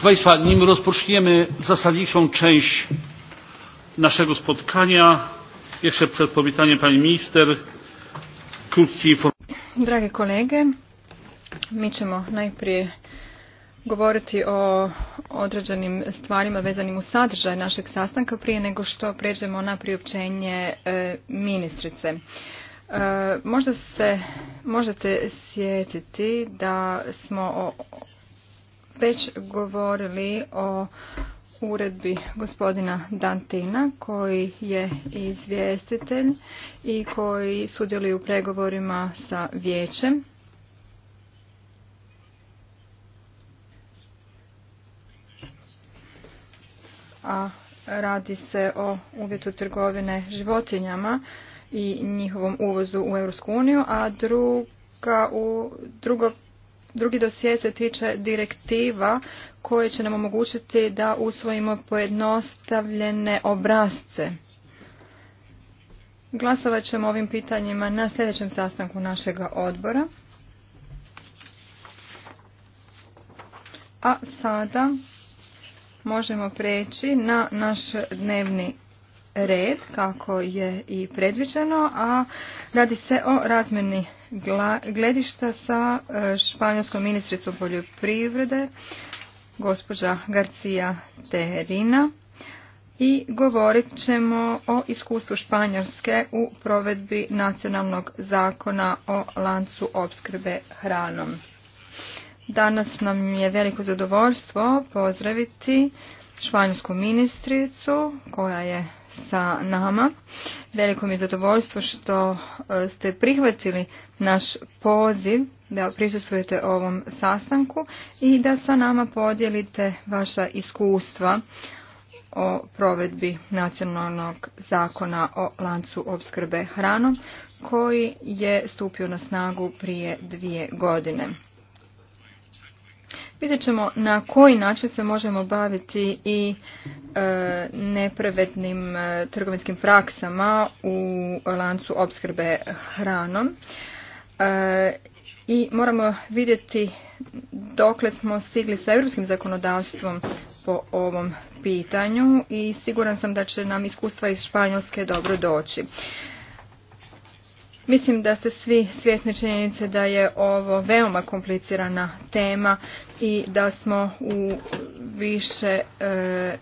Proszę Państwa, nim rozpoczniemy zasadniczą część naszego spotkania, jeszcze przed powitaniem Pani Minister, Drage kolege, mi ćemo najprije govoriti o određenim stvarima vezanim u sadržaj našeg sastanka prije nego što pređemo na priopćenje e, ministrice. E, možda se možete sjetiti da smo o već govorili o uredbi gospodina Dantina koji je izvjestitelj i koji sudjeluje u pregovorima sa vijećem. A radi se o uvjetu trgovine životinjama i njihovom uvozu u EU, a druga u drugo Drugi dosje se tiče direktiva koje će nam omogućiti da usvojimo pojednostavljene obrazce. Glasovat ćemo ovim pitanjima na sljedećem sastanku našega odbora. A sada možemo preći na naš dnevni red kako je i predviđeno, a radi se o razmjeni gledišta sa e, španjolskom ministricom poljoprivrede, gospođa Garcia Teherina i govorit ćemo o iskustvu Španjolske u provedbi nacionalnog zakona o lancu opskrbe hranom. Danas nam je veliko zadovoljstvo pozdraviti španjolsku ministricu koja je sa nama. Veliko mi je zadovoljstvo što e, ste prihvatili naš poziv da prisustujete ovom sastanku i da sa nama podijelite vaša iskustva o provedbi nacionalnog zakona o lancu opskrbe hranom koji je stupio na snagu prije dvije godine. Vidjet ćemo na koji način se možemo baviti i e, nepravednim e, trgovinskim praksama u lancu opskrbe hranom. E, I moramo vidjeti dokle smo stigli sa europskim zakonodavstvom po ovom pitanju i siguran sam da će nam iskustva iz Španjolske dobro doći. Mislim da ste svi svjesni činjenice da je ovo veoma komplicirana tema i da smo u više e,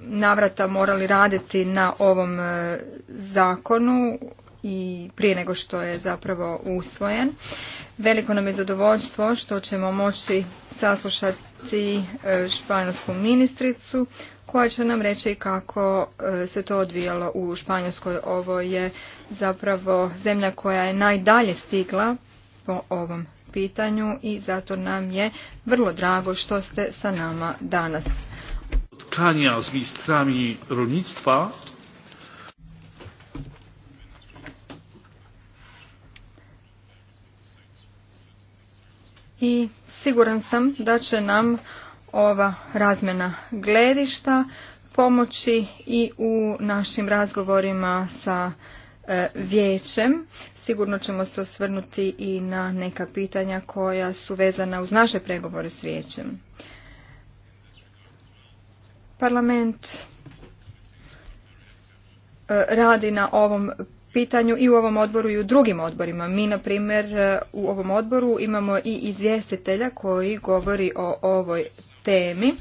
navrata morali raditi na ovom e, zakonu i prije nego što je zapravo usvojen. Veliko nam je zadovoljstvo što ćemo moći saslušati e, španjolsku ministricu koja će nam reći kako e, se to odvijalo u Španjolskoj. Ovo je zapravo zemlja koja je najdalje stigla po ovom pitanju i zato nam je vrlo drago što ste sa nama danas. s i siguran sam da će nam ova razmjena gledišta pomoći i u našim razgovorima sa e, vijećem. Sigurno ćemo se osvrnuti i na neka pitanja koja su vezana uz naše pregovore s vijećem. Parlament e, radi na ovom pitanju i u ovom odboru i u drugim odborima. Mi, na primjer, u ovom odboru imamo i izvjestitelja koji govori o ovoj temi,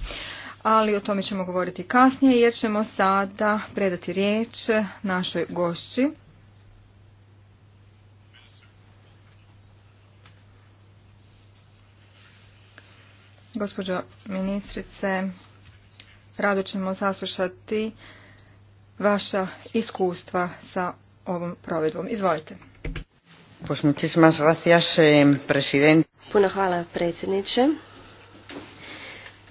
ali o tome ćemo govoriti kasnije jer ćemo sada predati riječ našoj gošći. Gospođo ministrice, rado ćemo saslušati vaša iskustva sa ovom provedbom. Izvolite. Pues muchísimas gracias, eh, presidente. Puno hvala predsjedniče.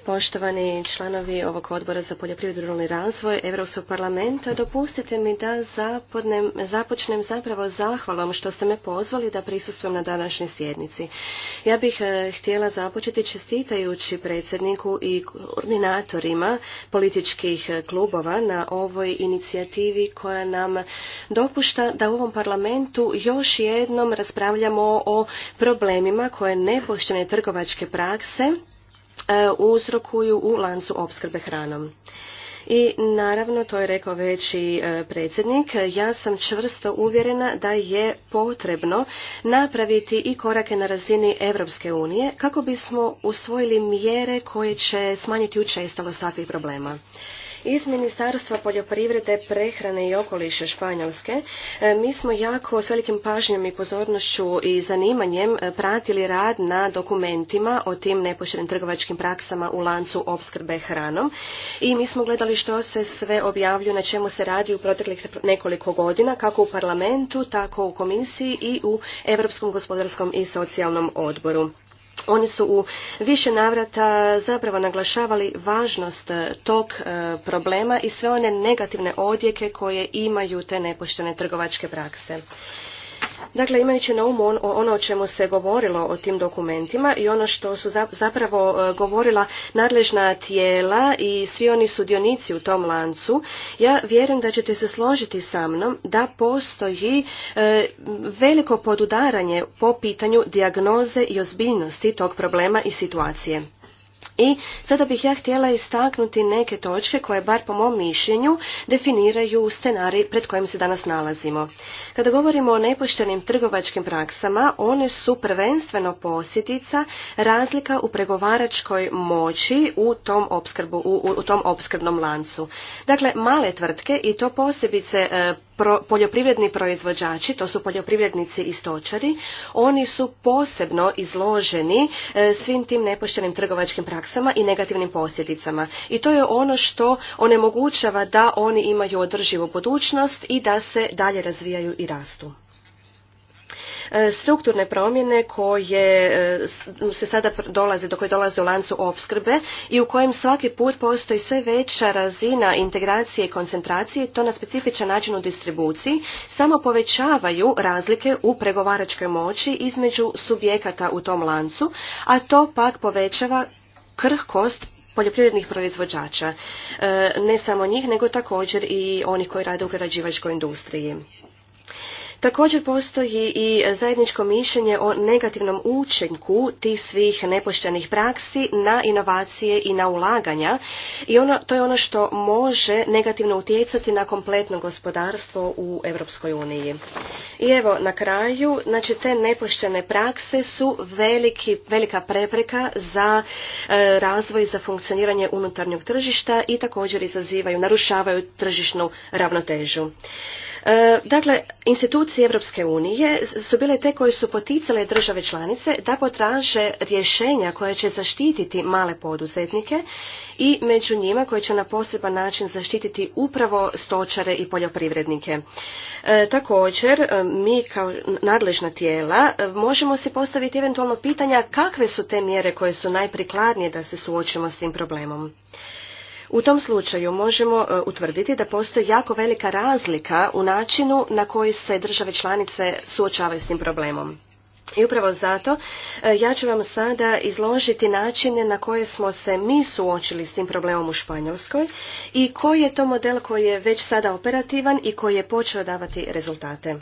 Poštovani članovi ovog odbora za poljoprivredu ruralni razvoj Europskog parlamenta, dopustite mi da zapodnem, započnem zapravo zahvalom što ste me pozvali da prisustujem na današnjoj sjednici. Ja bih eh, htjela započeti čestitajući predsjedniku i koordinatorima političkih eh, klubova na ovoj inicijativi koja nam dopušta da u ovom parlamentu još jednom raspravljamo o problemima koje nepoštene trgovačke prakse E, uzrokuju u lancu opskrbe hranom. I naravno, to je rekao veći e, predsjednik, ja sam čvrsto uvjerena da je potrebno napraviti i korake na razini Europske unije kako bismo usvojili mjere koje će smanjiti učestalost takvih problema. Iz Ministarstva poljoprivrede, prehrane i okoliša Španjolske e, mi smo jako s velikim pažnjom i pozornošću i zanimanjem e, pratili rad na dokumentima o tim nepoštenim trgovačkim praksama u lancu opskrbe hranom i mi smo gledali što se sve objavljuje, na čemu se radi u proteklih nekoliko godina, kako u parlamentu, tako u komisiji i u Europskom gospodarskom i socijalnom odboru oni su u više navrata zapravo naglašavali važnost e, tog e, problema i sve one negativne odjeke koje imaju te nepoštene trgovačke prakse. Dakle, imajući na umu ono o čemu se govorilo o tim dokumentima i ono što su zapravo e, govorila nadležna tijela i svi oni sudionici u tom lancu, ja vjerujem da ćete se složiti sa mnom da postoji e, veliko podudaranje po pitanju dijagnoze i ozbiljnosti tog problema i situacije. I sada bih ja htjela istaknuti neke točke koje, bar po mom mišljenju, definiraju scenarij pred kojim se danas nalazimo. Kada govorimo o nepoštenim trgovačkim praksama, one su prvenstveno posjetica razlika u pregovaračkoj moći u tom, u, tom opskrbnom lancu. Dakle, male tvrtke i to posebice e, poljoprivredni proizvođači, to su poljoprivrednici i stočari, oni su posebno izloženi e, svim tim nepoštenim trgovačkim praksama praksama i negativnim posljedicama. I to je ono što onemogućava da oni imaju održivu budućnost i da se dalje razvijaju i rastu e, strukturne promjene koje e, se sada dolaze, do koje dolaze u lancu opskrbe i u kojem svaki put postoji sve veća razina integracije i koncentracije, to na specifičan način u distribuciji, samo povećavaju razlike u pregovaračkoj moći između subjekata u tom lancu, a to pak povećava krhkost poljoprivrednih proizvođača. E, ne samo njih, nego također i onih koji rade u prerađivačkoj industriji. Također postoji i zajedničko mišljenje o negativnom učinku tih svih nepoštenih praksi na inovacije i na ulaganja i ono, to je ono što može negativno utjecati na kompletno gospodarstvo u Europskoj uniji. I evo na kraju, znači te nepoštene prakse su veliki, velika prepreka za e, razvoj za funkcioniranje unutarnjeg tržišta i također izazivaju, narušavaju tržišnu ravnotežu. E, dakle, institucije Europske unije su bile te koje su poticale države članice da potraže rješenja koje će zaštititi male poduzetnike i među njima koje će na poseban način zaštititi upravo stočare i poljoprivrednike. E, također, e, mi kao nadležna tijela možemo si postaviti eventualno pitanja kakve su te mjere koje su najprikladnije da se suočimo s tim problemom. U tom slučaju možemo e, utvrditi da postoji jako velika razlika u načinu na koji se države članice suočavaju s tim problemom. I upravo zato e, ja ću vam sada izložiti načine na koje smo se mi suočili s tim problemom u Španjolskoj i koji je to model koji je već sada operativan i koji je počeo davati rezultate.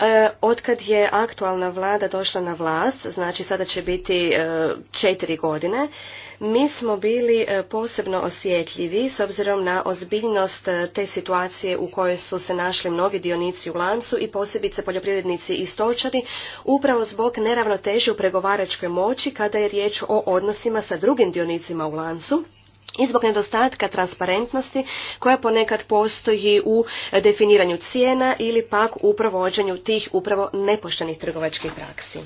E, otkad je aktualna vlada došla na vlast, znači sada će biti četiri godine, mi smo bili e, posebno osjetljivi s obzirom na ozbiljnost e, te situacije u kojoj su se našli mnogi dionici u lancu i posebice poljoprivrednici i stočari upravo zbog neravnoteže u pregovaračkoj moći kada je riječ o odnosima sa drugim dionicima u lancu i zbog nedostatka transparentnosti koja ponekad postoji u e, definiranju cijena ili pak u provođenju tih upravo nepoštenih trgovačkih praksi.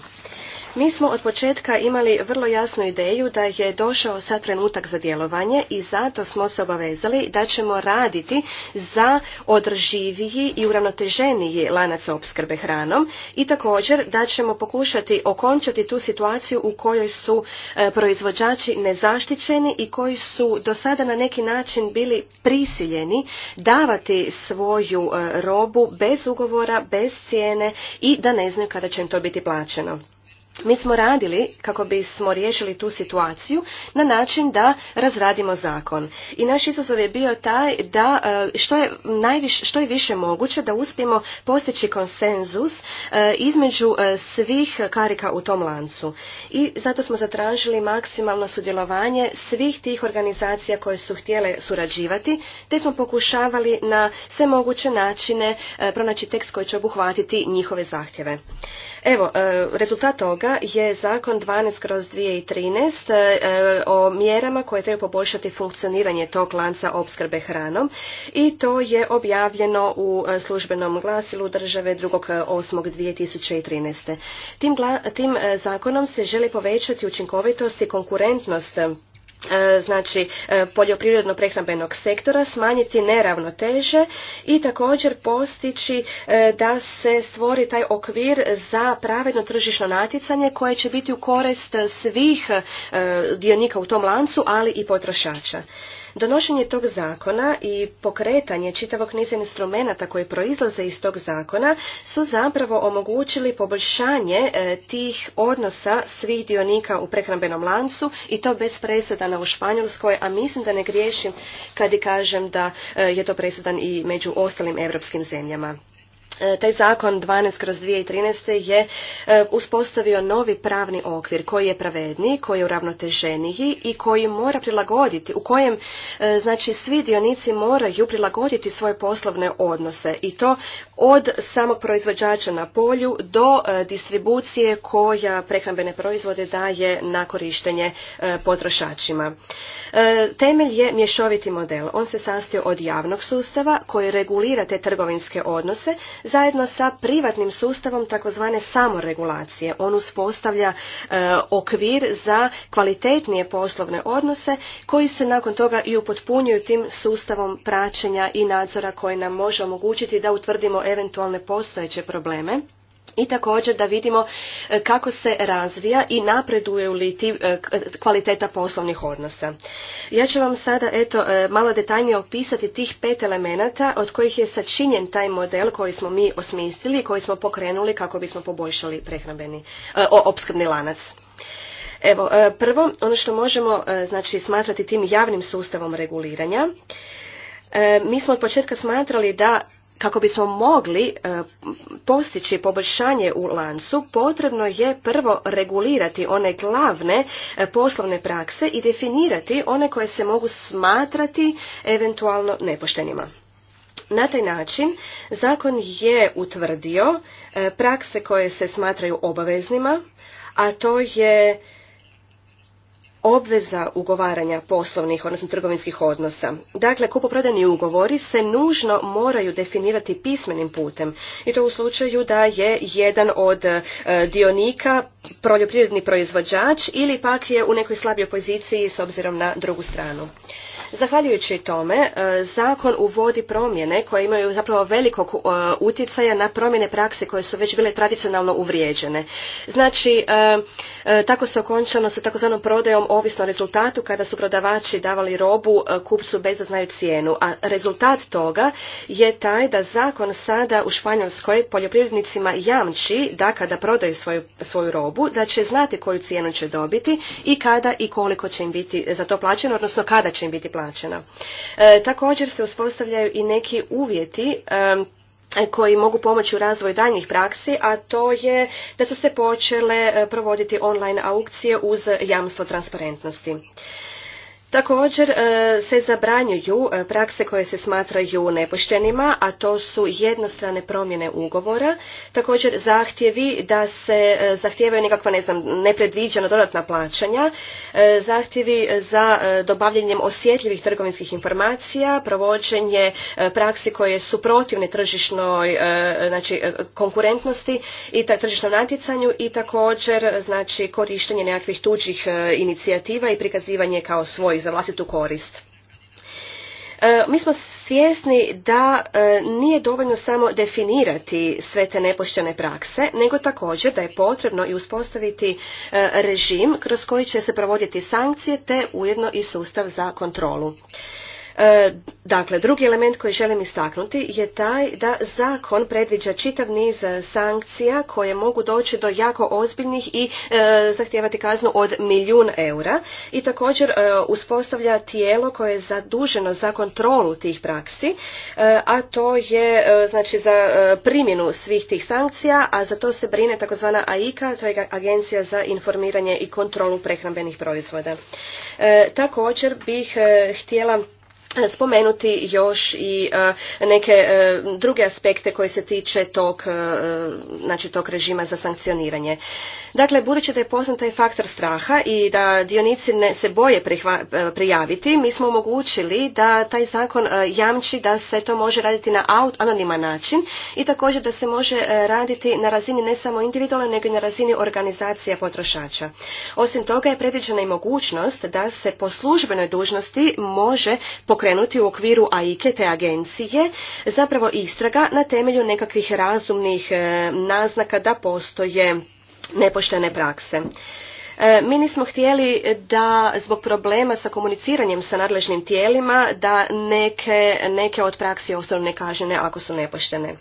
Mi smo od početka imali vrlo jasnu ideju da je došao sad trenutak za djelovanje i zato smo se obavezali da ćemo raditi za održiviji i uravnoteženiji lanac opskrbe hranom i također da ćemo pokušati okončati tu situaciju u kojoj su e, proizvođači nezaštićeni i koji su do sada na neki način bili prisiljeni davati svoju e, robu bez ugovora, bez cijene i da ne znaju kada će im to biti plaćeno mi smo radili kako bismo riješili tu situaciju na način da razradimo zakon. I naš izazov je bio taj da e, što je, što je više moguće da uspijemo postići konsenzus e, između e, svih karika u tom lancu. I zato smo zatražili maksimalno sudjelovanje svih tih organizacija koje su htjele surađivati, te smo pokušavali na sve moguće načine pronaći tekst koji će obuhvatiti njihove zahtjeve. Evo, e, rezultat toga je zakon 12 kroz 2013 e, o mjerama koje treba poboljšati funkcioniranje tog lanca opskrbe hranom i to je objavljeno u e, službenom glasilu države 2.8.2013. Tim, tim zakonom se želi povećati učinkovitost i konkurentnost E, znači e, poljoprivredno prehrambenog sektora smanjiti neravnoteže i također postići e, da se stvori taj okvir za pravedno tržišno natjecanje koje će biti u korist svih dionika u tom lancu ali i potrošača Donošenje tog zakona i pokretanje čitavog niza instrumenta koji proizlaze iz tog zakona su zapravo omogućili poboljšanje e, tih odnosa svih dionika u prehrambenom lancu i to bez presedana u Španjolskoj, a mislim da ne griješim kad i kažem da e, je to presedan i među ostalim europskim zemljama. E, taj zakon 12 kroz 2013. je e, uspostavio novi pravni okvir koji je pravedniji, koji je uravnoteženiji i koji mora prilagoditi, u kojem e, znači svi dionici moraju prilagoditi svoje poslovne odnose i to od samog proizvođača na polju do distribucije koja prehrambene proizvode daje na korištenje potrošačima. Temelj je mješoviti model. On se sastoji od javnog sustava koji regulira te trgovinske odnose zajedno sa privatnim sustavom takozvane samoregulacije. On uspostavlja e, okvir za kvalitetnije poslovne odnose koji se nakon toga i upotpunjuju tim sustavom praćenja i nadzora koji nam može omogućiti da utvrdimo eventualne postojeće probleme i također da vidimo e, kako se razvija i napreduje e, e, kvaliteta poslovnih odnosa. Ja ću vam sada eto malo detaljnije opisati tih pet elemenata od kojih je sačinjen taj model koji smo mi osmislili i koji smo pokrenuli kako bismo poboljšali prehrambeni opskrbni lanac. Evo, prvo, ono što možemo znači, smatrati tim javnim sustavom reguliranja, mi smo od početka smatrali da kako bismo mogli e, postići poboljšanje u lancu, potrebno je prvo regulirati one glavne e, poslovne prakse i definirati one koje se mogu smatrati eventualno nepoštenima. Na taj način zakon je utvrdio e, prakse koje se smatraju obaveznima, a to je obveza ugovaranja poslovnih, odnosno trgovinskih odnosa. Dakle, kupoprodajni ugovori se nužno moraju definirati pismenim putem i to u slučaju da je jedan od e, dionika poljoprivredni proizvođač ili pak je u nekoj slabijoj poziciji s obzirom na drugu stranu. Zahvaljujući tome, e, zakon uvodi promjene koje imaju zapravo velikog e, utjecaja na promjene prakse koje su već bile tradicionalno uvrijeđene. Znači, tako se okončano sa takozvanom prodajom ovisno o rezultatu kada su prodavači davali robu e, kupcu bez da znaju cijenu. A rezultat toga je taj da zakon sada u Španjolskoj poljoprivrednicima jamči da kada prodaju svoju, robu da će znati koju cijenu će dobiti i kada i koliko će im biti za to plaćeno, odnosno kada će im biti plaćeno. E, također se uspostavljaju i neki uvjeti e, koji mogu pomoći u razvoju daljnjih praksi, a to je da su se počele eh, provoditi online aukcije uz jamstvo transparentnosti. Također e, se zabranjuju e, prakse koje se smatraju nepoštenima, a to su jednostrane promjene ugovora. Također zahtjevi da se e, zahtijevaju nekakva ne znam, nepredviđena dodatna plaćanja, zahtjevi za dobavljanjem osjetljivih trgovinskih informacija, provođenje praksi koje su protivne tržišnoj znači, konkurentnosti i tržišnom natjecanju i također znači, korištenje nekakvih tuđih inicijativa i prikazivanje kao svoj za vlastitu korist. E, mi smo svjesni da e, nije dovoljno samo definirati sve te nepoštene prakse, nego također da je potrebno i uspostaviti e, režim kroz koji će se provoditi sankcije te ujedno i sustav za kontrolu. E, dakle, drugi element koji želim istaknuti je taj da zakon predviđa čitav niz e, sankcija koje mogu doći do jako ozbiljnih i e, zahtijevati kaznu od milijun eura i također uspostavlja tijelo koje je zaduženo za kontrolu tih praksi, a to je znači za primjenu svih tih sankcija, a za to se brine takozvana AIKA, to je Agencija za informiranje i kontrolu prehrambenih proizvoda. Također bih htjela spomenuti još i e, neke e, druge aspekte koji se tiče tog, e, znači tog režima za sankcioniranje. Dakle, budući da je poznat taj faktor straha i da dionici ne se boje prijaviti, mi smo omogućili da taj zakon jamči da se to može raditi na anoniman način i također da se može raditi na razini ne samo individualne nego i na razini organizacija potrošača. Osim toga je predviđena i mogućnost da se po službenoj dužnosti može pokrenuti pokrenuti u okviru AIKE, te agencije, zapravo istraga na temelju nekakvih razumnih e, naznaka da postoje nepoštene prakse. E, mi nismo htjeli da zbog problema sa komuniciranjem sa nadležnim tijelima da neke, neke od praksi ostanu nekažnjene ako su nepoštene.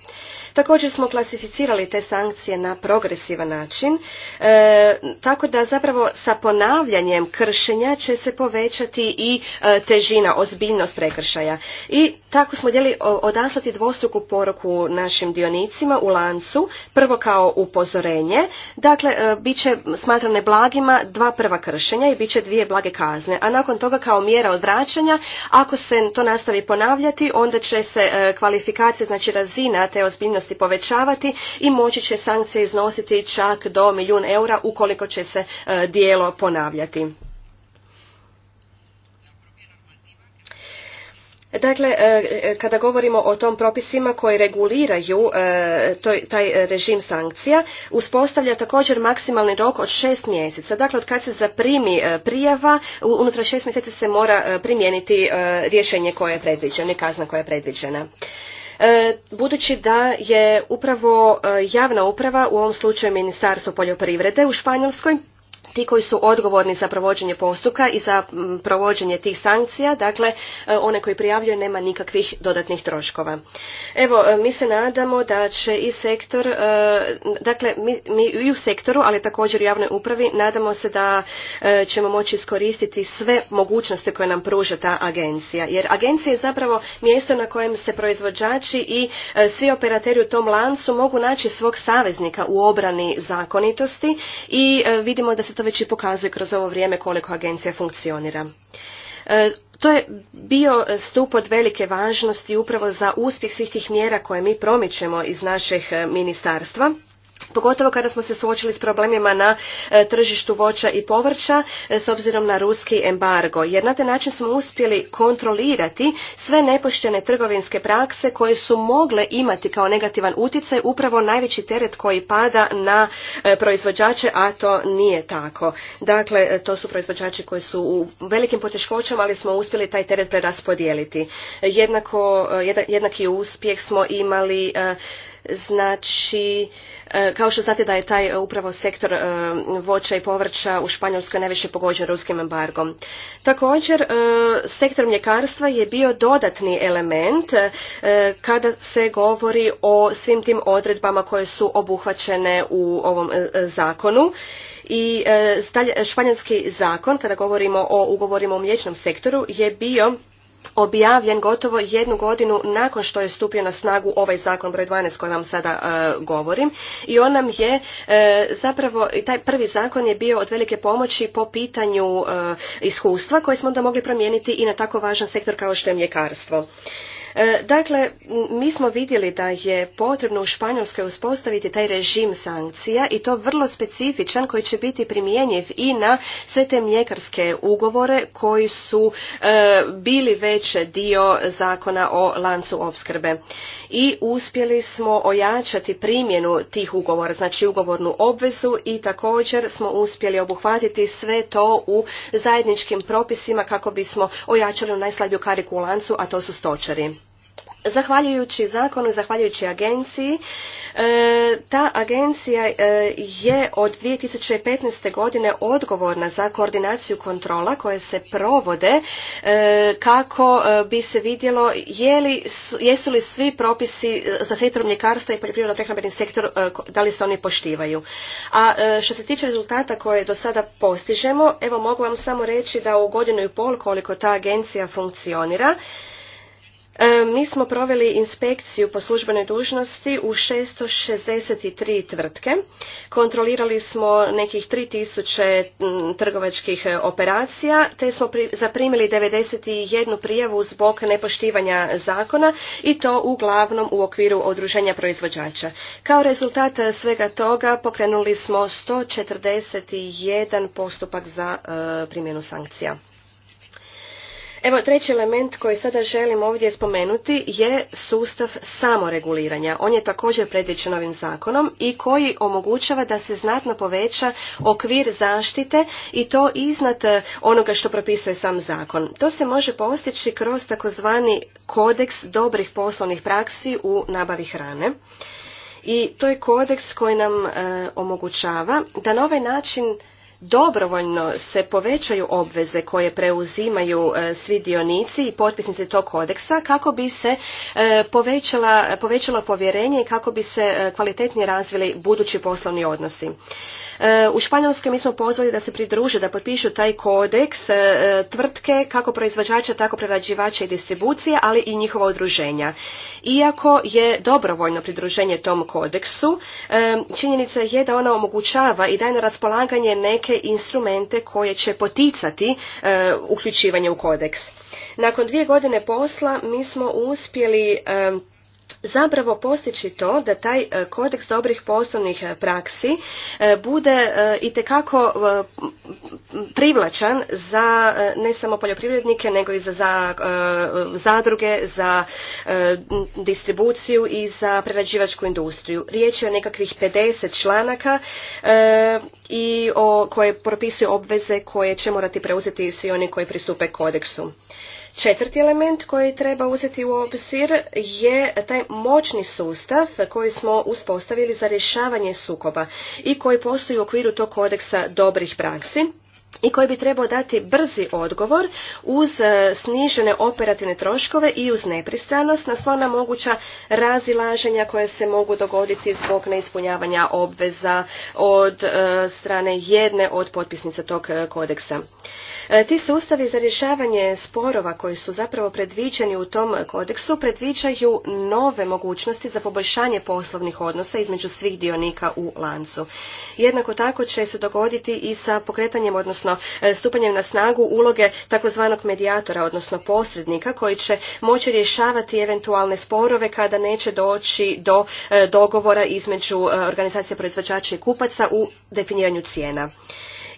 Također smo klasificirali te sankcije na progresivan način, e, tako da zapravo sa ponavljanjem kršenja će se povećati i e, težina, ozbiljnost prekršaja. I tako smo djeli odaslati dvostruku poruku našim dionicima u lancu, prvo kao upozorenje, dakle e, bit će smatrane blagima dva prva kršenja i bit će dvije blage kazne, a nakon toga kao mjera odvraćanja, ako se to nastavi ponavljati, onda će se kvalifikacija, znači razina te ozbiljnosti povećavati i moći će sankcije iznositi čak do milijun eura ukoliko će se e, dijelo ponavljati. Dakle, e, e, kada govorimo o tom propisima koji reguliraju taj režim sankcija, uspostavlja također maksimalni rok od šest mjeseca. Dakle, od kad se zaprimi prijava, unutra šest mjeseci se mora primijeniti rješenje koje je predviđeno i kazna koja je predviđena. E, budući da je upravo e, javna uprava, u ovom slučaju Ministarstvo poljoprivrede u Španjolskoj, ti koji su odgovorni za provođenje postupka i za mm, provođenje tih sankcija, dakle e, one koji prijavljuju nema nikakvih dodatnih troškova. Evo, e, mi se nadamo da će i sektor, e, dakle mi, i u sektoru, ali također u javnoj upravi, nadamo se da ćemo moći iskoristiti sve mogućnosti koje nam pruža ta agencija. Jer agencija je zapravo mjesto na kojem se proizvođači i svi operateri u tom lancu mogu naći svog saveznika u obrani zakonitosti i vidimo da se to to već i pokazuje kroz ovo vrijeme koliko agencija funkcionira. E, to je bio stup od velike važnosti upravo za uspjeh svih tih mjera koje mi promičemo iz naših e, ministarstva pogotovo kada smo se suočili s problemima na e, tržištu voća i povrća e, s obzirom na ruski embargo. Jer na taj način smo uspjeli kontrolirati sve nepoštene trgovinske prakse koje su mogle imati kao negativan utjecaj upravo najveći teret koji pada na e, proizvođače, a to nije tako. Dakle, to su proizvođači koji su u velikim poteškoćama, ali smo uspjeli taj teret preraspodijeliti. Jednako, jednaki uspjeh smo imali Znači, e, kao što znate da je taj e, upravo sektor e, voća i povrća u Španjolskoj najviše pogođen ruskim embargom. Također, sektor mljekarstva je bio dodatni element kada se govori o svim tim odredbama koje su obuhvaćene u ovom zakonu i španjolski zakon kada govorimo o ugovorima o mliječnom sektoru je bio objavljen gotovo jednu godinu nakon što je stupio na snagu ovaj zakon broj 12 koji vam sada e, govorim i on nam je e, zapravo i taj prvi zakon je bio od velike pomoći po pitanju e, iskustva koje smo onda mogli promijeniti i na tako važan sektor kao što je mljekarstvo. E, dakle, mi smo vidjeli da je potrebno u Španjolskoj uspostaviti taj režim sankcija i to vrlo specifičan koji će biti primjenjiv i na sve te mljekarske ugovore koji su e, bili već dio zakona o lancu opskrbe i uspjeli smo ojačati primjenu tih ugovora, znači ugovornu obvezu i također smo uspjeli obuhvatiti sve to u zajedničkim propisima kako bismo ojačali najslabiju kariku lancu, a to su stočari. Zahvaljujući zakonu zahvaljujući agenciji, e, ta agencija e, je od 2015. godine odgovorna za koordinaciju kontrola koje se provode e, kako bi se vidjelo je jesu li svi propisi za sektor mljekarstva i poljoprivredno prehrambeni sektor, da li se oni poštivaju. A što se tiče rezultata koje do sada postižemo, evo mogu vam samo reći da u godinu i pol koliko ta agencija funkcionira, E, mi smo proveli inspekciju po službenoj dužnosti u 663 tvrtke. Kontrolirali smo nekih 3000 trgovačkih e, operacija, te smo zaprimili 91 prijavu zbog nepoštivanja zakona i to uglavnom u okviru odruženja proizvođača. Kao rezultat e, svega toga pokrenuli smo 141 postupak za primjenu sankcija. Evo, treći element koji sada želim ovdje spomenuti je sustav samoreguliranja. On je također predviđen ovim zakonom i koji omogućava da se znatno poveća okvir zaštite i to iznad e, onoga što propisuje sam zakon. To se može postići kroz takozvani kodeks dobrih poslovnih praksi u nabavi hrane i to je kodeks koji nam e, omogućava da na ovaj način dobrovoljno se povećaju obveze koje preuzimaju e, svi dionici i potpisnici tog kodeksa kako bi se e, povećalo povjerenje i kako bi se e, kvalitetnije razvili budući poslovni odnosi. E, u Španjolskoj mi smo pozvali da se pridruže, da potpišu taj kodeks e, tvrtke kako proizvođača, tako prerađivača i distribucije, ali i njihova udruženja. Iako je dobrovoljno pridruženje tom kodeksu, e, činjenica je da ona omogućava i daje na raspolaganje neke instrumente koje će poticati uključivanje u kodeks. Nakon dvije godine posla mi smo uspjeli zapravo postići to da taj e, kodeks dobrih poslovnih e, praksi e, bude i itekako privlačan za ne samo poljoprivrednike nego i za, zadruge, za distribuciju i za prerađivačku industriju. Riječ je o nekakvih 50 članaka i o koje propisuju obveze koje će morati preuzeti svi oni koji pristupe kodeksu. Četvrti element koji treba uzeti u obzir je taj moćni sustav koji smo uspostavili za rješavanje sukoba i koji postoji u okviru tog kodeksa dobrih praksi i koji bi trebao dati brzi odgovor uz e, snižene operativne troškove i uz nepristranost na sva ona moguća razilaženja koje se mogu dogoditi zbog neispunjavanja obveza od e, strane jedne od potpisnica tog e, kodeksa. E, ti sustavi za rješavanje sporova koji su zapravo predviđeni u tom kodeksu predviđaju nove mogućnosti za poboljšanje poslovnih odnosa između svih dionika u lancu. Jednako tako će se dogoditi i sa pokretanjem, odnosno e, stupanjem na snagu uloge takozvanog medijatora, odnosno posrednika koji će moći rješavati eventualne sporove kada neće doći do e, dogovora između organizacije proizvođača i kupaca u definiranju cijena.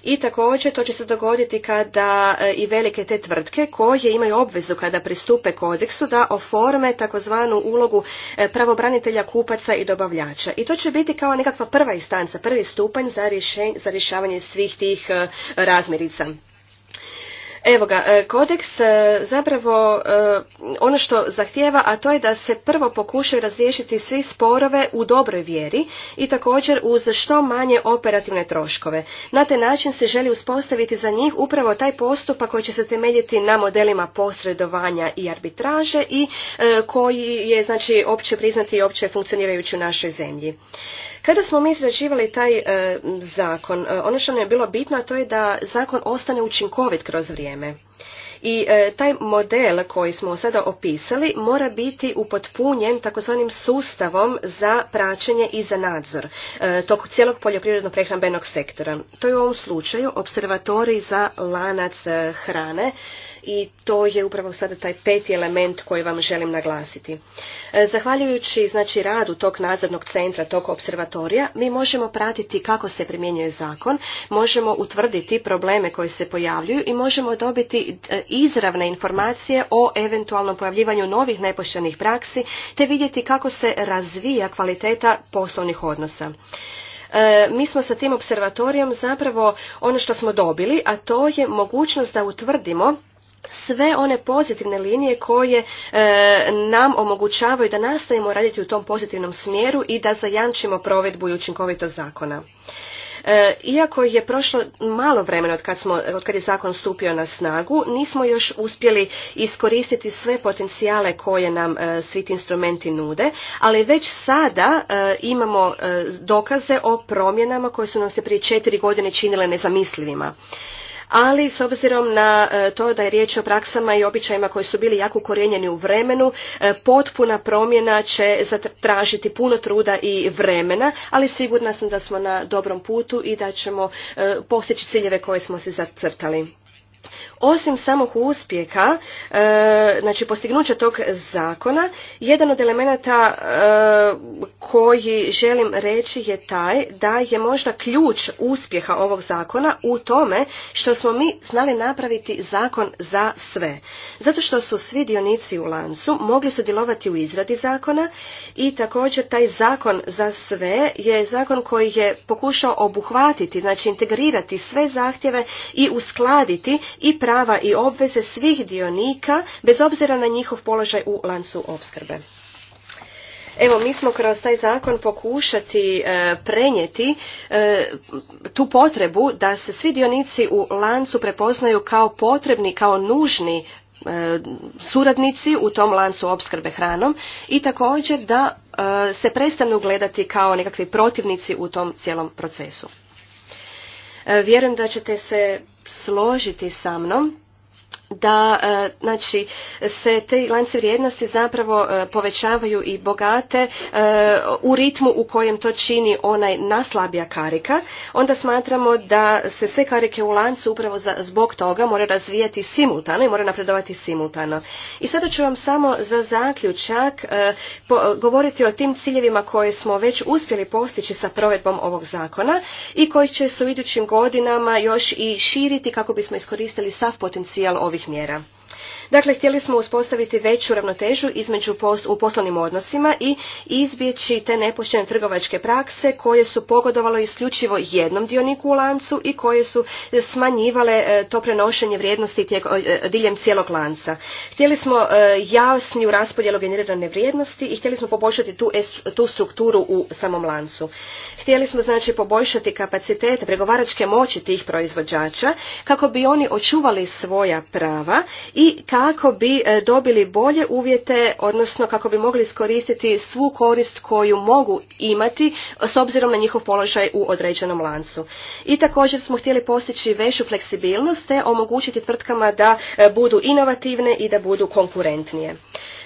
I također to će se dogoditi kada e, i velike te tvrtke koje imaju obvezu kada pristupe kodeksu da oforme takozvanu ulogu e, pravobranitelja kupaca i dobavljača. I to će biti kao nekakva prva instanca, prvi stupanj za, za rješavanje svih tih e, razmirica. Evo ga, e, kodeks e, zapravo e, ono što zahtjeva, a to je da se prvo pokušaju razriješiti svi sporove u dobroj vjeri i također uz što manje operativne troškove. Na taj način se želi uspostaviti za njih upravo taj postupak koji će se temeljiti na modelima posredovanja i arbitraže i koji je znači opće priznati i opće funkcionirajući u našoj zemlji. Kada smo mi izrađivali taj zakon, ono što nam je bilo bitno, a to je da zakon ostane učinkovit kroz vrijeme i e, taj model koji smo sada opisali mora biti upotpunjen takozvanim sustavom za praćenje i za nadzor e, tog cijelog poljoprivredno-prehrambenog sektora. To je u ovom slučaju observatori za lanac e, hrane i to je upravo sada taj peti element koji vam želim naglasiti. E, zahvaljujući znači radu tog nadzornog centra, tog observatorija, mi možemo pratiti kako se primjenjuje zakon, možemo utvrditi probleme koji se pojavljuju i možemo dobiti e, izravne informacije o eventualnom pojavljivanju novih nepoštenih praksi te vidjeti kako se razvija kvaliteta poslovnih odnosa e, mi smo sa tim observatorijom zapravo ono što smo dobili, a to je mogućnost da utvrdimo sve one pozitivne linije koje e, nam omogućavaju da nastavimo raditi u tom pozitivnom smjeru i da zajamčimo provedbu i učinkovitost zakona. E, iako je prošlo malo vremena od kad, smo, od kad je zakon stupio na snagu, nismo još uspjeli iskoristiti sve potencijale koje nam e, svi ti instrumenti nude, ali već sada imamo dokaze o promjenama koje su nam se prije četiri godine činile nezamislivima ali s obzirom na e, to da je riječ o praksama i običajima koji su bili jako ukorijenjeni u vremenu, e, potpuna promjena će zatražiti puno truda i vremena, ali sigurna sam da smo na dobrom putu i da ćemo e, postići ciljeve koje smo se zacrtali osim samog uspjeha, e, znači postignuća tog zakona, jedan od elemenata e, koji želim reći je taj da je možda ključ uspjeha ovog zakona u tome što smo mi znali napraviti zakon za sve. Zato što su svi dionici u lancu mogli sudjelovati u izradi zakona i također taj zakon za sve je zakon koji je pokušao obuhvatiti, znači integrirati sve zahtjeve i uskladiti i pravi prava i obveze svih dionika bez obzira na njihov položaj u lancu opskrbe. Evo, mi smo kroz taj zakon pokušati e, prenijeti e, tu potrebu da se svi dionici u lancu prepoznaju kao potrebni, kao nužni e, suradnici u tom lancu opskrbe hranom i također da se prestanu gledati kao nekakvi protivnici u tom cijelom procesu. Vjerujem da ćete se složiti sa mnom da e, znači se te lanci vrijednosti zapravo e, povećavaju i bogate e, u ritmu u kojem to čini onaj naslabija karika onda smatramo da se sve karike u lancu upravo zbog toga mora razvijati simultano i mora napredovati simultano i sada ću vam samo za zaključak govoriti o tim ciljevima koje smo već uspjeli postići sa provedbom ovog zakona i koji će se u idućim godinama još i širiti kako bismo iskoristili sav potencijal ovih mjera. Dakle, htjeli smo uspostaviti veću ravnotežu između u poslovnim odnosima i izbjeći te nepoštene trgovačke prakse koje su pogodovale isključivo jednom dioniku u lancu i koje su smanjivale e, to prenošenje vrijednosti tijek, e, diljem cijelog lanca. Htjeli smo e, jasniju raspodjelu generirane vrijednosti i htjeli smo poboljšati tu, tu strukturu u samom lancu. Htjeli smo znači poboljšati kapacitet pregovaračke moći tih proizvođača kako bi oni očuvali svoja prava i kako kako bi e, dobili bolje uvjete, odnosno kako bi mogli iskoristiti svu korist koju mogu imati s obzirom na njihov položaj u određenom lancu. I također smo htjeli postići veću fleksibilnost te omogućiti tvrtkama da e, budu inovativne i da budu konkurentnije.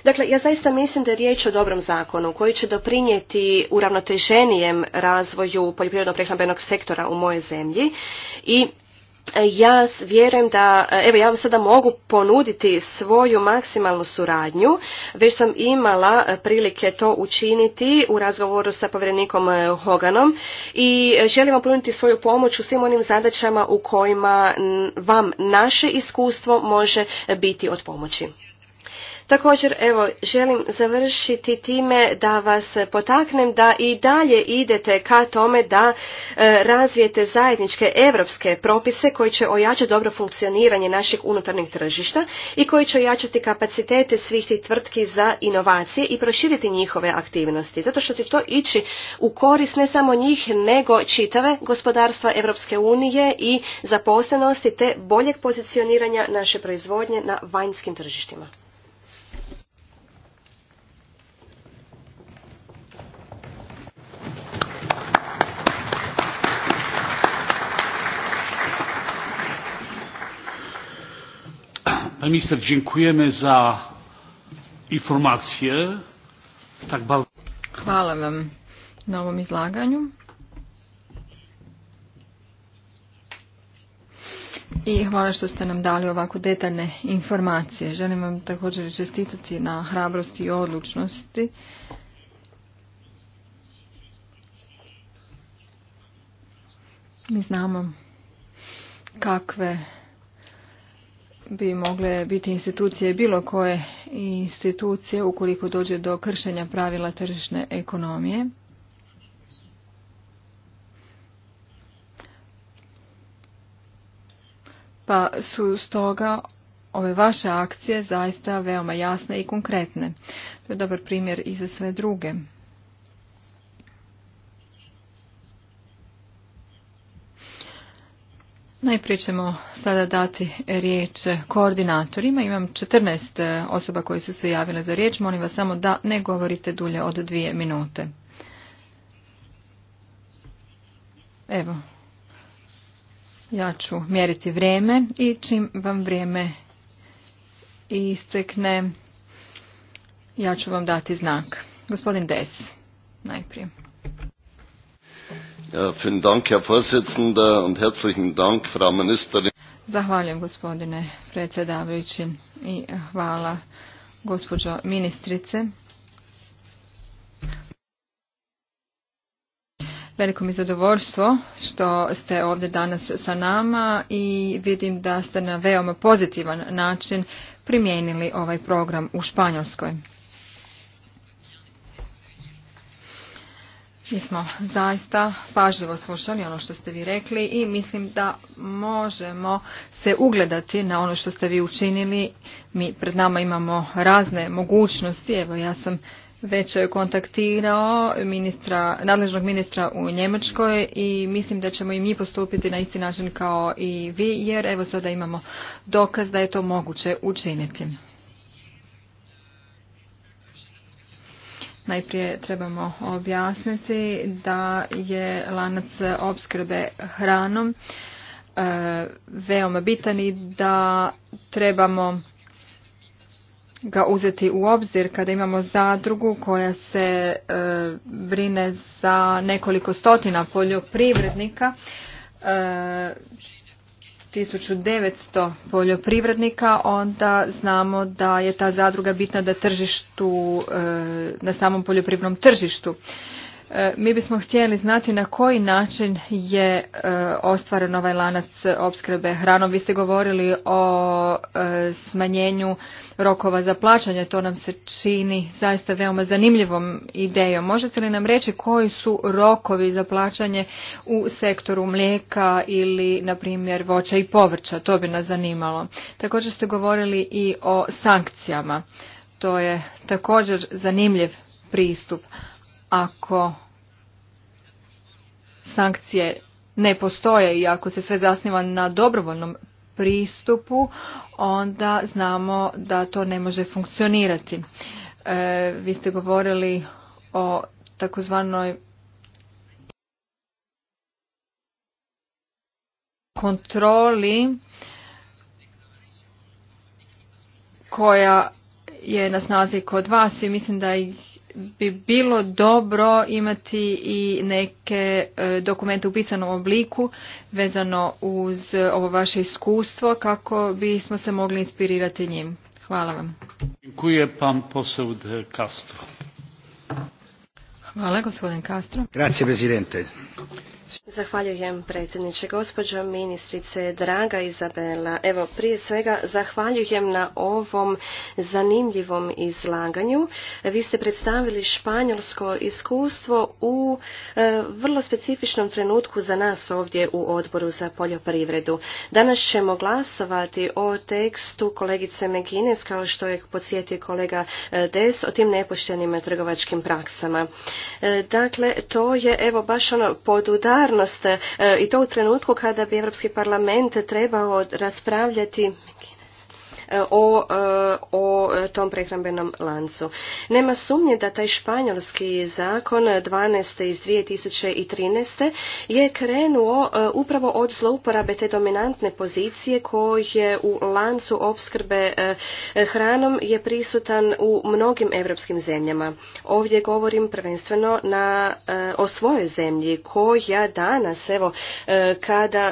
Dakle, ja zaista mislim da je riječ o dobrom zakonu koji će doprinijeti uravnoteženijem razvoju poljoprivredno-prehrambenog sektora u moje zemlji i ja vjerujem da, e, evo ja vam sada mogu ponuditi svoju maksimalnu suradnju, već sam imala e, prilike to učiniti u razgovoru sa povjerenikom e, Hoganom i želim vam ponuditi svoju pomoć u svim onim zadaćama u kojima vam naše iskustvo može biti od pomoći. Također, evo, želim završiti time da vas potaknem da i dalje idete ka tome da e, razvijete zajedničke europske propise koji će ojačati dobro funkcioniranje naših unutarnjih tržišta i koji će ojačati kapacitete svih tih tvrtki za inovacije i proširiti njihove aktivnosti. Zato što će to ići u korist ne samo njih, nego čitave gospodarstva Europske unije i zaposlenosti te boljeg pozicioniranja naše proizvodnje na vanjskim tržištima. Pani minister, dziękujemy za informację Tak Hvala vam na ovom izlaganju. I hvala što ste nam dali ovako detaljne informacije. Želim vam također čestitati na hrabrosti i odlučnosti. Mi znamo kakve bi mogle biti institucije bilo koje institucije ukoliko dođe do kršenja pravila tržišne ekonomije. Pa su stoga ove vaše akcije zaista veoma jasne i konkretne. To je dobar primjer i za sve druge. Najprije ćemo sada dati riječ koordinatorima. Imam 14 e, osoba koji su se javile za riječ. Molim vas samo da ne govorite dulje od dvije minute. Evo, ja ću mjeriti vrijeme i čim vam vrijeme istekne, ja ću vam dati znak. Gospodin Des, najprije. Ja, vielen Herr Vorsitzender, und herzlichen Dank, Frau Ministerin. Zahvaljujem gospodine predsjedavajući i hvala gospođo ministrice. Veliko mi zadovoljstvo što ste ovdje danas sa nama i vidim da ste na veoma pozitivan način primijenili ovaj program u Španjolskoj. Mi smo zaista pažljivo slušali ono što ste vi rekli i mislim da možemo se ugledati na ono što ste vi učinili. Mi pred nama imamo razne mogućnosti. Evo ja sam već kontaktirao ministra, nadležnog ministra u Njemačkoj i mislim da ćemo i mi postupiti na isti način kao i vi jer evo sada imamo dokaz da je to moguće učiniti. Najprije trebamo objasniti da je lanac opskrbe hranom e, veoma bitan i da trebamo ga uzeti u obzir kada imamo zadrugu koja se e, brine za nekoliko stotina poljoprivrednika e, 1900 poljoprivrednika, onda znamo da je ta zadruga bitna da tržištu, e, na samom poljoprivrednom tržištu. E, mi bismo htjeli znati na koji način je e, ostvaren ovaj lanac opskrbe hranom. Vi ste govorili o e, smanjenju rokova za plaćanje, to nam se čini zaista veoma zanimljivom idejom. Možete li nam reći koji su rokovi za plaćanje u sektoru mlijeka ili, na primjer, voća i povrća? To bi nas zanimalo. Također ste govorili i o sankcijama. To je također zanimljiv pristup ako sankcije ne postoje i ako se sve zasniva na dobrovoljnom pristupu, onda znamo da to ne može funkcionirati. E, vi ste govorili o takozvanoj kontroli koja je na snazi kod vas i mislim da bi bilo dobro imati i neke e, dokumente u pisanom obliku vezano uz ovo vaše iskustvo kako bismo se mogli inspirirati njim. Hvala vam. Hvala, Castro. Grazie, presidente. Zahvaljujem predsjedniče. Gospođo ministrice, draga Izabela, evo prije svega zahvaljujem na ovom zanimljivom izlaganju. Vi ste predstavili španjolsko iskustvo u e, vrlo specifičnom trenutku za nas ovdje u odboru za poljoprivredu. Danas ćemo glasovati o tekstu kolegice Megines, kao što je podsjetio kolega e, Des, o tim nepoštenim trgovačkim praksama. E, dakle, to je evo baš ono poduda solidarnost e, i to u trenutku kada bi Europski parlament trebao raspravljati E, o, e, o e, tom prehrambenom lancu. Nema sumnje da taj španjolski zakon 12. iz 2013. je krenuo upravo od zlouporabe te dominantne pozicije je u lancu opskrbe hranom je prisutan u mnogim europskim zemljama. Ovdje govorim prvenstveno na, o svojoj zemlji koja danas, evo, kada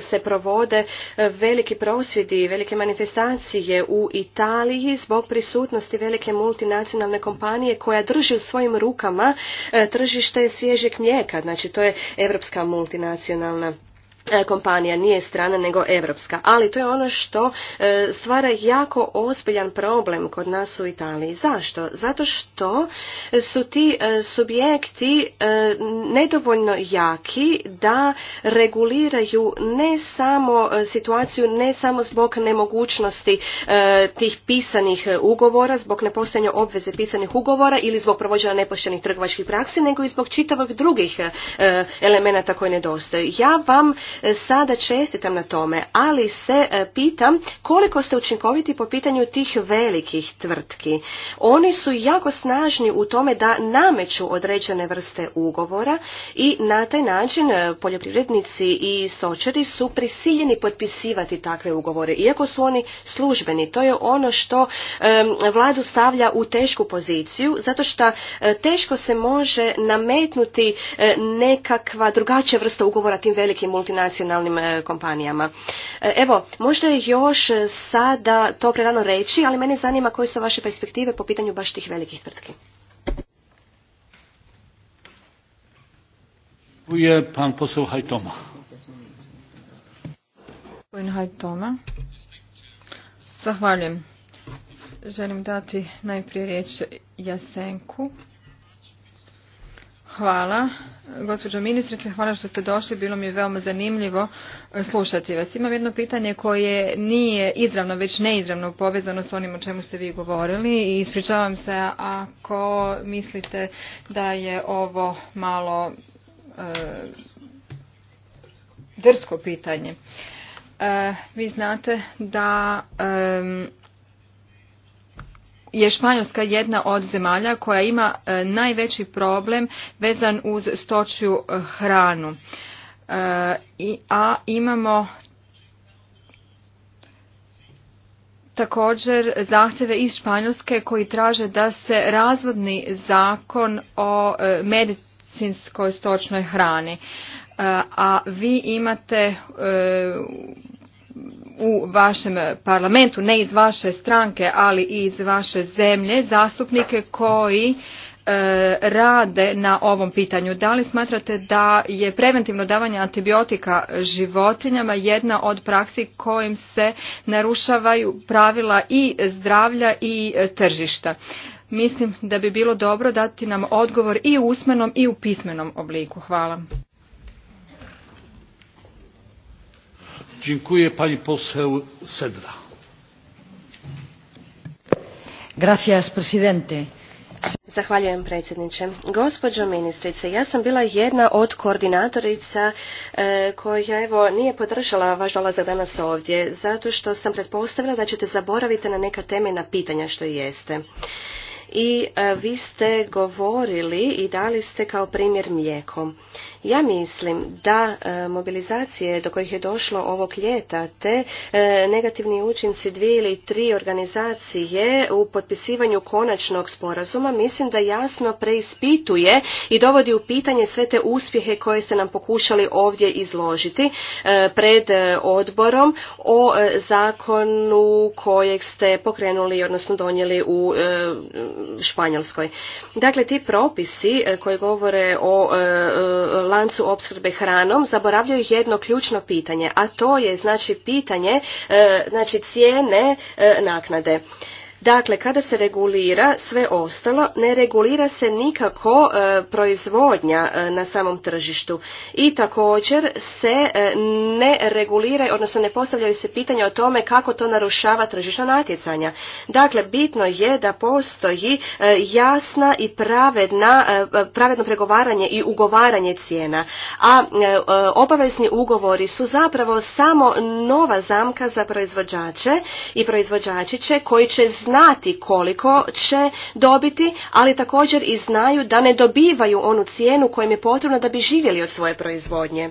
se provode veliki prosvjedi, velike manifestacije, u Italiji zbog prisutnosti velike multinacionalne kompanije koja drži u svojim rukama e, tržište svježeg mlijeka. Znači to je europska multinacionalna E, kompanija nije strana nego europska ali to je ono što e, stvara jako ozbiljan problem kod nas u Italiji zašto zato što su ti e, subjekti nedovoljno jaki da reguliraju ne samo situaciju ne samo zbog nemogućnosti tih pisanih ugovora zbog nepostojanja obveze pisanih ugovora ili zbog provođenja nepoštenih trgovačkih praksi nego i zbog čitavog drugih elemenata koji nedostaju ja vam sada čestitam na tome, ali se e, pitam koliko ste učinkoviti po pitanju tih velikih tvrtki. Oni su jako snažni u tome da nameću određene vrste ugovora i na taj način e, poljoprivrednici i stočari su prisiljeni potpisivati takve ugovore, iako su oni službeni. To je ono što e, vladu stavlja u tešku poziciju, zato što teško se može nametnuti nekakva drugačija vrsta ugovora tim velikim multinacionalnim nacionalnim e, kompanijama. E, evo, možda je još e, sada to prerano reći, ali mene zanima koje su vaše perspektive po pitanju baš tih velikih tvrtki. Pan posao Hajtoma. Hajtoma. Zahvaljujem. Želim dati najprije riječ Jasenku. Hvala. Gospođo ministrice, hvala što ste došli. Bilo mi je veoma zanimljivo e, slušati vas. Imam jedno pitanje koje nije izravno, već neizravno povezano s onim o čemu ste vi govorili i ispričavam se ako mislite da je ovo malo e, drsko pitanje. E, vi znate da je Španjolska jedna od zemalja koja ima e, najveći problem vezan uz stočju e, hranu. E, a imamo također zahtjeve iz Španjolske koji traže da se razvodni zakon o medicinskoj stočnoj hrani. A vi imate u vašem parlamentu, ne iz vaše stranke, ali i iz vaše zemlje, zastupnike koji e, rade na ovom pitanju. Da li smatrate da je preventivno davanje antibiotika životinjama jedna od praksi kojim se narušavaju pravila i zdravlja i tržišta? Mislim da bi bilo dobro dati nam odgovor i u usmenom i u pismenom obliku. Hvala. Dziękuję predsjedniče. Gospođo ministrice, ja sam bila jedna od koordinatorica e, koja evo nije podržala vaš dolazak danas ovdje zato što sam pretpostavila da ćete zaboraviti na neka temeljna pitanja što jeste i e, vi ste govorili i dali ste kao primjer mlijeko. Ja mislim da e, mobilizacije do kojih je došlo ovog ljeta te e, negativni učinci dvije ili tri organizacije u potpisivanju konačnog sporazuma mislim da jasno preispituje i dovodi u pitanje sve te uspjehe koje ste nam pokušali ovdje izložiti pred odborom o zakonu kojeg ste pokrenuli odnosno donijeli u Španjolskoj. Dakle, ti propisi e, koji govore o e, e, lancu opskrbe hranom zaboravljaju jedno ključno pitanje, a to je znači pitanje znači cijene naknade. Dakle, kada se regulira sve ostalo, ne regulira se nikako e, proizvodnja e, na samom tržištu. I također se e, ne regulira, odnosno ne postavljaju se pitanja o tome kako to narušava tržišna natjecanja. Dakle, bitno je da postoji jasna i pravedna, pravedno pregovaranje i ugovaranje cijena. A obavezni ugovori su zapravo samo nova zamka za proizvođače i proizvođačiće koji će znati znati koliko će dobiti, ali također i znaju da ne dobivaju onu cijenu kojim je potrebno da bi živjeli od svoje proizvodnje.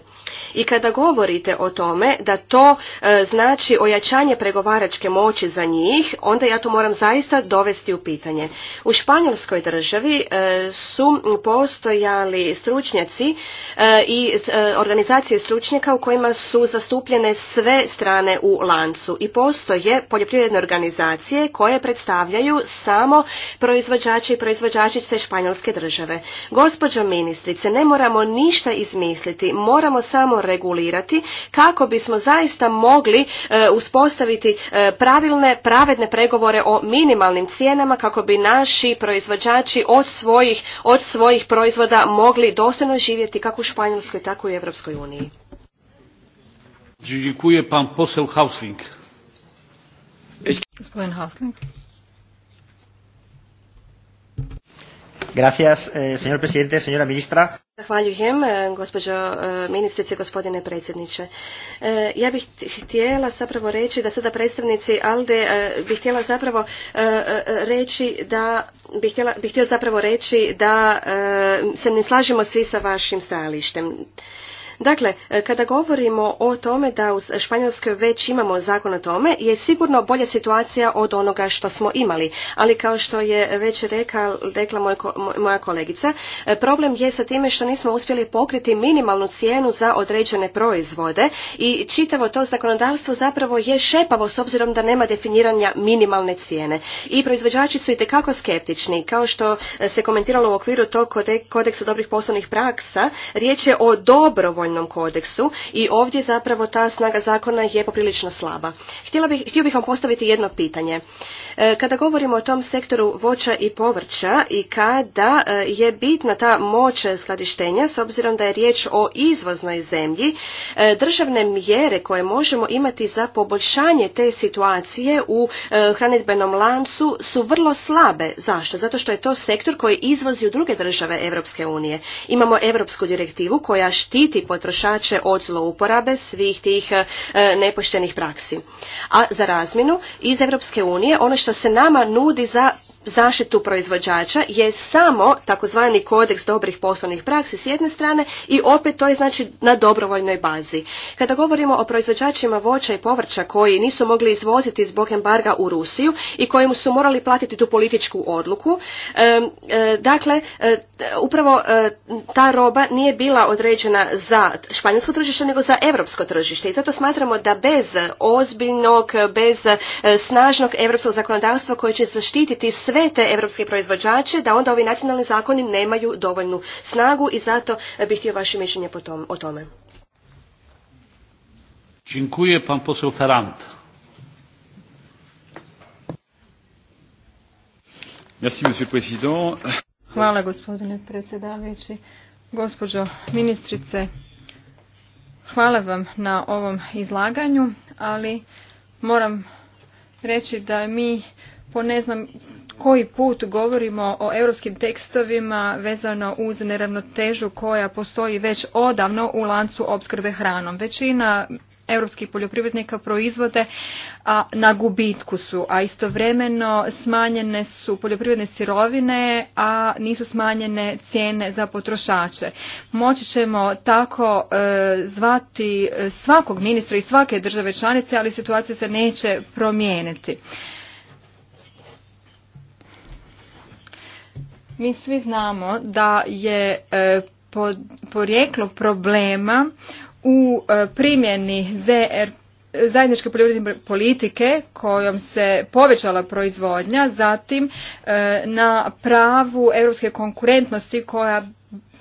I kada govorite o tome da to e, znači ojačanje pregovaračke moći za njih, onda ja to moram zaista dovesti u pitanje. U Španjolskoj državi e, su postojali stručnjaci e, i organizacije stručnjaka u kojima su zastupljene sve strane u lancu i postoje poljoprivredne organizacije koje predstavljaju samo proizvođači i proizvođačice španjolske države. Gospođo ministrice, ne moramo ništa izmisliti, moramo samo regulirati kako bismo zaista mogli e, uspostaviti e, pravilne, pravedne pregovore o minimalnim cijenama kako bi naši proizvođači od svojih, od svojih proizvoda mogli dostojno živjeti kako u Španjolskoj, tako i u Europskoj uniji. pan Hausling. Gospodin Hausling. Gracias, eh, señor presidente, Zahvaljujem, eh, gospođo eh, ministrice, gospodine predsjedniče. Ja bih htjela zapravo reći da sada predstavnici ALDE bih htjela zapravo reći da bih, htjela, zapravo reći da se ne slažemo svi sa vašim stajalištem. Dakle, e, kada govorimo o tome da u Španjolskoj već imamo zakon o tome, je sigurno bolja situacija od onoga što smo imali. Ali kao što je već reka, rekla moja kolegica, e, problem je sa time što nismo uspjeli pokriti minimalnu cijenu za određene proizvode i čitavo to zakonodavstvo zapravo je šepavo s obzirom da nema definiranja minimalne cijene. I proizvođači su i tekako skeptični. Kao što e, se komentiralo u okviru tog kodeksa dobrih poslovnih praksa, riječ je o dobrovoljnosti kaznenom kodeksu i ovdje zapravo ta snaga zakona je poprilično slaba. htio bih vam postaviti jedno pitanje. E, kada govorimo o tom sektoru voća i povrća i kada e, je bitna ta moć skladištenja s obzirom da je riječ o izvoznoj zemlji, e, državne mjere koje možemo imati za poboljšanje te situacije u hranidbenom lancu su vrlo slabe. Zašto? Zato što je to sektor koji izvozi u druge države Europske unije. Imamo europsku direktivu koja štiti pod potrošače od zlouporabe svih tih e, nepoštenih praksi. A za razminu iz Europske unije ono što se nama nudi za zaštitu proizvođača je samo takozvani kodeks dobrih poslovnih praksi s jedne strane i opet to je znači na dobrovoljnoj bazi. Kada govorimo o proizvođačima voća i povrća koji nisu mogli izvoziti zbog embarga u Rusiju i kojim su morali platiti tu političku odluku, e, dakle e, upravo ta roba nije bila određena za španjolsko tržište nego za europsko tržište i zato smatramo da bez ozbiljnog, bez e, snažnog europskog zakonodavstva koje će zaštititi sve te europske proizvođače, da onda ovi nacionalni zakoni nemaju dovoljnu snagu i zato e, bih htio vaše mišljenje o tome. Dziękuję pan poseł Merci monsieur le président. Hvala gospodine predsjedavajući. Gospođo ministrice, Hvala vam na ovom izlaganju, ali moram reći da mi po ne znam koji put govorimo o europskim tekstovima vezano uz neravnotežu koja postoji već odavno u lancu opskrbe hranom. Većina europskih poljoprivrednika proizvode a na gubitku su, a istovremeno smanjene su poljoprivredne sirovine, a nisu smanjene cijene za potrošače. Moći ćemo tako e, zvati e, svakog ministra i svake države članice, ali situacija se neće promijeniti. Mi svi znamo da je e, porijeklo problema u e, primjeni zajedničke poljoprivredne politike kojom se povećala proizvodnja, zatim e, na pravu europske konkurentnosti koja,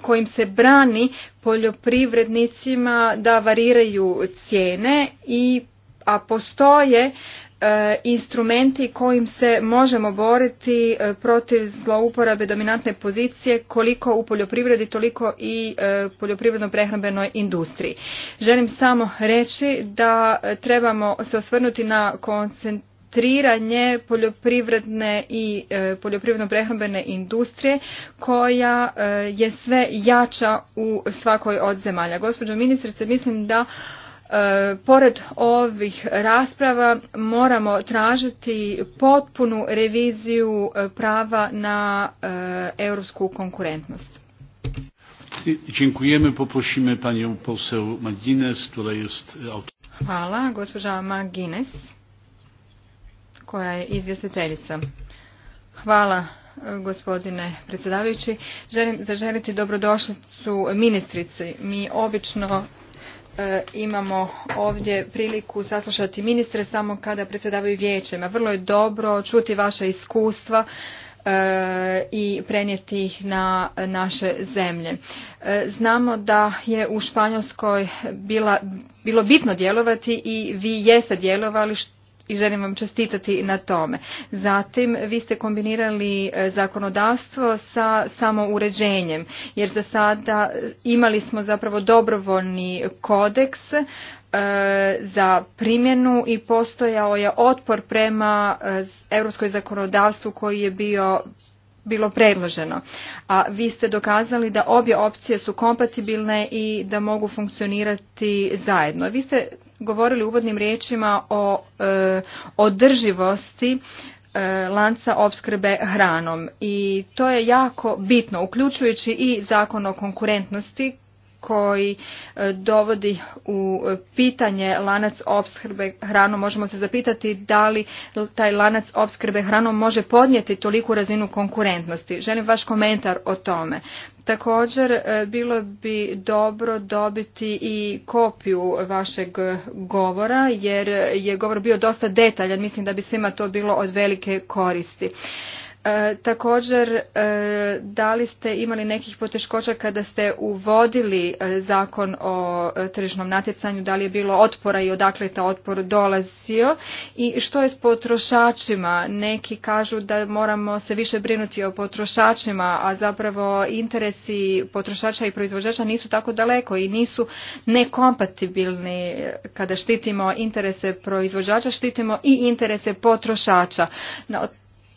kojim se brani poljoprivrednicima da variraju cijene i a postoje E, instrumenti kojim se možemo boriti e, protiv zlouporabe dominantne pozicije koliko u poljoprivredi toliko i e, poljoprivredno prehrambenoj industriji. Želim samo reći da trebamo se osvrnuti na koncentriranje poljoprivredne i poljoprivredno prehrambene industrije koja je sve jača u svakoj od zemalja. Gospođo ministrice, mislim da pored ovih rasprava moramo tražiti potpunu reviziju e, prava na e, europsku konkurentnost. Dziękujemy, poprosimy panią poseł Magines, która jest autor. Hvala, gospođa Magines, koja je izvjestiteljica. Hvala, e, gospodine predsjedavajući. Želim zaželiti dobrodošlicu ministrici. Mi obično E, imamo ovdje priliku saslušati ministre samo kada predsjedavaju vijećem. Vrlo je dobro čuti vaša iskustva e, i prenijeti ih na naše zemlje. E, znamo da je u Španjolskoj bila, bilo bitno djelovati i vi jeste djelovali i želim vam čestitati na tome. Zatim, vi ste kombinirali e, zakonodavstvo sa samouređenjem, jer za sada imali smo zapravo dobrovoljni kodeks e, za primjenu i postojao je otpor prema e, europskoj zakonodavstvu koji je bilo predloženo. A vi ste dokazali da obje opcije su kompatibilne i da mogu funkcionirati zajedno. Vi ste govorili uvodnim riječima o e, održivosti e, lanca opskrbe hranom i to je jako bitno uključujući i zakon o konkurentnosti koji e, dovodi u pitanje lanac opskrbe hranom možemo se zapitati da li taj lanac opskrbe hranom može podnijeti toliku razinu konkurentnosti želim vaš komentar o tome Također e, bilo bi dobro dobiti i kopiju vašeg govora jer je govor bio dosta detaljan, mislim da bi svima to bilo od velike koristi. E, također, e, da li ste imali nekih poteškoća kada ste uvodili e, zakon o tržišnom natjecanju, da li je bilo otpora i odakle je ta otpor dolazio i što je s potrošačima? Neki kažu da moramo se više brinuti o potrošačima, a zapravo interesi potrošača i proizvođača nisu tako daleko i nisu nekompatibilni kada štitimo interese proizvođača, štitimo i interese potrošača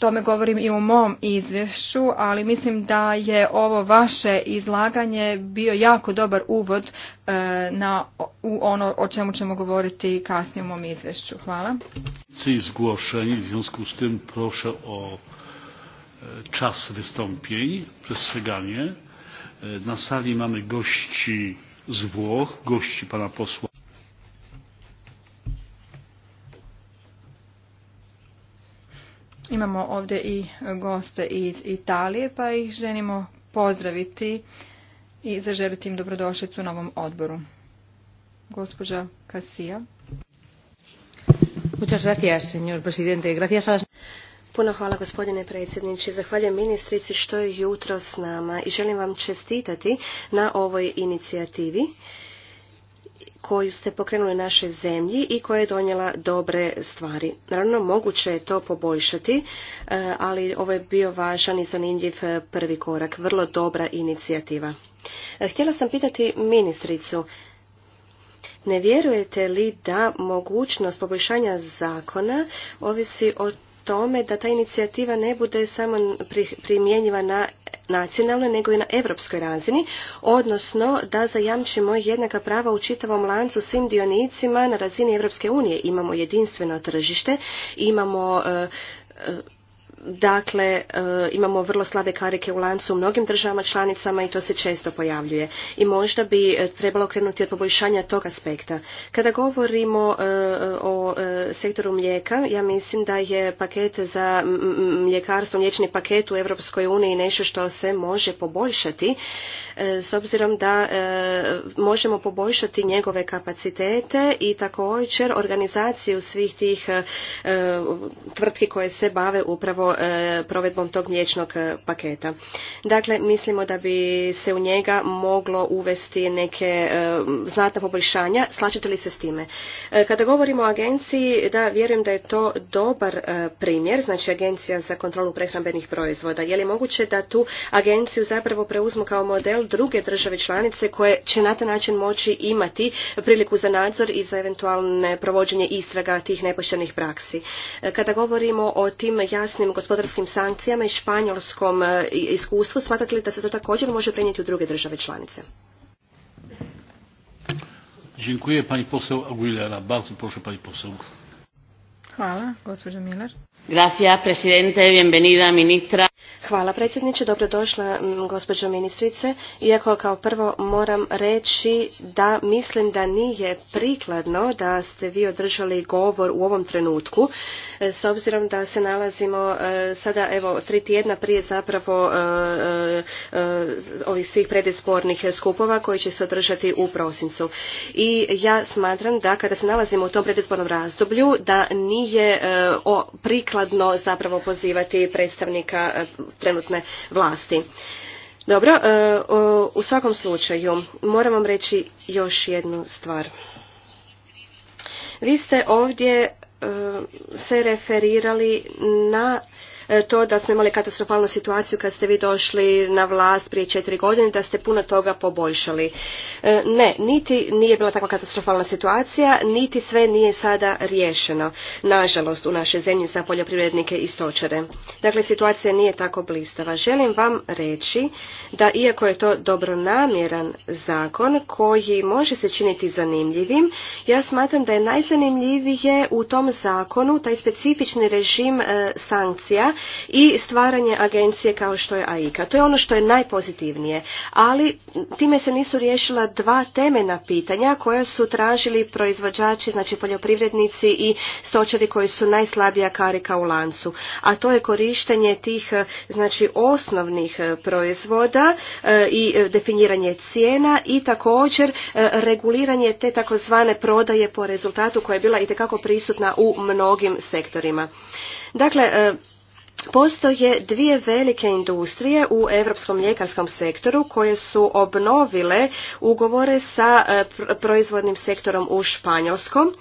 tome govorim i u mom izvješću, ali mislim da je ovo vaše izlaganje bio jako dobar uvod e, na, u ono o čemu ćemo govoriti kasnije u mom izvješću. Hvala. Zgłoszeń, w związku z tym proszę o e, czas wystąpień, przestrzeganie. E, na sali mamy gości z Włoch, gości pana posła. Imamo ovdje i goste iz Italije, pa ih želimo pozdraviti i zaželiti im dobrodošlicu u novom odboru. Gospođa Kasija. Muchas Puno hvala gospodine predsjedniče. Zahvaljujem ministrici što je jutro s nama i želim vam čestitati na ovoj inicijativi koju ste pokrenuli našoj zemlji i koja je donijela dobre stvari. Naravno, moguće je to poboljšati, e, ali ovo je bio važan i zanimljiv e, prvi korak, vrlo dobra inicijativa. E, htjela sam pitati ministricu, ne vjerujete li da mogućnost poboljšanja zakona ovisi o tome da ta inicijativa ne bude samo primjenjiva na nacionalnoj nego i na europskoj razini, odnosno da zajamčimo jednaka prava u čitavom lancu svim dionicima na razini Europske unije. Imamo jedinstveno tržište, imamo e, e, Dakle, e, imamo vrlo slabe karike u lancu u mnogim državama članicama i to se često pojavljuje. I možda bi e, trebalo krenuti od poboljšanja tog aspekta. Kada govorimo e, o sektoru mlijeka, ja mislim da je paket za mljekarstvo, mliječni paket u Europskoj uniji nešto što se može poboljšati s obzirom da možemo poboljšati njegove kapacitete i također organizaciju svih tih tvrtki koje se bave upravo E, provedbom tog mliječnog e, paketa. Dakle, mislimo da bi se u njega moglo uvesti neke e, znatna poboljšanja. Slačite li se s time? Kada govorimo o agenciji, da vjerujem da je to dobar primjer, znači agencija za kontrolu prehrambenih proizvoda. Je li moguće da tu agenciju zapravo preuzmu kao model druge države članice koje će na taj način moći imati priliku za nadzor i za eventualne provođenje istraga tih nepoštenih praksi. Kada govorimo o tim jasnim gospodarskim sankcijama i španjolskom e, iskustvu, smatrate li da se to također može prenijeti u druge države članice? Dziękuję pani poseł Aguilera. Bardzo proszę pani poseł. Hvala, gospođa Miller. Hvala predsjedniče, dobrodošla gospođo ministrice. Iako kao prvo moram reći da mislim da nije prikladno da ste vi održali govor u ovom trenutku, e, s obzirom da se nalazimo e, sada evo tri tjedna prije zapravo e, ovih svih predispornih skupova koji će se održati u prosincu. I ja smatram da kada se nalazimo u tom predispornom razdoblju da nije prikladno zapravo pozivati predstavnika e, trenutne vlasti. Dobro, e, u svakom slučaju moram vam reći još jednu stvar. Vi ste ovdje e, se referirali na E, to da smo imali katastrofalnu situaciju kad ste vi došli na vlast prije četiri godine, da ste puno toga poboljšali. E, ne, niti nije bila takva katastrofalna situacija, niti sve nije sada riješeno, nažalost, u našoj zemlji za poljoprivrednike i stočare. Dakle, situacija nije tako blistava. Želim vam reći da iako je to dobronamjeran zakon koji može se činiti zanimljivim, ja smatram da je najzanimljivije u tom zakonu taj specifični režim e, sankcija i stvaranje agencije kao što je AIKA. To je ono što je najpozitivnije. Ali time se nisu riješila dva temena pitanja koja su tražili proizvođači, znači poljoprivrednici i stočari koji su najslabija karika u lancu. A to je korištenje tih znači osnovnih e, proizvoda e, i definiranje cijena i također e, reguliranje te takozvane prodaje po rezultatu koja je bila itekako prisutna u mnogim sektorima. Dakle, Postoje dvije velike industrije u europskom mljekarskom sektoru koje su obnovile ugovore sa e, proizvodnim sektorom u Španjolskom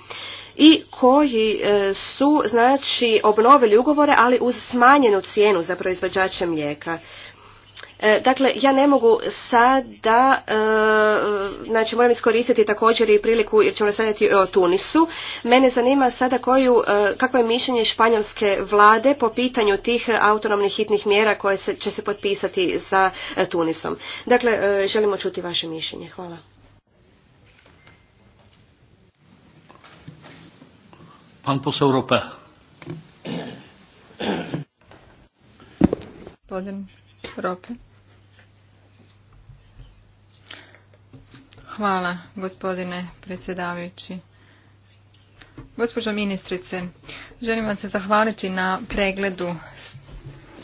i koji e, su znači obnovili ugovore ali uz smanjenu cijenu za proizvođače mlijeka. E, dakle, ja ne mogu sada, e, znači moram iskoristiti također i priliku jer ćemo raspravljati o Tunisu. Mene zanima sada koju, e, kakvo je mišljenje španjolske vlade po pitanju tih autonomnih hitnih mjera koje se, će se potpisati za Tunisom. Dakle, želimo čuti vaše mišljenje. Hvala. Pan Europe. Hvala, gospodine predsjedavajući. Gospođo ministrice, želim vam se zahvaliti na pregledu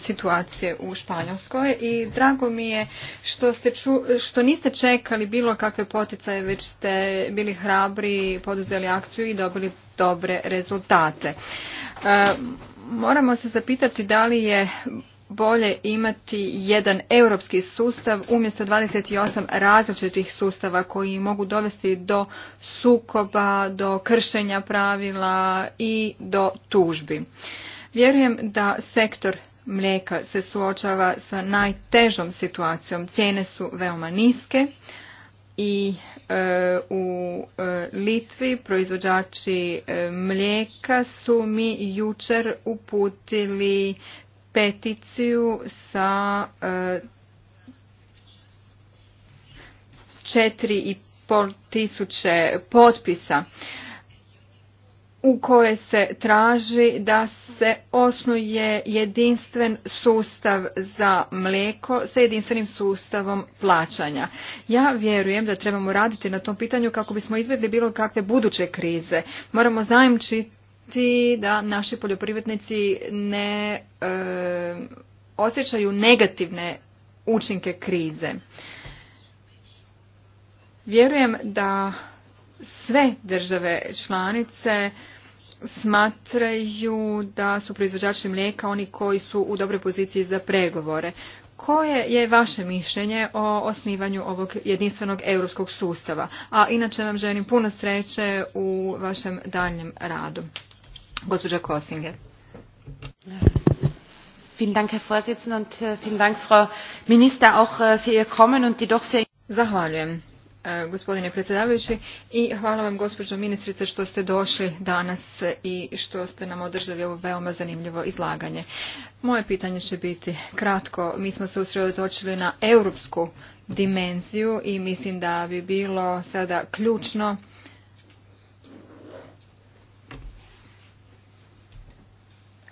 situacije u Španjolskoj i drago mi je što, ste što niste čekali bilo kakve poticaje, već ste bili hrabri, poduzeli akciju i dobili dobre rezultate. E, moramo se zapitati da li je bolje imati jedan europski sustav umjesto 28 različitih sustava koji mogu dovesti do sukoba, do kršenja pravila i do tužbi. Vjerujem da sektor mlijeka se suočava sa najtežom situacijom. Cijene su veoma niske i e, u e, Litvi proizvođači e, mlijeka su mi jučer uputili peticiju sa e, četiri i pol tisuće potpisa u koje se traži da se osnuje jedinstven sustav za mlijeko sa jedinstvenim sustavom plaćanja. Ja vjerujem da trebamo raditi na tom pitanju kako bismo izbjegli bilo kakve buduće krize. Moramo zajamčiti da naši poljoprivrednici ne e, osjećaju negativne učinke krize. Vjerujem da sve države članice smatraju da su proizvođači mlijeka oni koji su u dobroj poziciji za pregovore. Koje je vaše mišljenje o osnivanju ovog jedinstvenog europskog sustava? A inače vam želim puno sreće u vašem daljem radu. Gospođa Kosinger. Vielen Dank, Herr Vorsitzender, und äh, vielen Dank, Frau Minister, auch äh, für Ihr Kommen und die doch sehr... Zahvaljujem e, gospodine predsjedavajući i hvala vam gospođo ministrice što ste došli danas e, i što ste nam održali ovo veoma zanimljivo izlaganje. Moje pitanje će biti kratko. Mi smo se usredotočili na europsku dimenziju i mislim da bi bilo sada ključno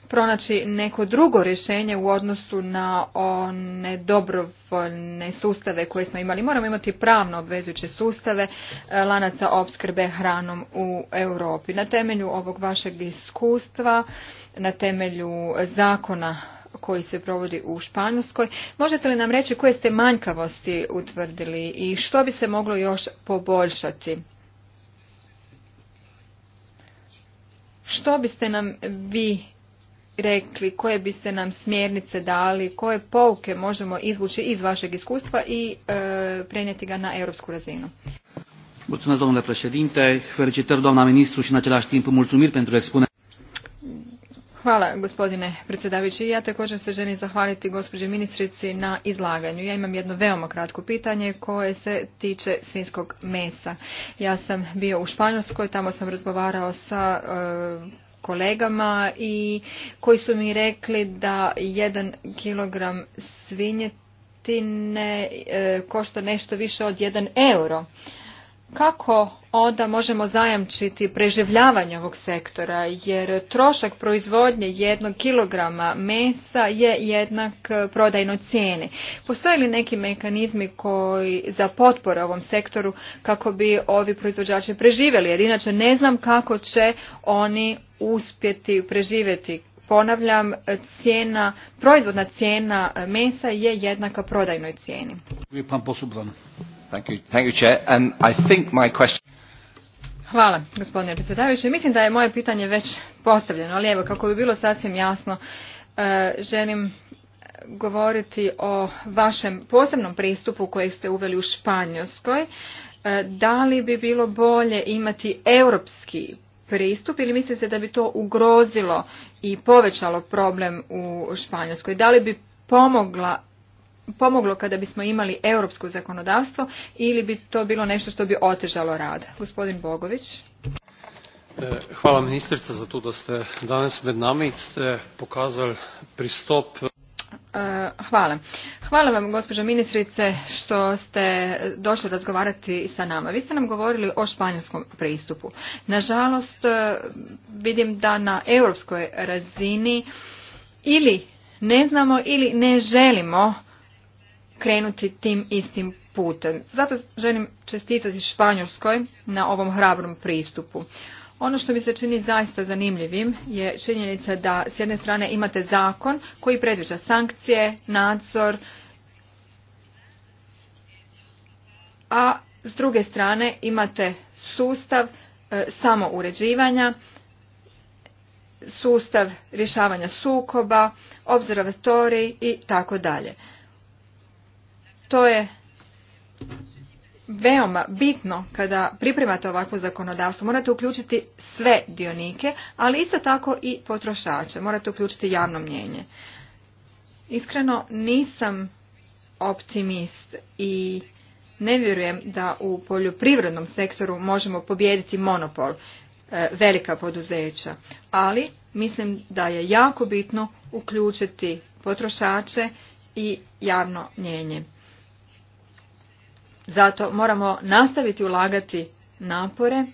pronaći neko drugo rješenje u odnosu na one dobrovoljne sustave koje smo imali. Moramo imati pravno obvezujuće sustave e, lanaca opskrbe hranom u Europi. Na temelju ovog vašeg iskustva, na temelju zakona koji se provodi u Španjolskoj, možete li nam reći koje ste manjkavosti utvrdili i što bi se moglo još poboljšati? Što biste nam vi rekli koje biste nam smjernice dali, koje pouke možemo izvući iz vašeg iskustva i e, prenijeti ga na europsku razinu. Mulțumesc, domnule președinte. ministru, și în același timp pentru expunere. Hvala, gospodine predsjedavići. Ja također se želim zahvaliti gospođi ministrici na izlaganju. Ja imam jedno veoma kratko pitanje koje se tiče svinskog mesa. Ja sam bio u Španjolskoj, tamo sam razgovarao sa e, kolegama i koji su mi rekli da jedan kilogram svinjetine e, košta nešto više od jedan euro kako onda možemo zajamčiti preživljavanje ovog sektora, jer trošak proizvodnje jednog kilograma mesa je jednak prodajnoj cijeni. Postoje li neki mekanizmi koji za potpore ovom sektoru kako bi ovi proizvođači preživjeli, jer inače ne znam kako će oni uspjeti preživjeti. Ponavljam, cijena, proizvodna cijena mesa je jednaka prodajnoj cijeni. Hvala, gospodine predsjedavajući. Mislim da je moje pitanje već postavljeno, ali evo, kako bi bilo sasvim jasno, e, želim govoriti o vašem posebnom pristupu kojeg ste uveli u Španjolskoj. E, da li bi bilo bolje imati europski pristup ili mislite da bi to ugrozilo i povećalo problem u Španjolskoj? Da li bi pomogla pomoglo kada bismo imali europsko zakonodavstvo ili bi to bilo nešto što bi otežalo rad? Gospodin Bogović. E, hvala ministrica za to da ste danas med nami, ste pokazali pristop. E, hvala. Hvala vam gospođo ministrice što ste došli razgovarati sa nama. Vi ste nam govorili o španjolskom pristupu. Nažalost e, vidim da na europskoj razini ili ne znamo ili ne želimo krenuti tim istim putem. Zato želim čestitati Španjolskoj na ovom hrabrom pristupu. Ono što mi se čini zaista zanimljivim je činjenica da s jedne strane imate zakon koji predviđa sankcije, nadzor, a s druge strane imate sustav e, samouređivanja, sustav rješavanja sukoba, observatorij i tako dalje. To je veoma bitno kada pripremate ovakvo zakonodavstvo. Morate uključiti sve dionike, ali isto tako i potrošače. Morate uključiti javno mnjenje. Iskreno nisam optimist i ne vjerujem da u poljoprivrednom sektoru možemo pobijediti monopol e, velika poduzeća, ali mislim da je jako bitno uključiti potrošače i javno mnjenje. Zato moramo nastaviti ulagati napore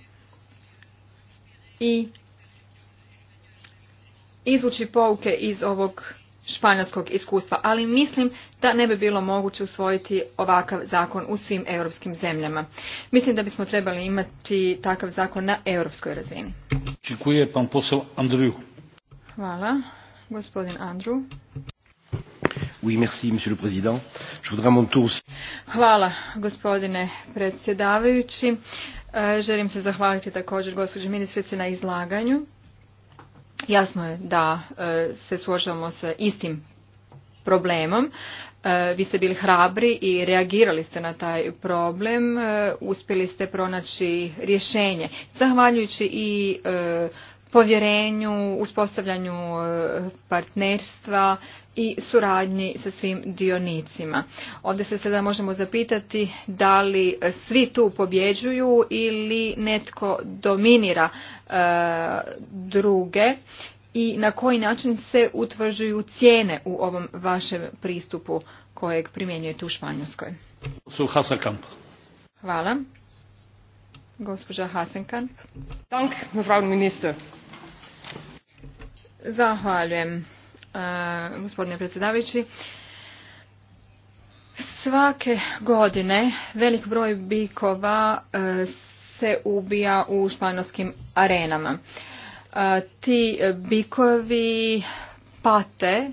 i izvući pouke iz ovog španjolskog iskustva, ali mislim da ne bi bilo moguće usvojiti ovakav zakon u svim europskim zemljama. Mislim da bismo trebali imati takav zakon na europskoj razini. pan Hvala. Gospodin Andrew. Oui, merci, monsieur le président. Je voudrais mon tour Hvala gospodine predsjedavajući. E, želim se zahvaliti također gospođi ministrici na izlaganju. Jasno je da e, se suočavamo sa istim problemom. E, vi ste bili hrabri i reagirali ste na taj problem, uspjeli ste pronaći rješenje. Zahvaljujući i povjerenju, uspostavljanju eh, partnerstva i suradnji sa svim dionicima. Ovdje se sada možemo zapitati da li svi tu pobjeđuju ili netko dominira eh, druge i na koji način se utvrđuju cijene u ovom vašem pristupu kojeg primjenjujete u Španjolskoj. Hvala. Gospođa Hasenkamp. Dank, mevrouw minister. Zahvaljujem, e, gospodine predsjedavajući. Svake godine velik broj bikova e, se ubija u španjolskim arenama. E, ti bikovi pate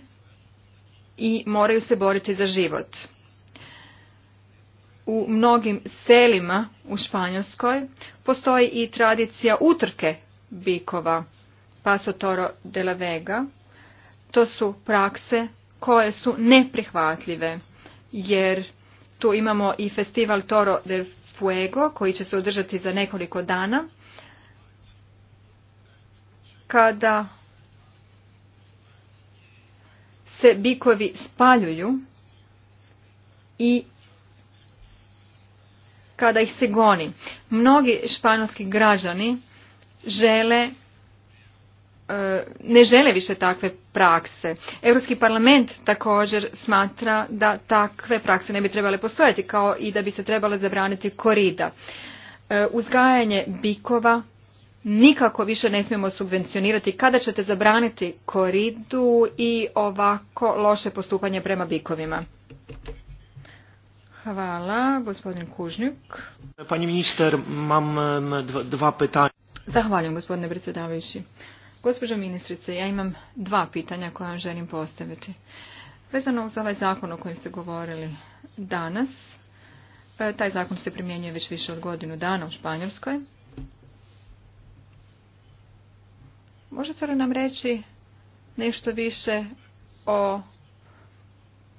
i moraju se boriti za život. U mnogim selima u Španjolskoj postoji i tradicija utrke bikova Paso Toro de la Vega. To su prakse koje su neprihvatljive, jer tu imamo i festival Toro del Fuego, koji će se održati za nekoliko dana, kada se bikovi spaljuju i kada ih se goni. Mnogi španjolski građani žele E, ne žele više takve prakse. Europski parlament također smatra da takve prakse ne bi trebale postojati kao i da bi se trebale zabraniti korida. E, uzgajanje bikova nikako više ne smijemo subvencionirati kada ćete zabraniti koridu i ovako loše postupanje prema bikovima. Hvala, gospodin Kužnjuk. Pani minister, mam dva pitanja. Zahvaljujem, gospodine predsjedavajući. Gospođo ministrice, ja imam dva pitanja koja vam želim postaviti. Vezano uz ovaj zakon o kojem ste govorili danas, e, taj zakon se primjenjuje već više od godinu dana u Španjolskoj. Možete li nam reći nešto više o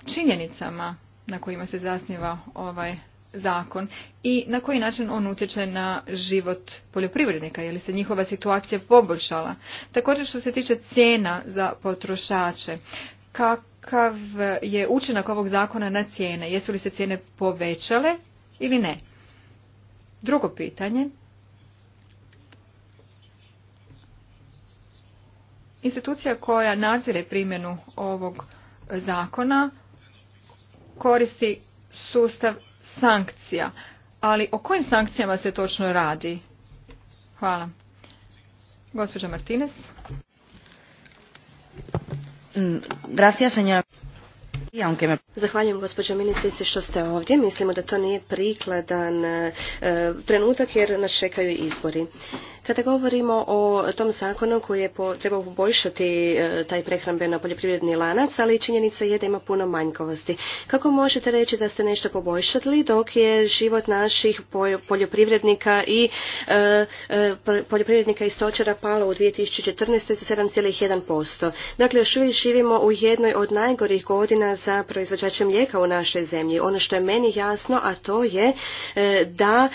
činjenicama na kojima se zasniva ovaj zakon i na koji način on utječe na život poljoprivrednika, je li se njihova situacija poboljšala. Također što se tiče cijena za potrošače, kakav je učinak ovog zakona na cijene? Jesu li se cijene povećale ili ne? Drugo pitanje. Institucija koja nadzire primjenu ovog zakona koristi sustav sankcija. Ali o kojim sankcijama se točno radi? Hvala. Gospođa Martinez. Gracias, Zahvaljujem gospođo ministrici što ste ovdje. Mislimo da to nije prikladan eh, trenutak jer nas čekaju izbori. Kada govorimo o tom zakonu koji je trebao poboljšati e, taj prehrambeno poljoprivredni lanac, ali činjenica je da ima puno manjkovosti. Kako možete reći da ste nešto poboljšali dok je život naših poljoprivrednika i e, e, poljoprivrednika i stočara palo u 2014. za 7,1%. Dakle, još uvijek živimo u jednoj od najgorih godina za proizvođače mlijeka u našoj zemlji. Ono što je meni jasno, a to je da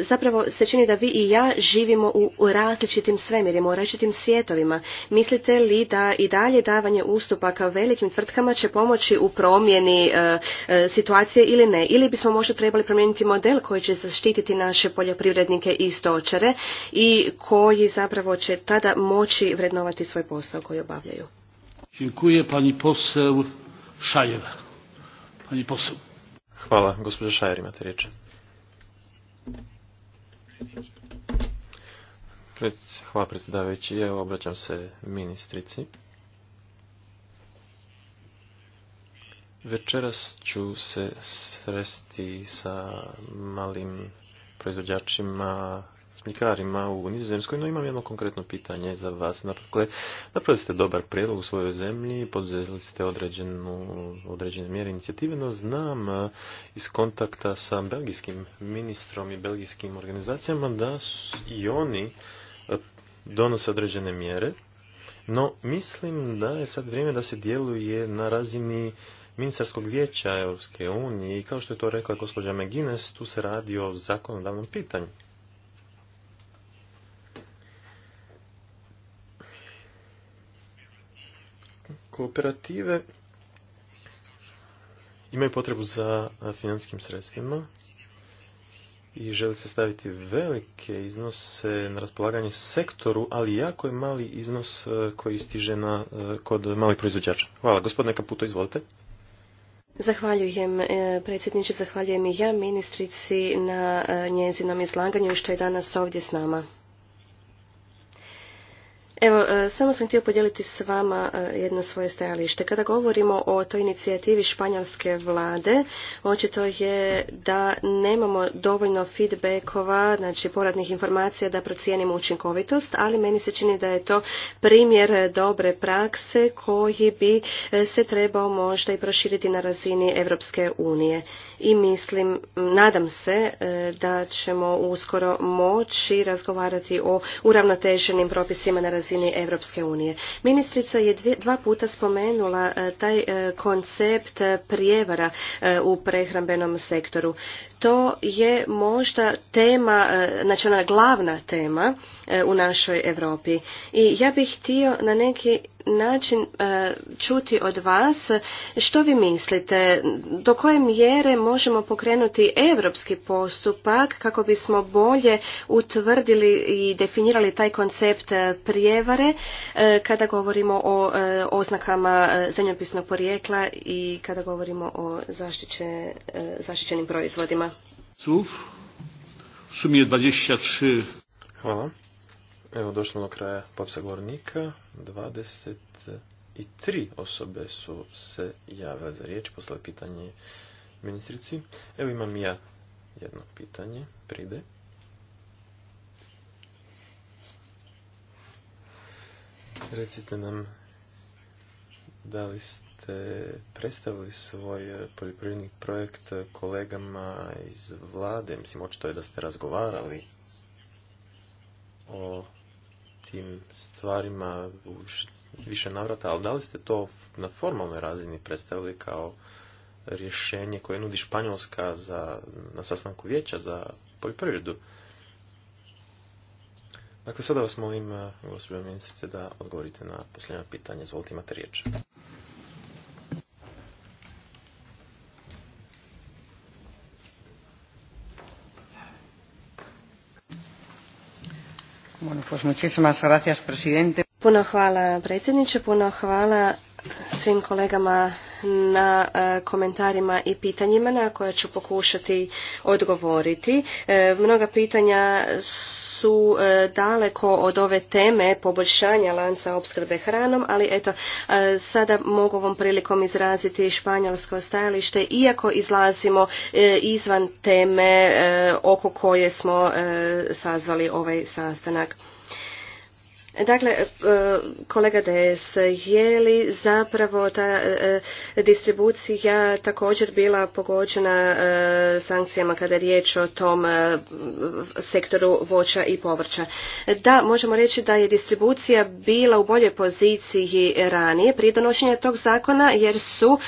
zapravo se čini da vi i ja živimo u u različitim svemirima, u različitim svijetovima. Mislite li da i dalje davanje ustupaka velikim tvrtkama će pomoći u promjeni e, e, situacije ili ne? Ili bismo možda trebali promijeniti model koji će zaštititi naše poljoprivrednike i stočare i koji zapravo će tada moći vrednovati svoj posao koji obavljaju? Dziękuję pani poseł Szajer. Pani poseł. Hvala, Šajer, imate riječ hvala predsjedavajući. Evo, obraćam se ministrici. Večeras ću se sresti sa malim proizvođačima, smljikarima u Nizozemskoj, no imam jedno konkretno pitanje za vas. Dakle, napravili ste dobar prijedlog u svojoj zemlji, poduzeli ste određenu, određene mjere inicijative, no znam eh, iz kontakta sa belgijskim ministrom i belgijskim organizacijama da i oni donose određene mjere, no mislim da je sad vrijeme da se djeluje na razini ministarskog vijeća Europske unije i kao što je to rekla gospođa McGuinness, tu se radi o zakonodavnom pitanju. Kooperative imaju potrebu za financijskim sredstvima i želi se staviti velike iznose na raspolaganje sektoru, ali jako je mali iznos e, koji stiže na, e, kod malih proizvođača. Hvala. Gospodine Kaputo, izvolite. Zahvaljujem e, predsjedniče, zahvaljujem i ja ministrici na njezinom izlaganju što je danas ovdje s nama. Evo, e, samo sam htio podijeliti s vama e, jedno svoje stajalište. Kada govorimo o toj inicijativi španjolske vlade, očito je da nemamo dovoljno feedbackova, znači poradnih informacija da procijenimo učinkovitost, ali meni se čini da je to primjer dobre prakse koji bi e, se trebao možda i proširiti na razini Europske unije. I mislim, nadam se da ćemo uskoro moći razgovarati o uravnoteženim propisima na razini razini Europske unije. Ministrica je dva puta spomenula e, taj e, koncept e, prijevara u prehrambenom sektoru to je možda tema, e, znači ona glavna tema e, u našoj Europi. I ja bih htio na neki način e, čuti od vas što vi mislite, do koje mjere možemo pokrenuti europski postupak kako bismo bolje utvrdili i definirali taj koncept prijevare kada govorimo o oznakama zemljopisnog porijekla i kada govorimo o zaštićenim proizvodima. Słów. W sumie 23. Hvala. Evo došlo do kraja Popsa Gornika. 23 osobe su se javile za riječ, poslali pitanje ministrici. Evo imam ja jedno pitanje. Pride. Recite nam da li ste ste predstavili svoj poljoprivredni projekt kolegama iz vlade, mislim očito je da ste razgovarali o tim stvarima u više navrata, ali da li ste to na formalnoj razini predstavili kao rješenje koje nudi Španjolska za, na sastanku vijeća za poljoprivredu? Dakle, sada vas molim, gospođo ministrice, da odgovorite na posljednje pitanje. Izvolite, imate riječ. Bueno, pues muchísimas gracias, presidente. Puno hvala predsjedniče, puno hvala svim kolegama na e, komentarima i pitanjima na koja ću pokušati odgovoriti. E, mnoga pitanja su e, daleko od ove teme poboljšanja lanca opskrbe hranom, ali eto, sada mogu ovom prilikom izraziti španjolsko stajalište, iako izlazimo izvan teme oko koje smo sazvali ovaj sastanak. Dakle, e, kolega Des, je li zapravo ta e, distribucija također bila pogođena e, sankcijama kada je riječ o tom sektoru voća i povrća? Da, možemo reći da je distribucija bila u boljoj poziciji ranije prije donošenja tog zakona jer su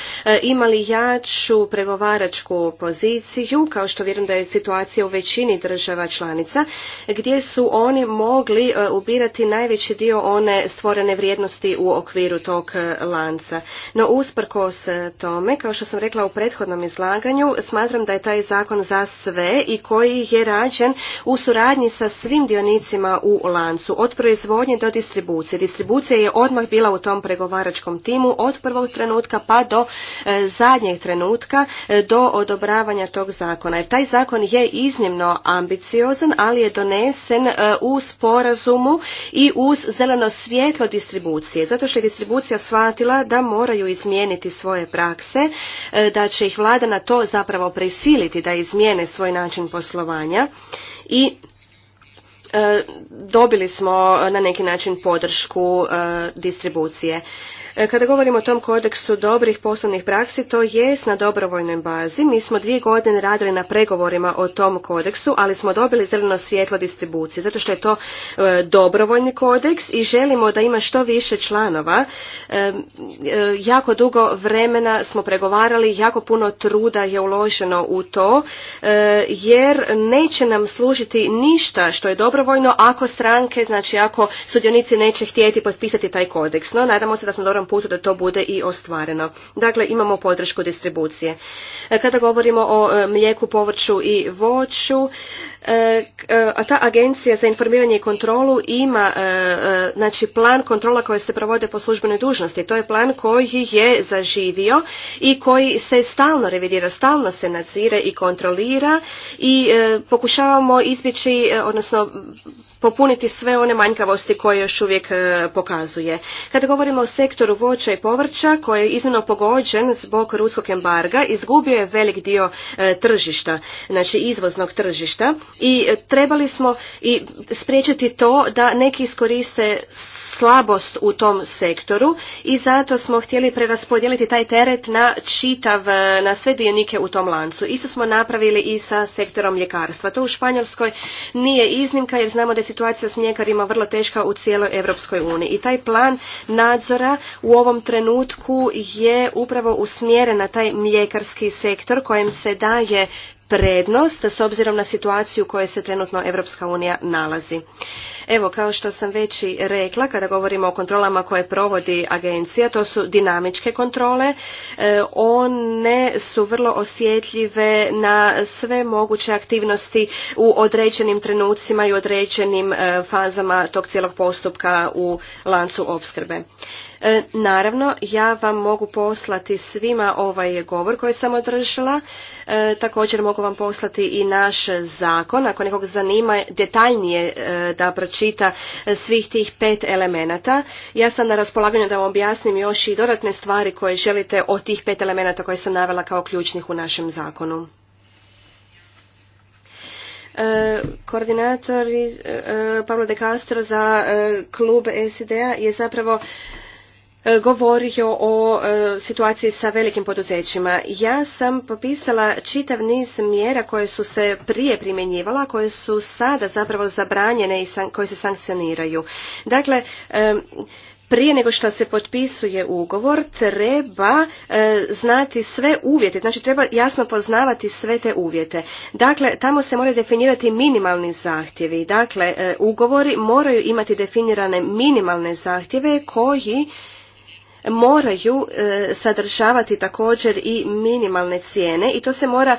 imali jaču pregovaračku poziciju, kao što vjerujem da je situacija u većini država članica, gdje su oni mogli ubirati najveći najveći dio one stvorene vrijednosti u okviru tog e, lanca. No usprkos e, tome, kao što sam rekla u prethodnom izlaganju, smatram da je taj zakon za sve i koji je rađen u suradnji sa svim dionicima u lancu, od proizvodnje do distribucije. Distribucija je odmah bila u tom pregovaračkom timu od prvog trenutka pa do e, zadnjeg trenutka do odobravanja tog zakona. Jer taj zakon je iznimno ambiciozan, ali je donesen u sporazumu i u uz zeleno svjetlo distribucije, zato što je distribucija shvatila da moraju izmijeniti svoje prakse, e, da će ih vlada na to zapravo prisiliti da izmijene svoj način poslovanja i e, dobili smo na neki način podršku e, distribucije. E, kada govorimo o tom kodeksu dobrih poslovnih praksi, to jest na dobrovoljnoj bazi. Mi smo dvije godine radili na pregovorima o tom kodeksu, ali smo dobili zeleno svjetlo distribucije, zato što je to e, dobrovoljni kodeks i želimo da ima što više članova. E, jako dugo vremena smo pregovarali, jako puno truda je uloženo u to, jer neće nam služiti ništa što je dobrovoljno ako stranke, znači ako sudionici neće htjeti potpisati taj kodeks. No, nadamo se da smo dobro dobrom putu da to bude i ostvareno. Dakle, imamo podršku distribucije. E, kada govorimo o e, mlijeku, povrću i voću, E, e, a ta agencija za informiranje i kontrolu ima e, znači plan kontrola koje se provode po službenoj dužnosti. To je plan koji je zaživio i koji se stalno revidira, stalno se nadzire i kontrolira i pokušavamo izbjeći, odnosno popuniti sve one manjkavosti koje još uvijek pokazuje. Kada govorimo o sektoru voća i povrća koji je iznimno pogođen zbog ruskog embarga, izgubio je velik dio tržišta, znači izvoznog tržišta i trebali smo i spriječiti to da neki iskoriste slabost u tom sektoru i zato smo htjeli preraspodijeliti taj teret na čitav, e, na sve dionike u tom lancu. Isto smo napravili i sa sektorom ljekarstva. To u Španjolskoj nije iznimka jer znamo da je situacija s mljekarima vrlo teška u cijeloj Europskoj uniji. I taj plan nadzora u ovom trenutku je upravo usmjeren na taj mljekarski sektor kojem se daje prednost s obzirom na situaciju u kojoj se trenutno Europska unija nalazi. Evo, kao što sam već i rekla, kada govorimo o kontrolama koje provodi agencija, to su dinamičke kontrole. E, one su vrlo osjetljive na sve moguće aktivnosti u određenim trenucima i određenim e, fazama tog cijelog postupka u lancu opskrbe. E, naravno, ja vam mogu poslati svima ovaj govor koji sam održala. E, također mogu vam poslati i naš zakon. Ako nekog zanima detaljnije e, da pročita svih tih pet elemenata, ja sam na raspolaganju da vam objasnim još i dodatne stvari koje želite od tih pet elemenata koje sam navela kao ključnih u našem zakonu. koordinator Pablo de Castro za klub SID-a je zapravo E, govorio o e, situaciji sa velikim poduzećima. Ja sam popisala čitav niz mjera koje su se prije primjenjivala, koje su sada zapravo zabranjene i koje se sankcioniraju. Dakle, e, prije nego što se potpisuje ugovor treba znati sve uvjete, znači treba jasno poznavati sve te uvjete. Dakle, tamo se moraju definirati minimalni zahtjevi. Dakle, ugovori moraju imati definirane minimalne zahtjeve koji moraju e, sadržavati također i minimalne cijene i to se mora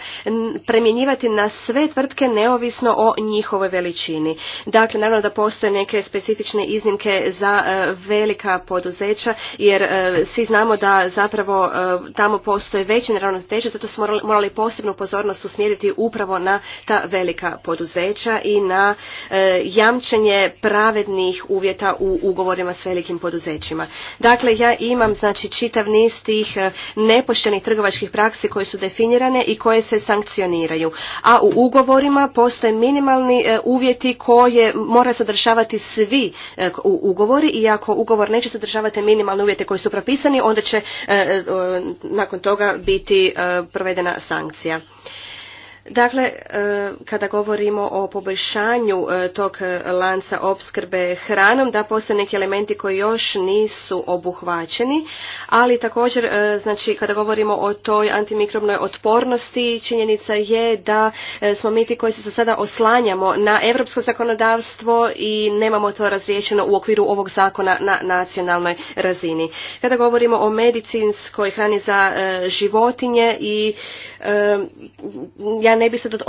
premjenjivati na sve tvrtke neovisno o njihovoj veličini. Dakle, naravno da postoje neke specifične iznimke za e, velika poduzeća jer e, svi znamo da zapravo tamo postoje veće neravnoteže, zato smo morali posebnu pozornost usmjeriti upravo na ta velika poduzeća i na jamčenje pravednih uvjeta u ugovorima s velikim poduzećima. Dakle, ja i imam znači čitav niz tih e, nepoštenih trgovačkih praksi koje su definirane i koje se sankcioniraju. A u ugovorima postoje minimalni e, uvjeti koje mora sadržavati svi e, ugovori i ako ugovor neće sadržavati minimalne uvjete koji su propisani, onda će nakon toga biti provedena sankcija. Dakle, e, kada govorimo o poboljšanju e, tog lanca opskrbe hranom, da postoje neki elementi koji još nisu obuhvaćeni, ali također, e, znači, kada govorimo o toj antimikrobnoj otpornosti, činjenica je da smo mi ti koji se sada oslanjamo na europsko zakonodavstvo i nemamo to razriješeno u okviru ovog zakona na nacionalnoj razini. Kada govorimo o medicinskoj hrani za životinje i ja ne bi sad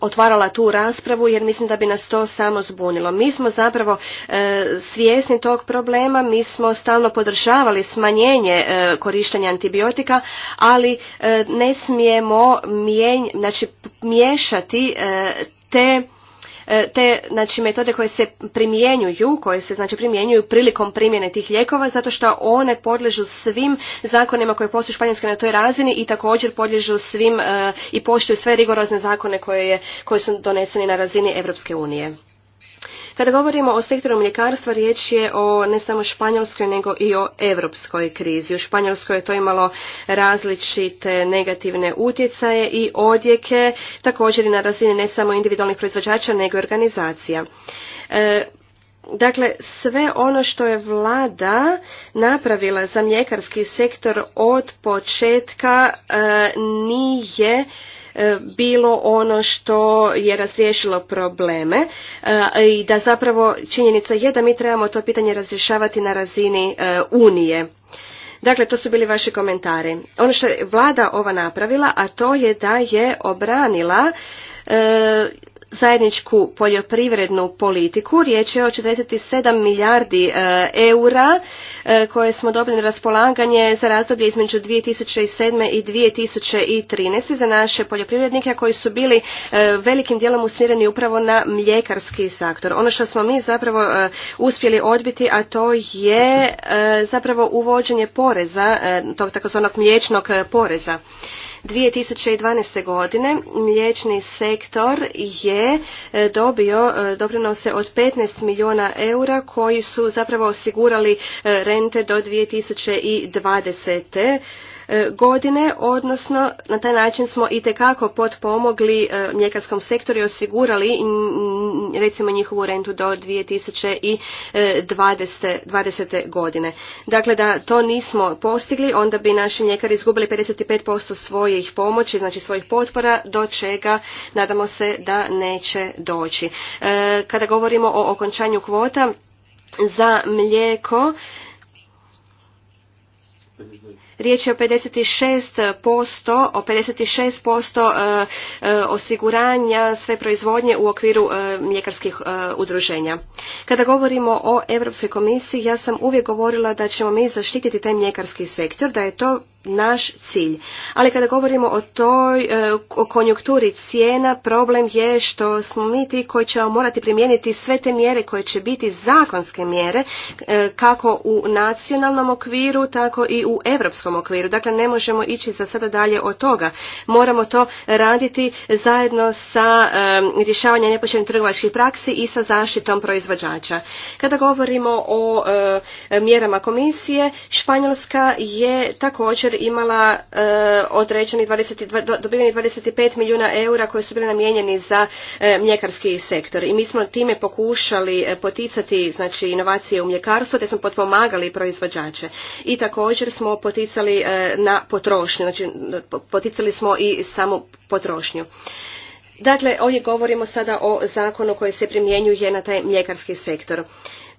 otvarala tu raspravu jer mislim da bi nas to samo zbunilo. Mi smo zapravo e, svjesni tog problema, mi smo stalno podržavali smanjenje e, korištenja antibiotika, ali e, ne smijemo znači miješati te E, te znači, metode koje se primjenjuju, koje se znači, primjenjuju prilikom primjene tih lijekova, zato što one podležu svim zakonima koje postoje u Španjolskoj na toj razini i također podliježu svim e, i poštuju sve rigorozne zakone koje, je, koje su doneseni na razini Europske unije. Kada govorimo o sektoru mljekarstva, riječ je o ne samo španjolskoj, nego i o europskoj krizi. U Španjolskoj je to imalo različite negativne utjecaje i odjeke, također i na razini ne samo individualnih proizvođača, nego i organizacija. E, dakle, sve ono što je vlada napravila za mljekarski sektor od početka e, nije E, bilo ono što je razriješilo probleme e, i da zapravo činjenica je da mi trebamo to pitanje razrješavati na razini e, Unije. Dakle, to su bili vaši komentari. Ono što je vlada ova napravila, a to je da je obranila zajedničku poljoprivrednu politiku. Riječ je o 47 milijardi e, eura e, koje smo dobili na raspolaganje za razdoblje između 2007. i 2013. za naše poljoprivrednike koji su bili e, velikim dijelom usmjereni upravo na mljekarski sektor. Ono što smo mi zapravo uspjeli odbiti, a to je zapravo uvođenje poreza, tog takozvanog mliječnog poreza. 2012. godine mliječni sektor je e, dobio e, doprinose od 15 milijuna eura koji su zapravo osigurali e, rente do 2020. E, godine, odnosno na taj način smo i tekako potpomogli e, mljekarskom sektoru i osigurali recimo njihovu rentu do 2020. godine. Dakle, da to nismo postigli, onda bi naši mljekari izgubili 55% svojih pomoći, znači svojih potpora, do čega nadamo se da neće doći. E, kada govorimo o okončanju kvota, za mlijeko Riječ je o 56%, o 56% e, e, osiguranja sve proizvodnje u okviru e, mljekarskih udruženja. Kada govorimo o Europskoj komisiji, ja sam uvijek govorila da ćemo mi zaštititi taj mljekarski sektor, da je to naš cilj. Ali kada govorimo o toj e, o konjunkturi cijena, problem je što smo mi ti koji ćemo morati primijeniti sve te mjere koje će biti zakonske mjere e, kako u nacionalnom okviru, tako i u europskom okviru. Dakle, ne možemo ići za sada dalje od toga. Moramo to raditi zajedno sa e, rješavanjem nepoštenih trgovačkih praksi i sa zaštitom proizvođača. Kada govorimo o mjerama komisije, Španjolska je također imala e, određeni dvadeset dobiveni 25 milijuna eura koji su bili namijenjeni za e, mljekarski sektor. I mi smo time pokušali e, poticati znači, inovacije u mljekarstvu te smo potpomagali proizvođače. I također smo poticali e, na potrošnju, znači poticali smo i samu potrošnju. Dakle, ovdje govorimo sada o zakonu koji se primjenjuje na taj mljekarski sektor.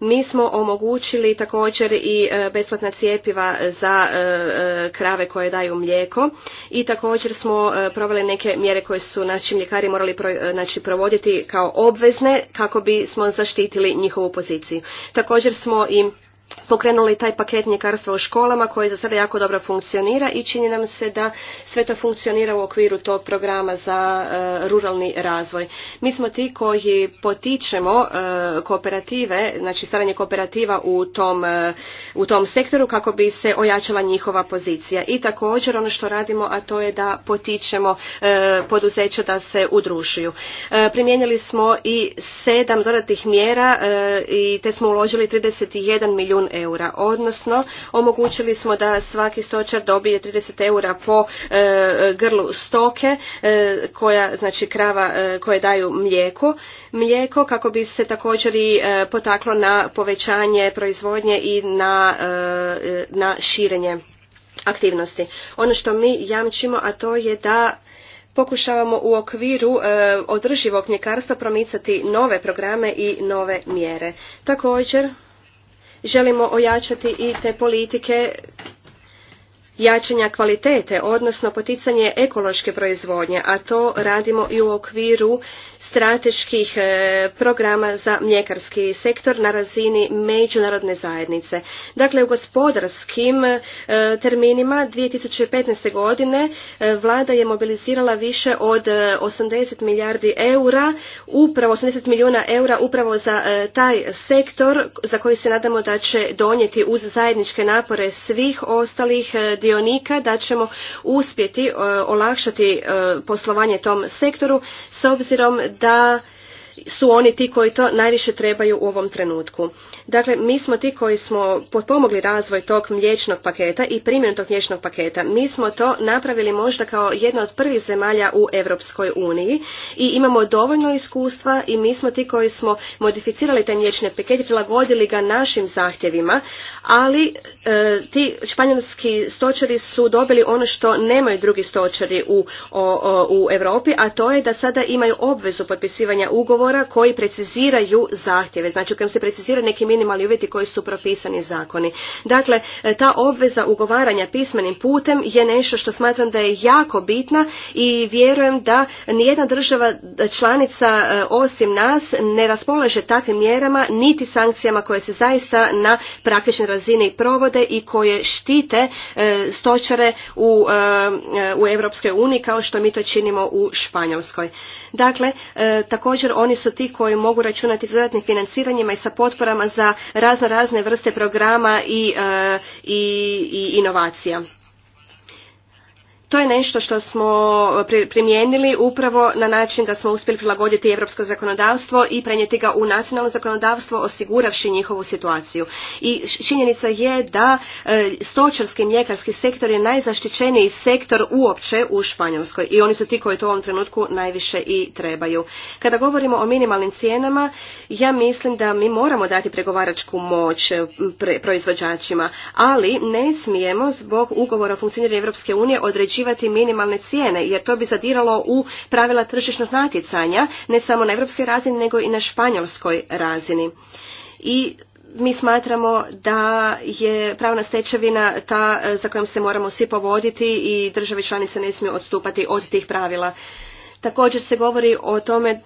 Mi smo omogućili također i e, besplatna cijepiva za e, e, krave koje daju mlijeko i također smo proveli neke mjere koje su naši mljekari morali znači, provoditi kao obvezne kako bismo zaštitili njihovu poziciju. Također smo im pokrenuli taj paket mljekarstva u školama koji za sada jako dobro funkcionira i čini nam se da sve to funkcionira u okviru tog programa za e, ruralni razvoj. Mi smo ti koji potičemo e, kooperative, znači stvaranje kooperativa u tom, e, u tom sektoru kako bi se ojačala njihova pozicija. I također ono što radimo, a to je da potičemo poduzeća da se udrušuju. Primijenili smo i sedam dodatnih mjera i te smo uložili 31 milijun eura. Odnosno, omogućili smo da svaki stočar dobije 30 eura po e, grlu stoke e, koja, znači krava e, koje daju mlijeko. Mlijeko kako bi se također i potaklo na povećanje proizvodnje i na, na širenje aktivnosti. Ono što mi jamčimo, a to je da pokušavamo u okviru održivog mljekarstva promicati nove programe i nove mjere. Također želimo ojačati i te politike jačanja kvalitete, odnosno poticanje ekološke proizvodnje, a to radimo i u okviru strateških e, programa za mljekarski sektor na razini međunarodne zajednice. Dakle, u gospodarskim e, terminima 2015. godine e, vlada je mobilizirala više od 80 milijardi eura, upravo 80 milijuna eura upravo za taj sektor za koji se nadamo da će donijeti uz zajedničke napore svih ostalih dionika da ćemo uspjeti e, olakšati e, poslovanje tom sektoru s obzirom da su oni ti koji to najviše trebaju u ovom trenutku. Dakle, mi smo ti koji smo potpomogli razvoj tog mliječnog paketa i primjenu tog mliječnog paketa. Mi smo to napravili možda kao jedna od prvih zemalja u Europskoj uniji i imamo dovoljno iskustva i mi smo ti koji smo modificirali taj mliječni paket i prilagodili ga našim zahtjevima, ali e, ti španjolski stočari su dobili ono što nemaju drugi stočari u, u Europi, a to je da sada imaju obvezu potpisivanja ugovora ugovora koji preciziraju zahtjeve, znači u kojem se preciziraju neki minimalni uvjeti koji su propisani zakoni. Dakle, e, ta obveza ugovaranja pismenim putem je nešto što smatram da je jako bitna i vjerujem da nijedna država članica e, osim nas ne raspolaže takvim mjerama niti sankcijama koje se zaista na praktičnoj razini provode i koje štite e, stočare u, u Europskoj uniji kao što mi to činimo u Španjolskoj. Dakle, e, također oni su ti koji mogu računati s dodatnim financiranjima i sa potporama za razno razne vrste programa i e, inovacija. To je nešto što smo e, primijenili upravo na način da smo uspjeli prilagoditi europsko zakonodavstvo i prenijeti ga u nacionalno zakonodavstvo osiguravši njihovu situaciju. I činjenica je da e, stočarski i mljekarski sektor je najzaštićeniji sektor uopće u Španjolskoj i oni su ti koji to u ovom trenutku najviše i trebaju. Kada govorimo o minimalnim cijenama, ja mislim da mi moramo dati pregovaračku moć e, proizvođačima, ali ne smijemo zbog ugovora o funkcioniranju Europske unije određivati određivati minimalne cijene jer to bi zadiralo u pravila tržišnog natjecanja ne samo na europskoj razini nego i na španjolskoj razini. I mi smatramo da je pravna stečevina ta eh, za kojom se moramo svi povoditi i države članice ne smiju odstupati od tih pravila. Također se govori o tome,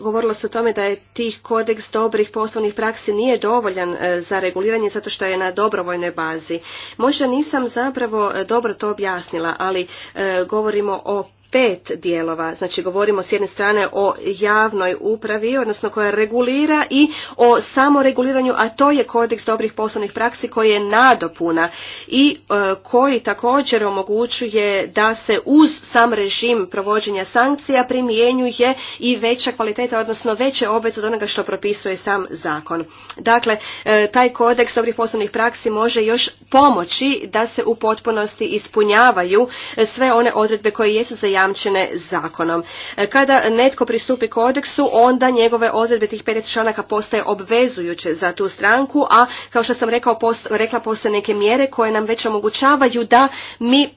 govorilo se o tome da je tih kodeks dobrih poslovnih praksi nije dovoljan e, za reguliranje zato što je na dobrovoljnoj bazi. Možda nisam zapravo e, dobro to objasnila, ali e, govorimo o pet dijelova. Znači govorimo s jedne strane o javnoj upravi, odnosno koja regulira i o samoreguliranju, a to je kodeks dobrih poslovnih praksi koji je nadopuna i e, koji također omogućuje da se uz sam režim provođenja sankcija primjenjuje i veća kvaliteta, odnosno veće obveze od onoga što propisuje sam zakon. Dakle, e, taj kodeks dobrih poslovnih praksi može još pomoći da se u potpunosti ispunjavaju sve one odredbe koje jesu za zajamčene zakonom. E, kada netko pristupi kodeksu, onda njegove odredbe tih 50 članaka postaje obvezujuće za tu stranku, a kao što sam rekao, rekla postoje neke mjere koje nam već omogućavaju da mi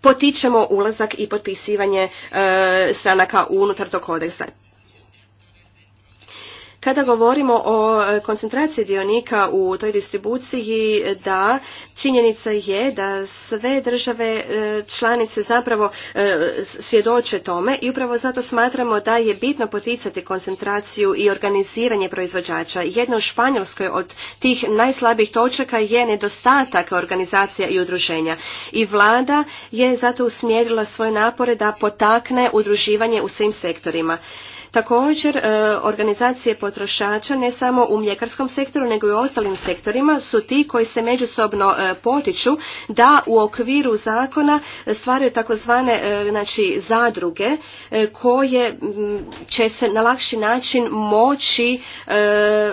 potičemo ulazak i potpisivanje e, stranaka unutar tog kodeksa. Kada govorimo o e, koncentraciji dionika u toj distribuciji, da, činjenica je da sve države e, članice zapravo e, svjedoče tome i upravo zato smatramo da je bitno poticati koncentraciju i organiziranje proizvođača. Jedno u Španjolskoj od tih najslabih točaka je nedostatak organizacija i udruženja. I vlada je zato usmjerila svoje napore da potakne udruživanje u svim sektorima. Također, e, organizacije potrošača ne samo u mljekarskom sektoru, nego i u ostalim sektorima su ti koji se međusobno e, potiču da u okviru zakona stvaraju takozvane e, znači, zadruge koje će se na lakši način moći,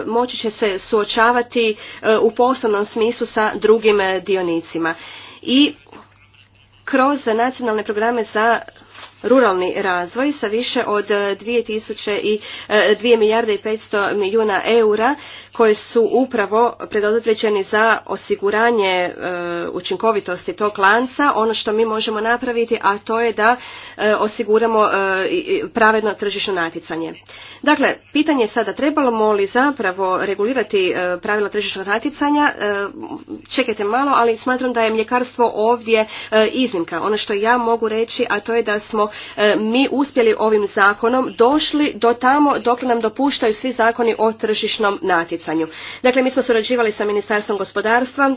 moći će se suočavati u poslovnom smislu sa drugim dionicima. I kroz nacionalne programe za ruralni razvoj sa više od e, dvije 2 e, milijarde i 500 milijuna eura koji su upravo predodređeni za osiguranje e, učinkovitosti tog lanca. Ono što mi možemo napraviti, a to je da osiguramo pravedno tržišno natjecanje. Dakle, pitanje je sada trebalo li zapravo regulirati pravila tržišnog natjecanja. Čekajte malo, ali smatram da je mljekarstvo ovdje iznimka. Ono što ja mogu reći, a to je da smo E, mi uspjeli ovim zakonom došli do tamo dokle nam dopuštaju svi zakoni o tržišnom natjecanju. Dakle, mi smo surađivali sa Ministarstvom gospodarstva,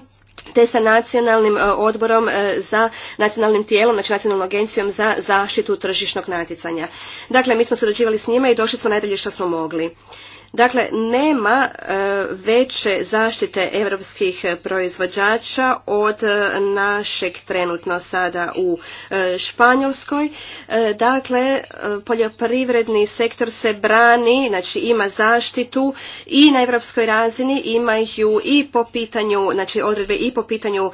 te sa nacionalnim e, odborom e, za nacionalnim tijelom, znači nacionalnom agencijom za zaštitu tržišnog natjecanja. Dakle, mi smo surađivali s njima i došli smo najdalje što smo mogli. Dakle, nema e, veće zaštite europskih proizvođača od e, našeg trenutno sada u e, Španjolskoj. Dakle, poljoprivredni sektor se brani, znači ima zaštitu i na europskoj razini imaju i po pitanju, znači odredbe i po pitanju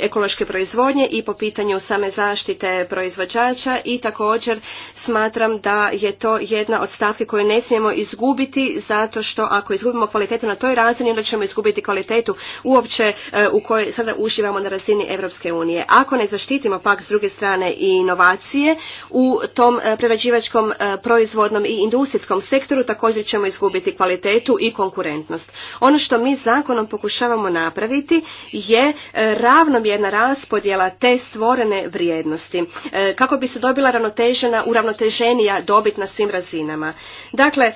ekološke proizvodnje i po pitanju same zaštite proizvođača i također smatram da je to jedna od stavke koju ne smijemo izgubiti izgubiti zato što ako izgubimo kvalitetu na toj razini onda ćemo izgubiti kvalitetu uopće e, u kojoj sada uživamo na razini Europske unije. Ako ne zaštitimo pak s druge strane i inovacije u tom e, prerađivačkom e, proizvodnom i industrijskom sektoru također ćemo izgubiti kvalitetu i konkurentnost. Ono što mi zakonom pokušavamo napraviti je ravnomjerna raspodjela te stvorene vrijednosti kako bi se dobila uravnoteženija dobit na svim razinama. Dakle,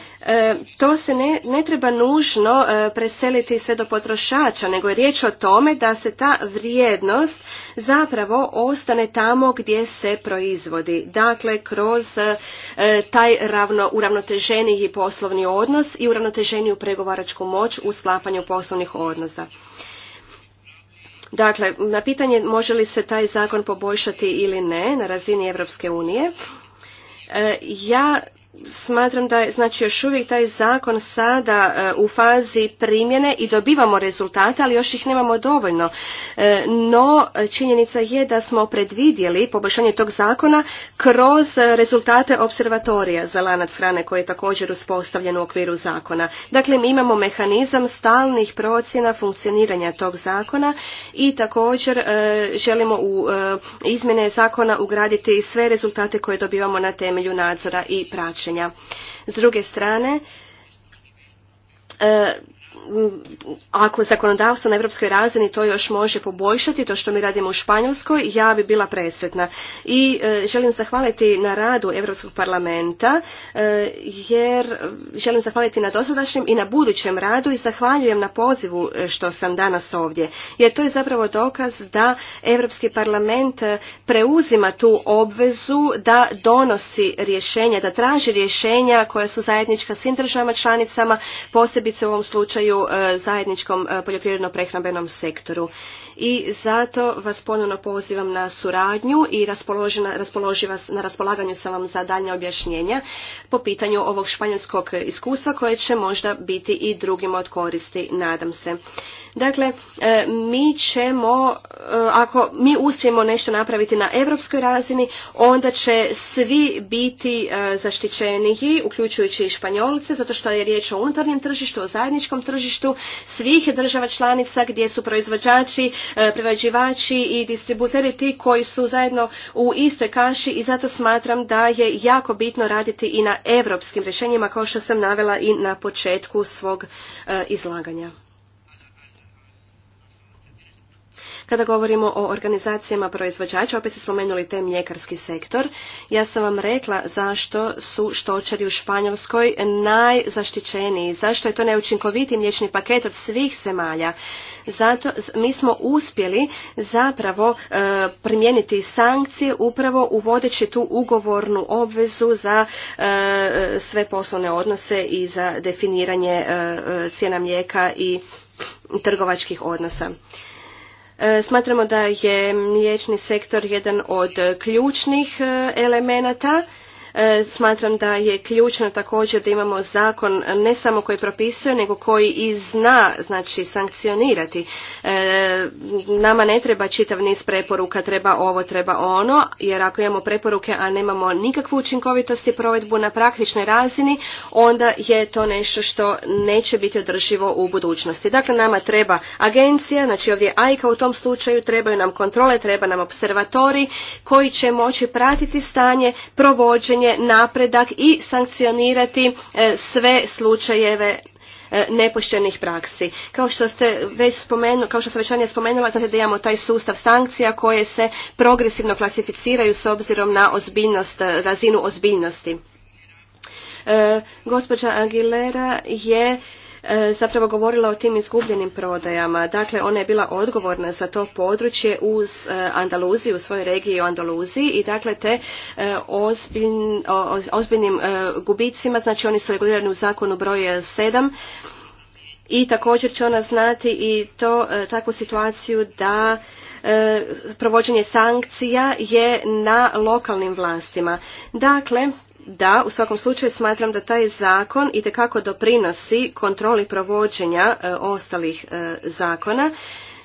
to se ne, ne treba nužno e, preseliti sve do potrošača, nego je riječ o tome da se ta vrijednost zapravo ostane tamo gdje se proizvodi. Dakle, kroz e, taj ravno, uravnoteženiji poslovni odnos i uravnoteženiju pregovaračku moć u sklapanju poslovnih odnosa. Dakle, na pitanje može li se taj zakon poboljšati ili ne na razini Europske unije, e, ja smatram da je znači još uvijek taj zakon sada e, u fazi primjene i dobivamo rezultate, ali još ih nemamo dovoljno. E, no, činjenica je da smo predvidjeli poboljšanje tog zakona kroz rezultate observatorija za lanac hrane koji je također uspostavljen u okviru zakona. Dakle, mi imamo mehanizam stalnih procjena funkcioniranja tog zakona i također e, želimo u izmjene zakona ugraditi sve rezultate koje dobivamo na temelju nadzora i praćenja plaćanja. S druge strane, e, ako zakonodavstvo na europskoj razini to još može poboljšati, to što mi radimo u Španjolskoj, ja bi bila presretna. I e, želim zahvaliti na radu Europskog parlamenta, e, jer želim zahvaliti na dosadašnjem i na budućem radu i zahvaljujem na pozivu e, što sam danas ovdje. Jer to je zapravo dokaz da Europski parlament preuzima tu obvezu da donosi rješenja, da traži rješenja koja su zajednička svim državama članicama, posebice u ovom slučaju u e, zajedničkom e, poljoprivredno-prehrambenom sektoru. I zato vas ponovno pozivam na suradnju i raspoloživa, na raspolaganju sam vam za daljnja objašnjenja po pitanju ovog španjolskog iskustva koje će možda biti i drugima od koristi, nadam se. Dakle, e, mi ćemo, e, ako mi uspijemo nešto napraviti na europskoj razini, onda će svi biti e, zaštićeniji, uključujući i Španjolce, zato što je riječ o unutarnjem tržištu, o zajedničkom tržištu svih država članica gdje su proizvođači, prevađivači i distributeri ti koji su zajedno u istoj kaši i zato smatram da je jako bitno raditi i na europskim rješenjima kao što sam navela i na početku svog izlaganja. Kada govorimo o organizacijama proizvođača, opet ste spomenuli te mljekarski sektor. Ja sam vam rekla zašto su štočari u Španjolskoj najzaštićeniji, zašto je to neučinkoviti mliječni paket od svih zemalja. Zato mi smo uspjeli zapravo e, primijeniti sankcije upravo uvodeći tu ugovornu obvezu za e, sve poslovne odnose i za definiranje e, e, cijena mlijeka i trgovačkih odnosa. E, smatramo da je mliječni sektor jedan od ključnih e, elemenata E, smatram da je ključno također da imamo zakon ne samo koji propisuje, nego koji i zna znači sankcionirati. E, nama ne treba čitav niz preporuka, treba ovo, treba ono, jer ako imamo preporuke, a nemamo nikakvu učinkovitost i provedbu na praktičnoj razini, onda je to nešto što neće biti održivo u budućnosti. Dakle, nama treba agencija, znači ovdje AIKA u tom slučaju, trebaju nam kontrole, treba nam observatori koji će moći pratiti stanje, provođenje, napredak i sankcionirati e, sve slučajeve e, nepoštenih praksi. Kao što ste već spomenuli, kao što sam već ranije spomenula, znate da imamo taj sustav sankcija koje se progresivno klasificiraju s obzirom na ozbiljnost, e, razinu ozbiljnosti. gospođa Aguilera je E, zapravo govorila o tim izgubljenim prodajama. Dakle, ona je bila odgovorna za to područje uz e, Andaluziju, u svojoj regiji u Andaluziji i dakle te e, ozbiljnim gubicima, znači oni su regulirani u zakonu broj 7, i također će ona znati i to, takvu situaciju da provođenje sankcija je na lokalnim vlastima. Dakle, da u svakom slučaju smatram da taj zakon itekako doprinosi kontroli provođenja e, ostalih e, zakona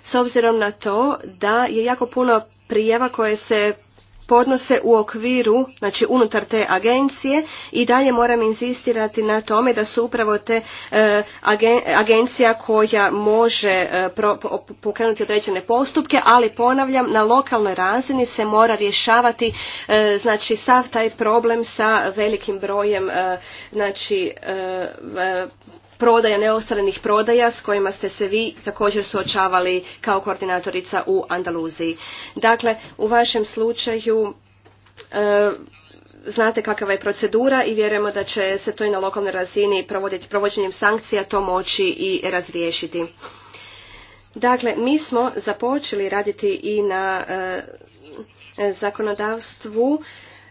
s obzirom na to da je jako puno prijava koje se podnose u okviru, znači unutar te agencije i dalje moram inzistirati na tome da su upravo te e, agencija koja može e, pokrenuti određene postupke, ali ponavljam na lokalnoj razini se mora rješavati e, znači sav taj problem sa velikim brojem znači prodaja, neostvarenih prodaja s kojima ste se vi također suočavali kao koordinatorica u Andaluziji. Dakle, u vašem slučaju e, znate kakva je procedura i vjerujemo da će se to i na lokalnoj razini provoditi, provođenjem sankcija to moći i razriješiti. Dakle, mi smo započeli raditi i na e, zakonodavstvu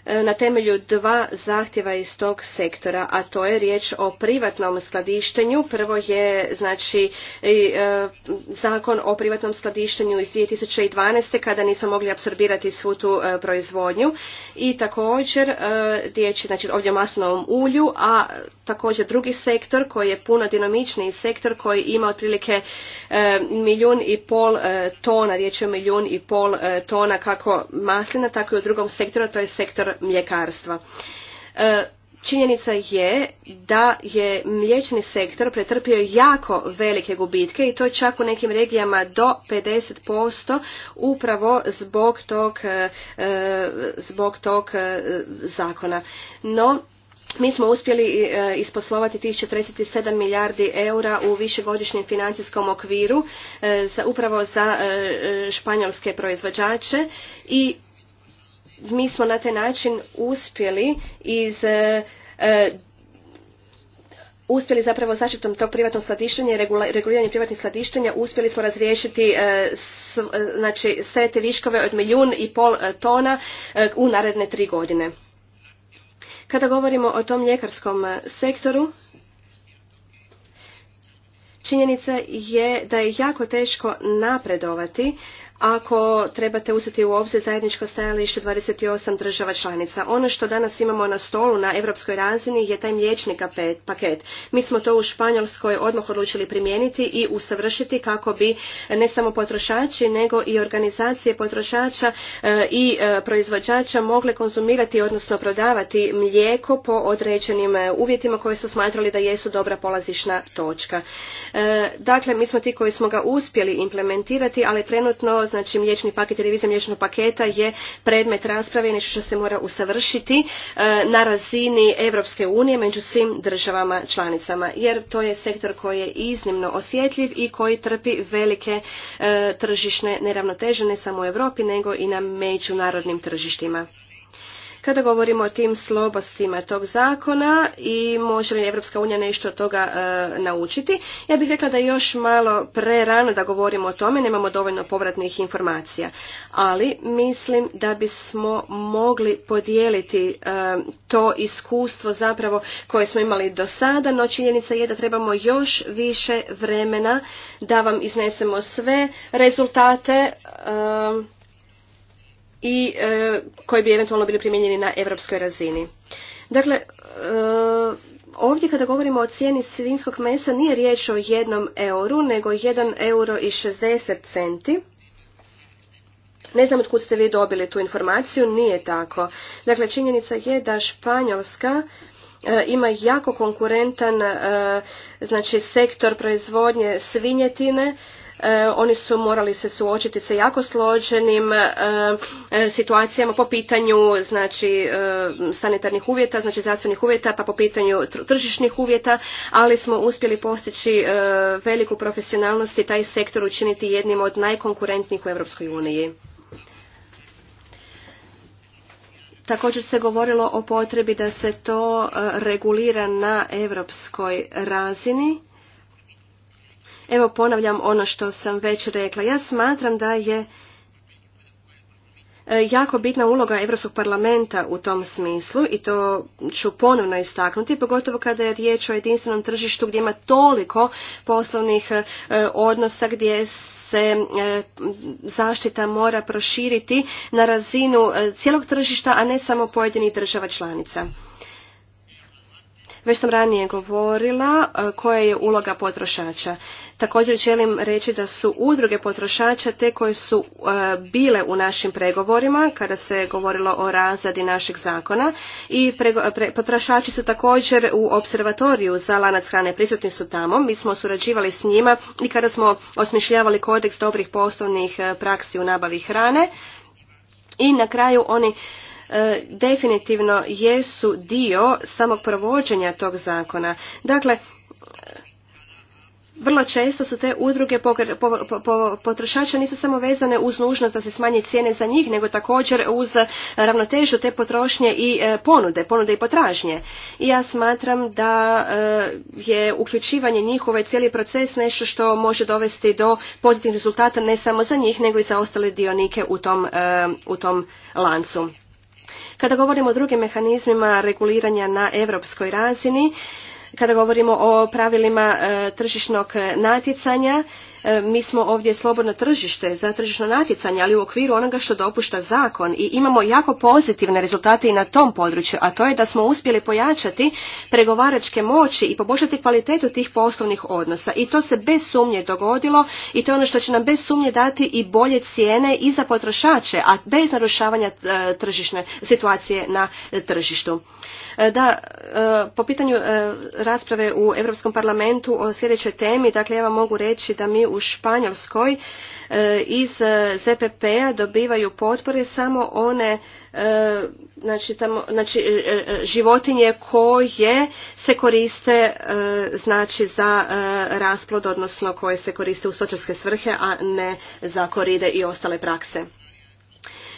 E, na temelju dva zahtjeva iz tog sektora, a to je riječ o privatnom skladištenju. Prvo je znači e, zakon o privatnom skladištenju iz 2012. kada nismo mogli apsorbirati svu tu e, proizvodnju i također riječ je znači, ovdje o maslinovom ulju, a također drugi sektor koji je puno dinamičniji sektor koji ima otprilike milijun i pol tona, riječ je o milijun i pol tona kako maslina, tako i u drugom sektoru, to je sektor mljekarstva. E, činjenica je da je mliječni sektor pretrpio jako velike gubitke i to čak u nekim regijama do 50% upravo zbog tog, e, e, zbog tog zakona. No, mi smo uspjeli isposlovati tih 47 milijardi eura u višegodišnjem financijskom okviru upravo za španjolske proizvođače i mi smo na taj način uspjeli iz e, e, uspjeli zapravo zaštitom tog privatnog skladištenja i reguliranje privatnih skladištenja uspjeli smo razriješiti e, znači sve te viškove od milijun i pol tona u naredne tri godine. Kada govorimo o tom ljekarskom sektoru, činjenica je da je jako teško napredovati ako trebate uzeti u obzir zajedničko stajalište 28 država članica. Ono što danas imamo na stolu na europskoj razini je taj mliječni paket. Mi smo to u Španjolskoj odmah odlučili primijeniti i usavršiti kako bi ne samo potrošači nego i organizacije potrošača e, i e, proizvođača mogle konzumirati odnosno prodavati mlijeko po određenim e, uvjetima koje su smatrali da jesu dobra polazišna točka. Dakle, mi smo ti koji smo ga uspjeli implementirati, ali trenutno znači mliječni paket i revizija mliječnog paketa je predmet rasprave i nešto što se mora usavršiti e, na razini Europske unije među svim državama članicama jer to je sektor koji je iznimno osjetljiv i koji trpi velike e, tržišne neravnoteže ne samo u Europi nego i na međunarodnim tržištima. Kada govorimo o tim slobostima tog zakona i može li Evropska unija nešto od toga e, naučiti, ja bih rekla da je još malo prerano da govorimo o tome, nemamo dovoljno povratnih informacija. Ali mislim da bismo mogli podijeliti e, to iskustvo zapravo koje smo imali do sada, no činjenica je da trebamo još više vremena da vam iznesemo sve rezultate e, i e, koji bi eventualno bili primijenjeni na europskoj razini. Dakle, e, ovdje kada govorimo o cijeni svinskog mesa nije riječ o jednom euru, nego jedan euro i 60 centi. Ne znam kud ste vi dobili tu informaciju, nije tako. Dakle, činjenica je da Španjolska e, ima jako konkurentan znači sektor proizvodnje svinjetine E, oni su morali se suočiti sa jako složenim e, e, situacijama po pitanju znači sanitarnih uvjeta, znači zdravstvenih uvjeta, pa po pitanju tržišnih uvjeta, ali smo uspjeli postići veliku profesionalnost i taj sektor učiniti jednim od najkonkurentnijih u Europskoj uniji. Također se govorilo o potrebi da se to regulira na europskoj razini Evo ponavljam ono što sam već rekla. Ja smatram da je e, jako bitna uloga Europskog parlamenta u tom smislu i to ću ponovno istaknuti, pogotovo kada je riječ o jedinstvenom tržištu gdje ima toliko poslovnih e, odnosa gdje se e, zaštita mora proširiti na razinu cijelog tržišta, a ne samo pojedinih država članica. Već sam ranije govorila e, koja je uloga potrošača. Također želim reći da su udruge potrošača te koje su e, bile u našim pregovorima kada se govorilo o razradi našeg zakona i potrošači su također u observatoriju za lanac hrane prisutni su tamo. Mi smo surađivali s njima i kada smo osmišljavali kodeks dobrih poslovnih e, praksi u nabavi hrane i na kraju oni E, definitivno jesu dio samog provođenja tog zakona. Dakle, vrlo često su te udruge potrošača nisu samo vezane uz nužnost da se smanje cijene za njih, nego također uz ravnotežu te potrošnje i e, ponude, ponude i potražnje. I ja smatram da e, je uključivanje njihove cijeli proces nešto što može dovesti do pozitivnih rezultata ne samo za njih, nego i za ostale dionike u tom, u tom lancu. Kada govorimo o drugim mehanizmima reguliranja na europskoj razini, kada govorimo o pravilima e, tržišnog natjecanja E, mi smo ovdje slobodno tržište za tržišno natjecanje, ali u okviru onoga što dopušta zakon i imamo jako pozitivne rezultate i na tom području, a to je da smo uspjeli pojačati pregovaračke moći i poboljšati kvalitetu tih poslovnih odnosa i to se bez sumnje dogodilo i to je ono što će nam bez sumnje dati i bolje cijene i za potrošače, a bez narušavanja e, tržišne situacije na tržištu. E, da, po pitanju rasprave u Europskom parlamentu o sljedećoj temi, dakle ja vam mogu reći da mi u Španjolskoj e, iz e, ZPP-a dobivaju potpore samo one e, znači, tamo, znači životinje koje se koriste znači za rasplod odnosno koje se koriste u stočarske svrhe a ne za koride i ostale prakse.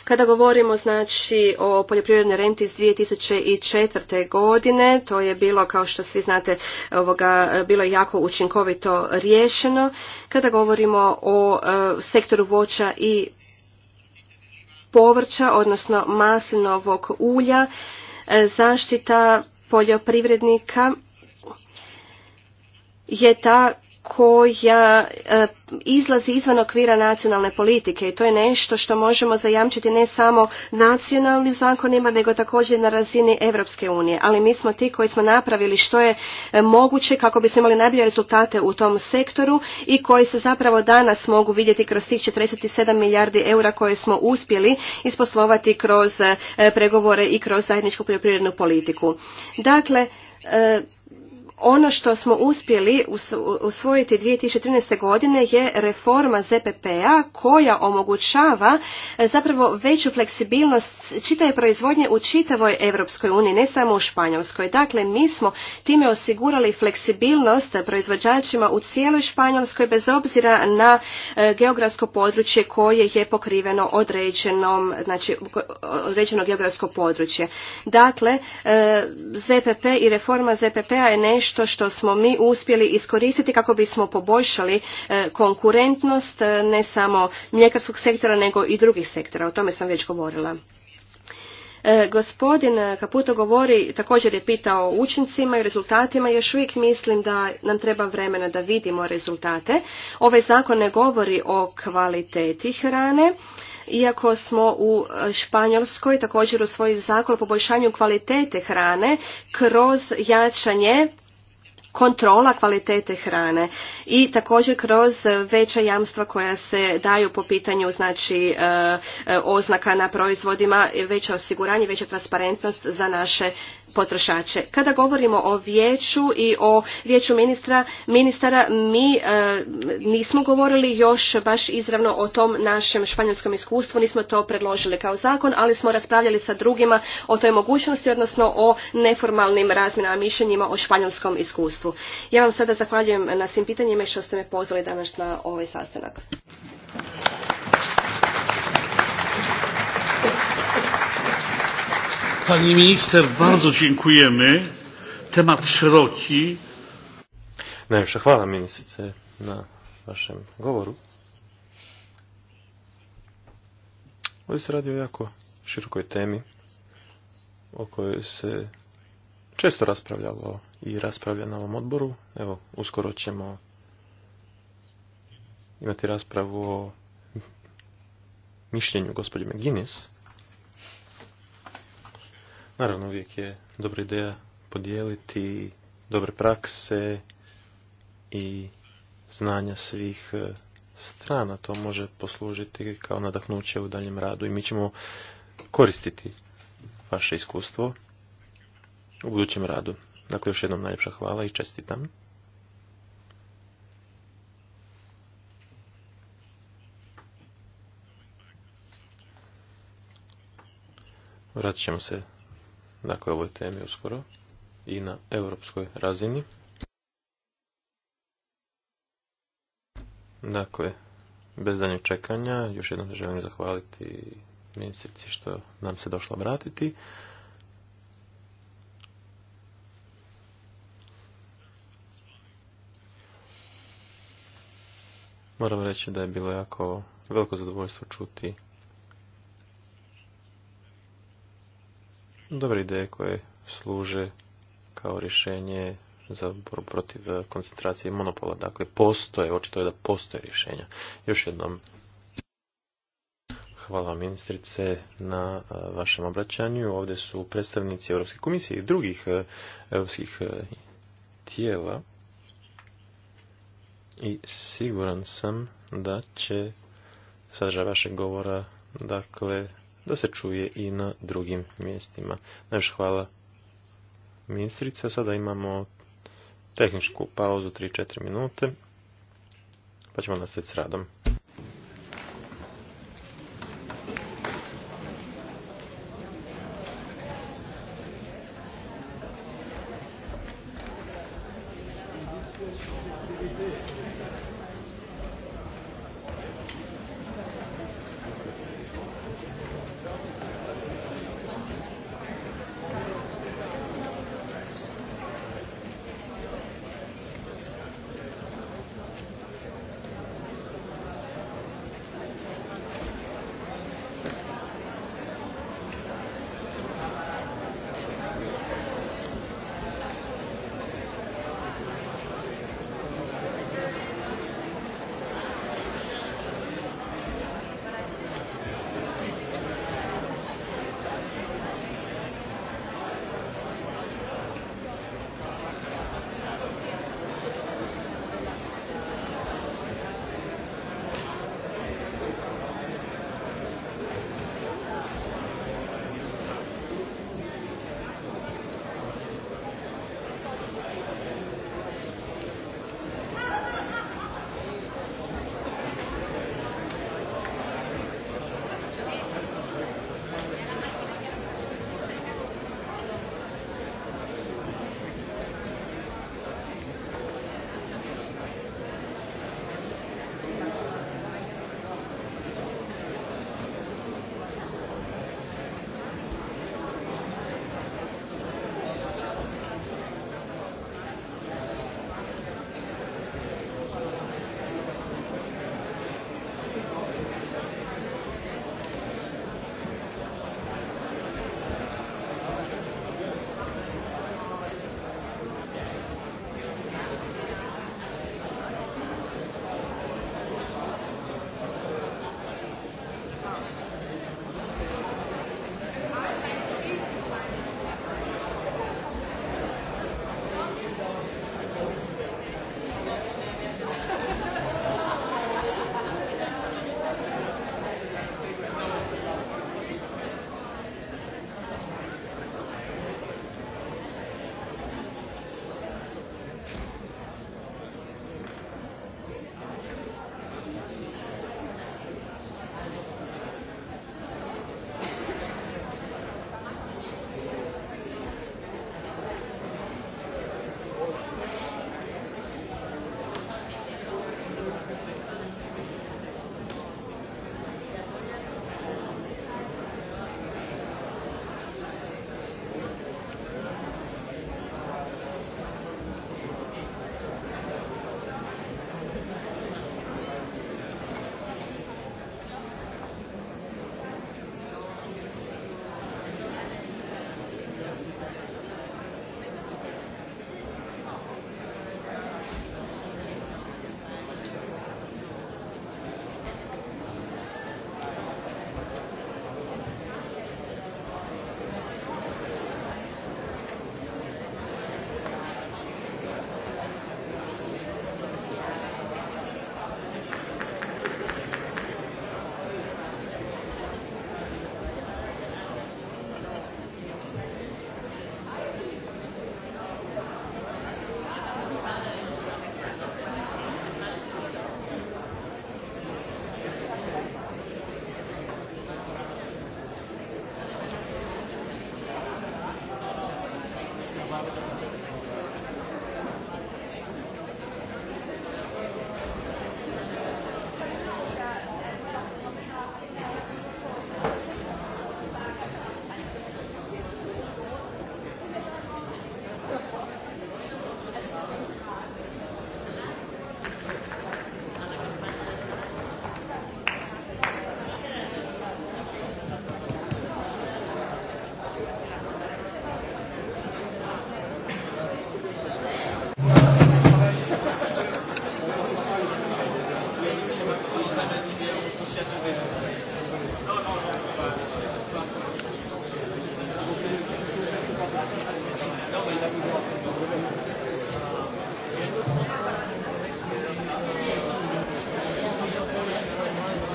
Kada govorimo znači o poljoprivrednoj renti iz 2004. godine, to je bilo kao što svi znate ovoga, bilo jako učinkovito riješeno. Kada govorimo o e, sektoru voća i povrća, odnosno maslinovog ulja, e, zaštita poljoprivrednika je ta koja e, izlazi izvan okvira nacionalne politike i to je nešto što možemo zajamčiti ne samo nacionalnim zakonima nego također na razini Europske unije. Ali mi smo ti koji smo napravili što je e, moguće kako bismo imali najbolje rezultate u tom sektoru i koji se zapravo danas mogu vidjeti kroz tih 47 milijardi eura koje smo uspjeli isposlovati kroz e, pregovore i kroz zajedničku poljoprivrednu politiku. Dakle, ono što smo uspjeli usvojiti 2013. godine je reforma ZPP-a koja omogućava e, zapravo veću fleksibilnost čitave proizvodnje u čitavoj Europskoj uniji, ne samo u Španjolskoj. Dakle, mi smo time osigurali fleksibilnost proizvođačima u cijeloj Španjolskoj bez obzira na e, geografsko područje koje je pokriveno određenom, znači određeno geografsko područje. Dakle, e, ZPP i reforma ZPP-a je nešto nešto što smo mi uspjeli iskoristiti kako bismo poboljšali e, konkurentnost e, ne samo mljekarskog sektora nego i drugih sektora. O tome sam već govorila. E, gospodin Kaputo govori, također je pitao o učincima i rezultatima, još uvijek mislim da nam treba vremena da vidimo rezultate. Ovaj zakon ne govori o kvaliteti hrane, iako smo u Španjolskoj također u svoj zakon o poboljšanju kvalitete hrane kroz jačanje kontrola kvalitete hrane i također kroz veća jamstva koja se daju po pitanju znači e, e, oznaka na proizvodima, veće osiguranje, veća transparentnost za naše potrošače. Kada govorimo o vijeću i o vijeću ministra, ministara, mi e, nismo govorili još baš izravno o tom našem španjolskom iskustvu, nismo to predložili kao zakon, ali smo raspravljali sa drugima o toj mogućnosti, odnosno o neformalnim razmjenama mišljenjima o španjolskom iskustvu. Ja vam sada zahvaljujem na svim pitanjima i što ste me pozvali danas na ovaj sastanak. Pani minister, bardzo dziękujemy. Temat szeroki. Najlepsze chwała ministrze na waszym govoru. Ovdje se radi o jako širokoj temi o kojoj se često raspravljalo i raspravlja na ovom odboru. Evo, uskoro ćemo imati raspravu o mišljenju gospođe McGuinness Naravno, uvijek je dobra ideja podijeliti dobre prakse i znanja svih e, strana. To može poslužiti kao nadahnuće u daljem radu i mi ćemo koristiti vaše iskustvo u budućem radu. Dakle, još jednom najljepša hvala i čestitam. Vratit ćemo se dakle ovoj temi uskoro i na europskoj razini. Dakle, bez danjeg čekanja, još jednom želim zahvaliti ministrici što nam se došla vratiti. Moram reći da je bilo jako veliko zadovoljstvo čuti dobre ideje koje služe kao rješenje za borbu protiv eh, koncentracije monopola. Dakle, postoje, očito je da postoje rješenja. Još jednom, hvala ministrice na eh, vašem obraćanju. Ovdje su predstavnici Europske komisije i drugih eh, europskih tijela. I siguran sam da će sadržaj vašeg govora, dakle, da se čuje i na drugim mjestima. Naš hvala ministrice. Sada imamo tehničku pauzu 3-4 minute, pa ćemo nastaviti s radom.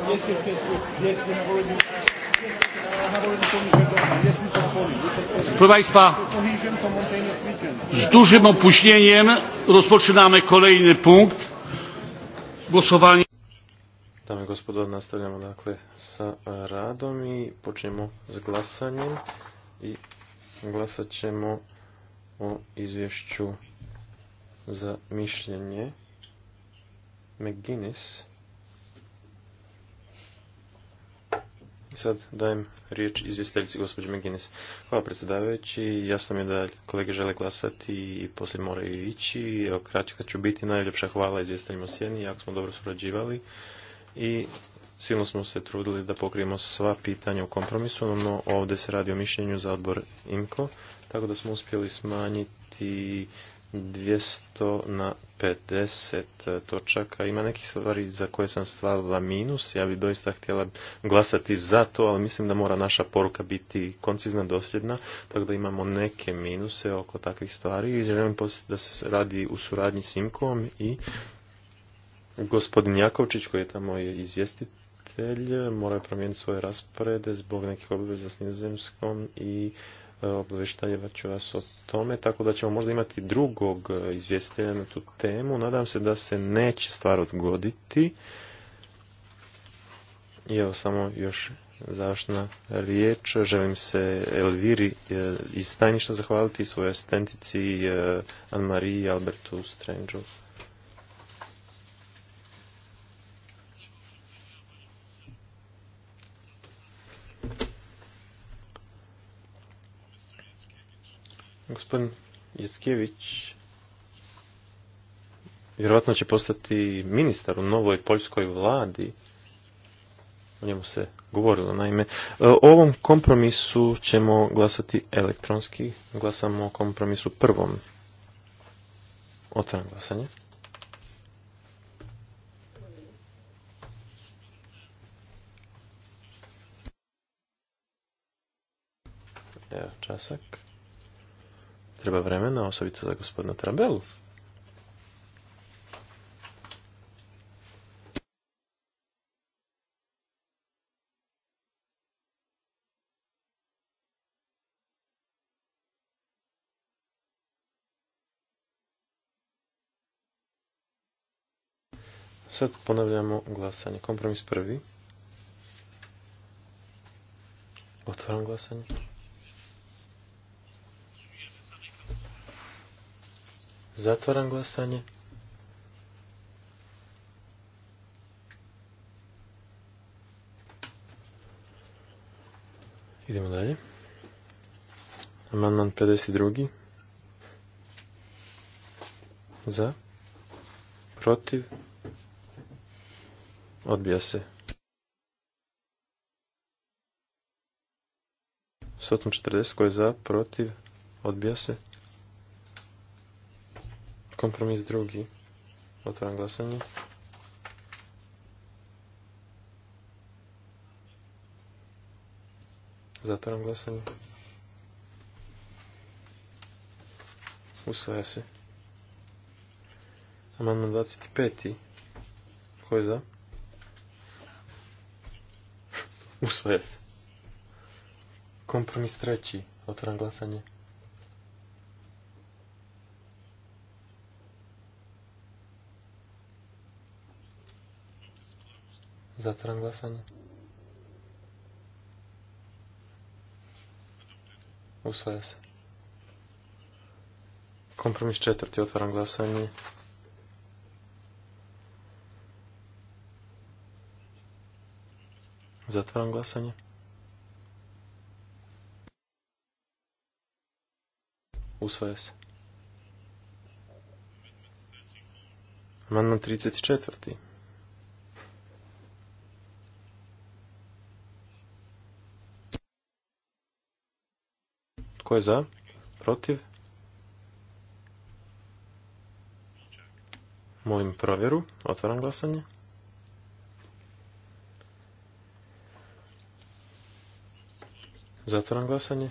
Yes, yes, yes, yes, we have Proszę Państwa, z dużym opóźnieniem rozpoczynamy kolejny punkt głosowania. Dame gospodo, nastavljamo dakle sa radom i počnemo z glasanjem i glasat o izvješću za mišljenje McGuinness I Sad dajem riječ izvjestiteljici gospođi McGinnis. Hvala predsjedavajući. Jasno mi je da kolege žele glasati i poslije moraju ići. Evo, kraćka ću biti. Najljepša hvala izvjestiteljima Sjeni. Jako smo dobro surađivali i silno smo se trudili da pokrijemo sva pitanja u kompromisu, no ovdje se radi o mišljenju za odbor IMKO, tako da smo uspjeli smanjiti 200 na 50 točaka. Ima nekih stvari za koje sam stvarila minus. Ja bi doista htjela glasati za to, ali mislim da mora naša poruka biti koncizna, dosljedna, tako da imamo neke minuse oko takvih stvari. I želim da se radi u suradnji s Imkom i gospodin Jakovčić koji je tamo izvjestitelj mora promijeniti svoje rasporede zbog nekih obveza s nizozemskom i obavještajivat ću vas o tome, tako da ćemo možda imati drugog izvjestitelja na tu temu. Nadam se da se neće stvar odgoditi. I evo samo još završna riječ. Želim se Elviri e, iz tajništva zahvaliti svojoj asistentici e, Anne-Marie Albertu Strangeu. Gospodin Jeckjević. vjerojatno će postati ministar u novoj poljskoj vladi. O njemu se govorilo, naime. E, o ovom kompromisu ćemo glasati elektronski. Glasamo o kompromisu prvom. Otvaram glasanje. Evo časak treba vremena, osobito za gospodina Trabelu. Sad ponavljamo glasanje. Kompromis prvi. Otvaram glasanje. Zatvaram glasanje. Idemo dalje. Amandman 52. Za. Protiv. Odbija se. 140 Koji je za, protiv, odbija se. Kompromis drugi. Otvaram glasanje. Zatvaram glasanje. Usvaja se. Amandman 25. Ko je za? Usvaja se. Kompromis treći. Otvaram glasanje. Zatvaram glasanje. Usvaja se. Kompromis četvrti. Otvaram glasanje. Zatvaram glasanje. Usvaja se. Amandman 34. Tko je za? Protiv? Molim provjeru. Otvaram glasanje. Zatvaram glasanje.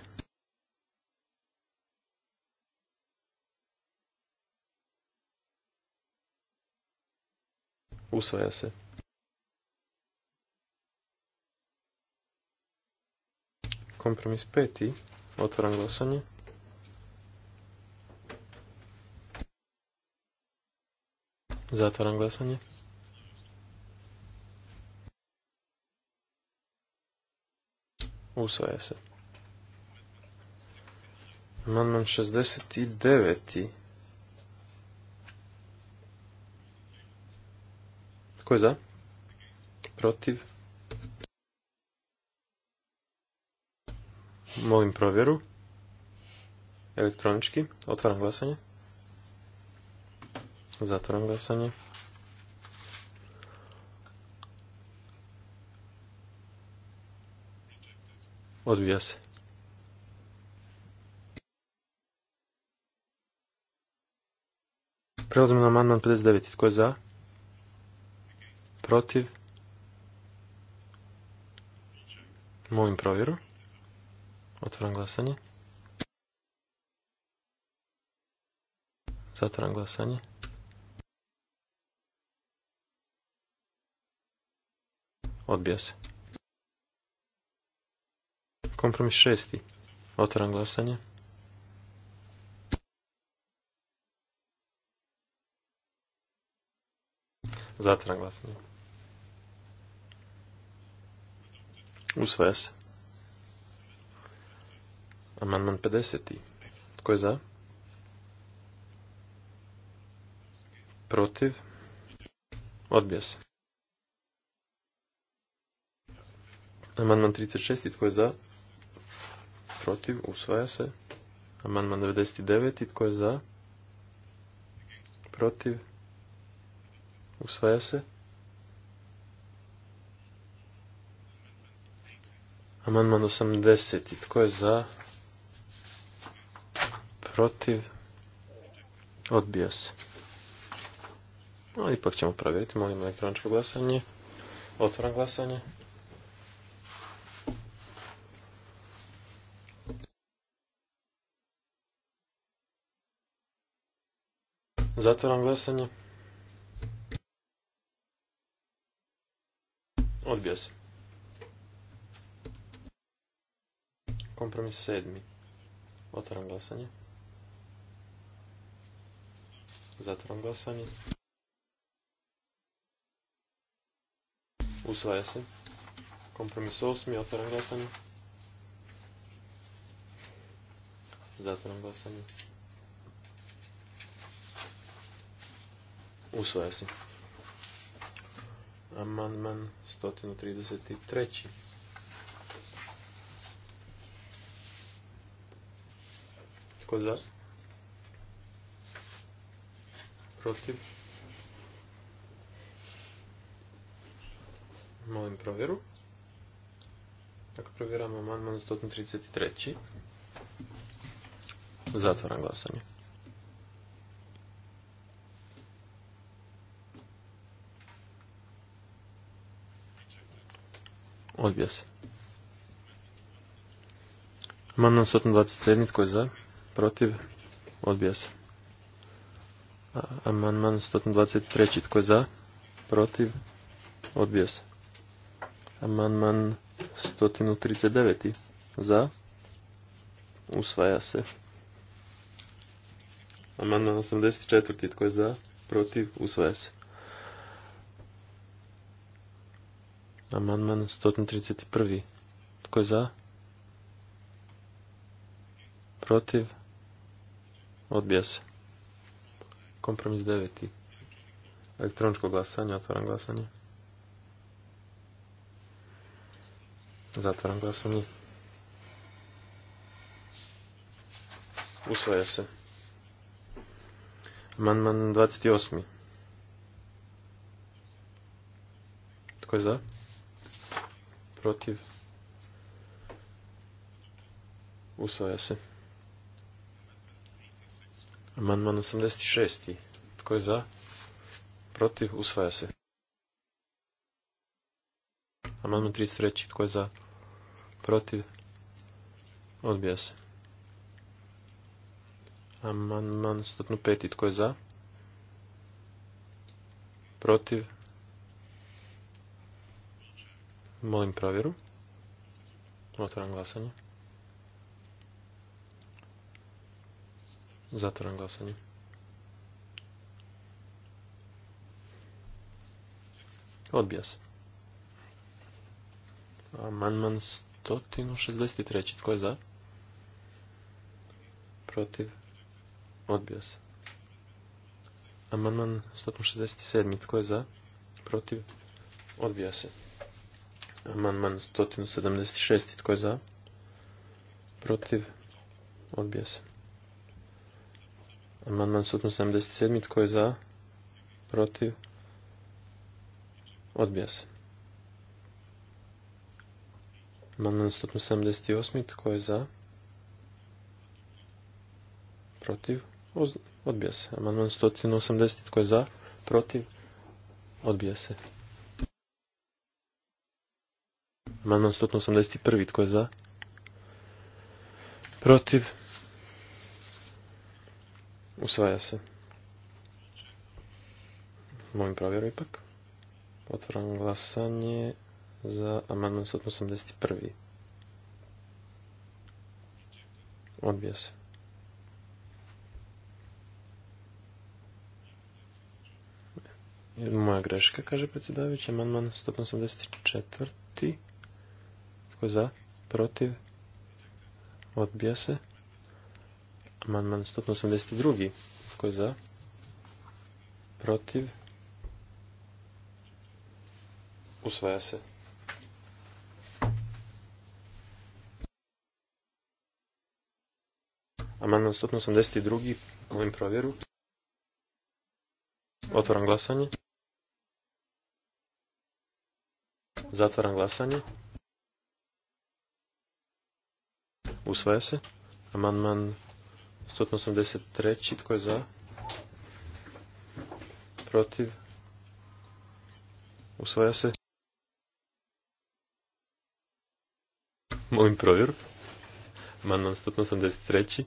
Usvaja se. Kompromis peti. Otvaram glasanje. Zatvaram glasanje. Usvaja se. Amandman 69. Ko je za? Protiv? Molim provjeru. Elektronički. Otvaram glasanje. Zatvaram glasanje. Odvija se. Prelazimo na amandman 59. Tko je za? Protiv? Molim provjeru. Otvaram glasanje. Zatvaram glasanje. Odbija se. Kompromis šesti. Otvaram glasanje. Zatvaram glasanje. Usvaja se. Amandman 50. Tko je za? Protiv? Odbija se. Amandman 36. Tko je za? Protiv? Usvaja se. Amandman 99. Tko je za? Protiv? Usvaja se. Amandman 80. Tko je za? protiv, odbija se. No, ipak ćemo provjeriti, molim elektroničko glasanje. Otvaram glasanje. Zatvaram glasanje. Odbio se. Kompromis sedmi. Otvaram glasanje. Zatvaram glasanje. Usvaja se. Kompromis osmi. Otvaram glasanje. Zatvaram glasanje. Usvaja se. Amandman 133. Tko za? Protiv? Molim provjeru. Dakle, provjeramo amandman 133. Zatvoram glasanje. Odbija se. Amandman 127. Tko je za? Protiv? Odbija se. Amandman 123. Tko je za? Protiv? Odbija se. Amandman 139. Za? Usvaja se. Amandman 84. Tko je za? Protiv? Usvaja se. Amandman 131. Tko je za? Protiv? Odbija se. Kompromis deveti. Elektroničko glasanje, otvaram glasanje. Zatvaram glasanje. Usvaja se. Amandman 28. Tko je za? Protiv? Usvaja se. Amandman 86. Tko je za? Protiv? Usvaja se. Amandman 33. Tko je za? Protiv? Odbija se. Amandman 105. Tko je za? Protiv? Molim provjeru. Otvaram glasanje. Zatvaram glasanje. Odbija se. Amandman 163. Tko je za? Protiv. Odbija se. Amandman 167. Tko je za? Protiv. Odbija se. Amandman 176. Tko je za? Protiv. Odbija se. Amandman 177. Tko je za? Protiv? Odbija se. Amandman 178. Tko je za? Protiv? Odbija se. Amandman 180. Tko je za? Protiv? Odbija se. Amandman 181. Tko je za? Protiv? Usvaja se. Molim provjeru ipak. Otvaram glasanje za amandman 181. Odbija se. Moja greška, kaže predsjedavajući, amandman 184. Tko je za? Protiv? Odbija se. Amandman 182. Tko je za? Protiv? Usvaja se. Amandman 182. Molim provjeru. Otvaram glasanje. Zatvaram glasanje. Usvaja se. Amandman 183. Tko je za? Protiv? Usvaja se. Molim provjeru. Manon, 183.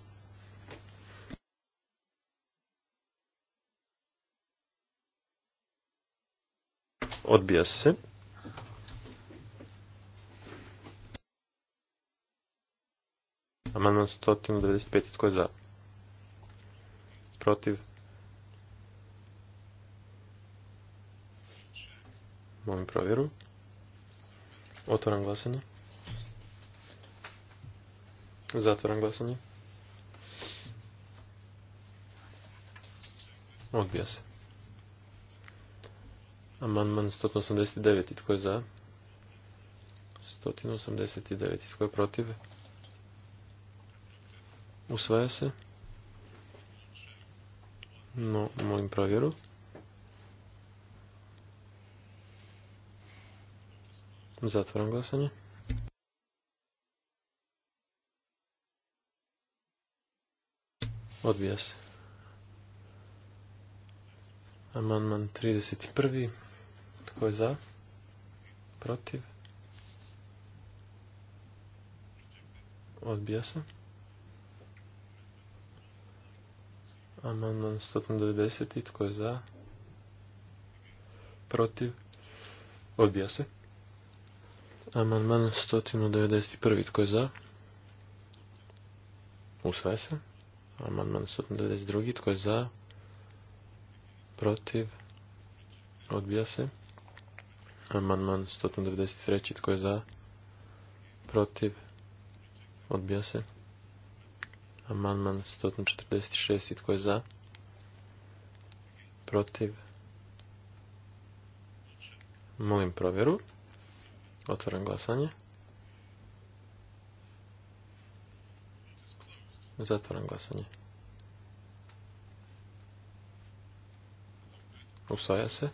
Odbija se. Amandman 195. Tko je za? protiv. Molim provjeru. Otvaram glasanje. Zatvaram glasanje. Odbija se. Amandman 189. Tko je za? 189. Tko je protiv? Usvaja se. No, molim provjeru. Zatvaram glasanje. Odbija se. Amandman 31. Tko je za? Protiv? Odbija se. Amandman 190. Tko je za? Protiv? Odbija se. Amandman 191. Tko je za? Usvaja se. Amandman 192. Tko je za? Protiv? Odbija se. Amandman 193. Tko je za? Protiv? Odbija se. Amandman 146. Tko je za? Protiv? Molim provjeru. Otvaram glasanje. Zatvaram glasanje. Usvaja se.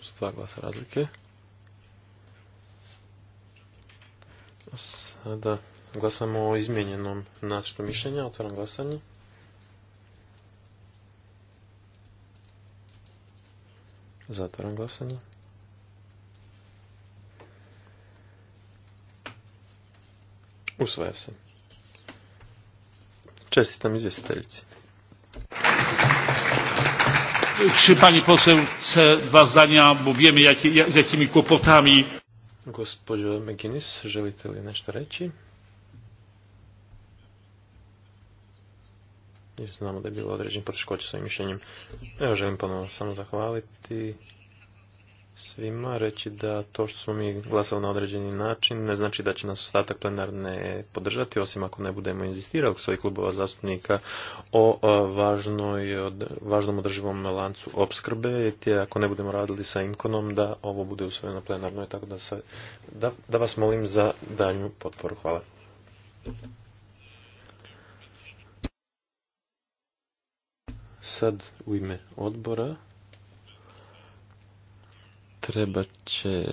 Uz dva glasa razlike. Sada Glasamo o izmijenjenom nacrtu mišljenja. Otvaram glasanje. Zatvaram glasanje. Usvaja se. Čestitam izvjestiteljici. Czy pani poseł chce dwa zdania, bo wiemy jak, jak, z jakimi kłopotami. Gospodzie McGuinness, jeżeli li nešto reći? jer znamo da je bilo određen poteškoća svojim mišljenjem. Evo želim ponovno samo zahvaliti svima, reći da to što smo mi glasali na određeni način ne znači da će nas ostatak plenarne podržati, osim ako ne budemo inzistirali u svojih klubova zastupnika o važnom održivom lancu opskrbe, jer ako ne budemo radili sa Imkonom da ovo bude usvojeno plenarno, tako da, da, da vas molim za daljnju potporu. Hvala. Sad u ime odbora treba će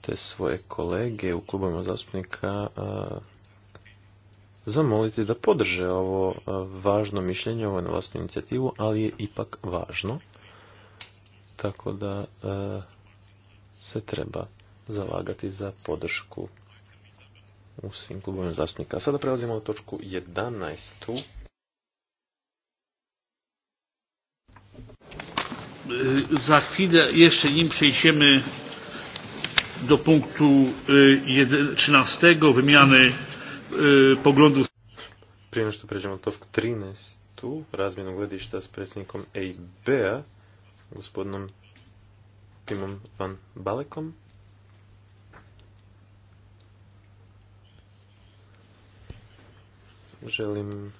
te svoje kolege u klubama zastupnika zamoliti da podrže ovo važno mišljenje, ovo na vlastnu inicijativu, ali je ipak važno. Tako da se treba zalagati za podršku u svim klubovima zastupnika. A sada prelazimo na točku 11. za chwilę, jeszcze nim przejdziemy do punktu 13 wymiany poglądów. Prije što pređemo na 13, razmjenu gledišta s predsjednikom EIB-a, gospodinom Timom Van Balekom. Želim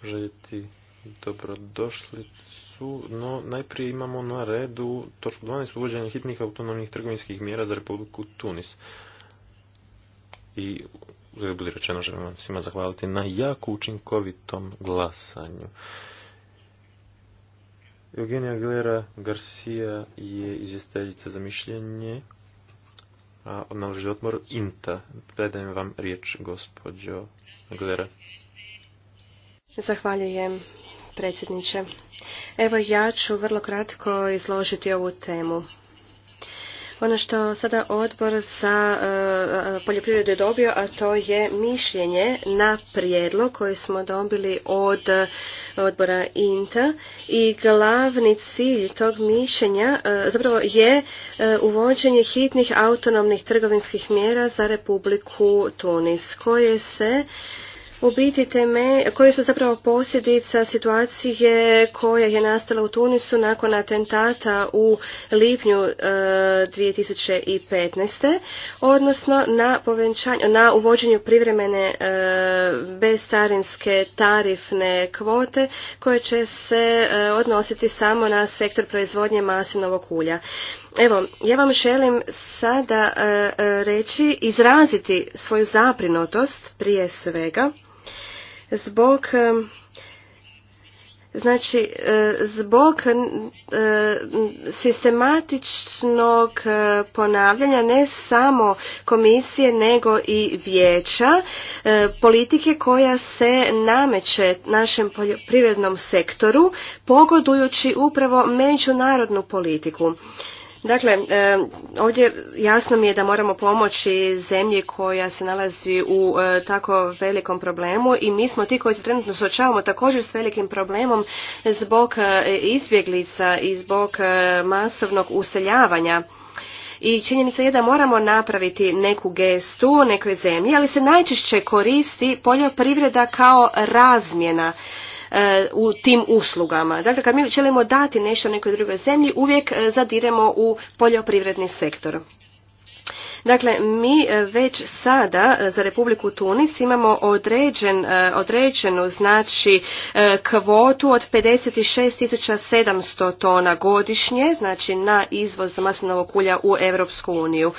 poželjeti su, no najprije imamo na redu točku 12 uvođenja hitnih autonomnih trgovinskih mjera za Republiku Tunis. I uvijek budi rečeno, želim vam svima zahvaliti na jako učinkovitom glasanju. Eugenija Aguilera Garcia je izvjestiteljica za mišljenje, a odnaloži odmor INTA. Predajem vam riječ, gospođo Aguilera. Zahvaljujem predsjedniče. Evo ja ću vrlo kratko izložiti ovu temu. Ono što sada odbor za eh, poljoprivredu je dobio, a to je mišljenje na prijedlog koji smo dobili od odbora INTA i glavni cilj tog mišljenja eh, zapravo je eh, uvođenje hitnih autonomnih trgovinskih mjera za Republiku Tunis koje se u biti teme koje su zapravo posljedica situacije koja je nastala u Tunisu nakon atentata u lipnju 2015. E, odnosno na, na uvođenju privremene e, bezcarinske tarifne kvote koje će se e, odnositi samo na sektor proizvodnje masivnog ulja. Evo, ja vam želim sada e, reći, izraziti svoju zabrinutost prije svega zbog e, znači e, zbog e, sistematičnog ponavljanja ne samo komisije nego i vijeća politike koja se nameće našem poljoprivrednom sektoru pogodujući upravo međunarodnu politiku Dakle, e, ovdje jasno mi je da moramo pomoći zemlji koja se nalazi u e, tako velikom problemu i mi smo ti koji se trenutno suočavamo također s velikim problemom zbog e, izbjeglica i zbog masovnog useljavanja. I činjenica je da moramo napraviti neku gestu u nekoj zemlji, ali se najčešće koristi poljoprivreda kao razmjena E, u tim uslugama. Dakle, kad mi želimo dati nešto nekoj drugoj zemlji, uvijek e, zadiremo u poljoprivredni sektor. Dakle, mi e, već sada za Republiku Tunis imamo određen, određenu znači kvotu od 56.700 tona godišnje, znači na izvoz maslinovog ulja u Europsku uniju.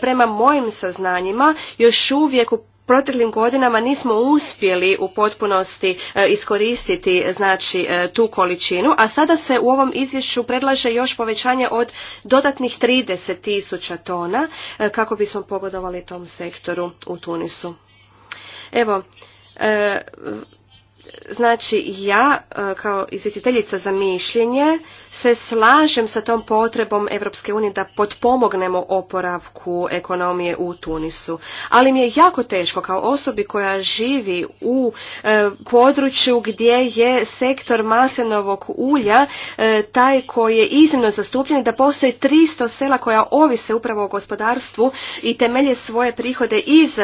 Prema mojim saznanjima još uvijek u proteklim godinama nismo uspjeli u potpunosti e, iskoristiti e, znači e, tu količinu, a sada se u ovom izvješću predlaže još povećanje od dodatnih 30 tisuća tona kako bismo pogodovali tom sektoru u Tunisu. Evo, Znači ja e, kao izvjestiteljica za mišljenje se slažem sa tom potrebom Evropske unije da potpomognemo oporavku ekonomije u Tunisu. Ali mi je jako teško kao osobi koja živi u e, području gdje je sektor maslinovog ulja e, taj koji je iznimno zastupljen da postoji 300 sela koja ovise upravo o gospodarstvu i temelje svoje prihode iz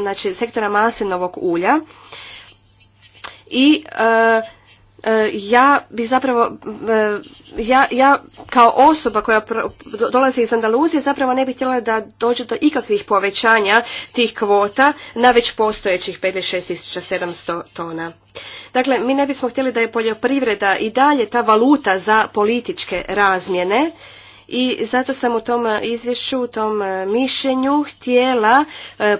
znači sektora maslinovog ulja i e, e, ja bi zapravo, e, ja, ja kao osoba koja dolazi iz Andaluzije zapravo ne bi htjela da dođe do ikakvih povećanja tih kvota na već postojećih 56.700 tona. Dakle, mi ne bismo htjeli da je poljoprivreda i dalje ta valuta za političke razmjene i zato sam u tom izvješću, u tom mišljenju htjela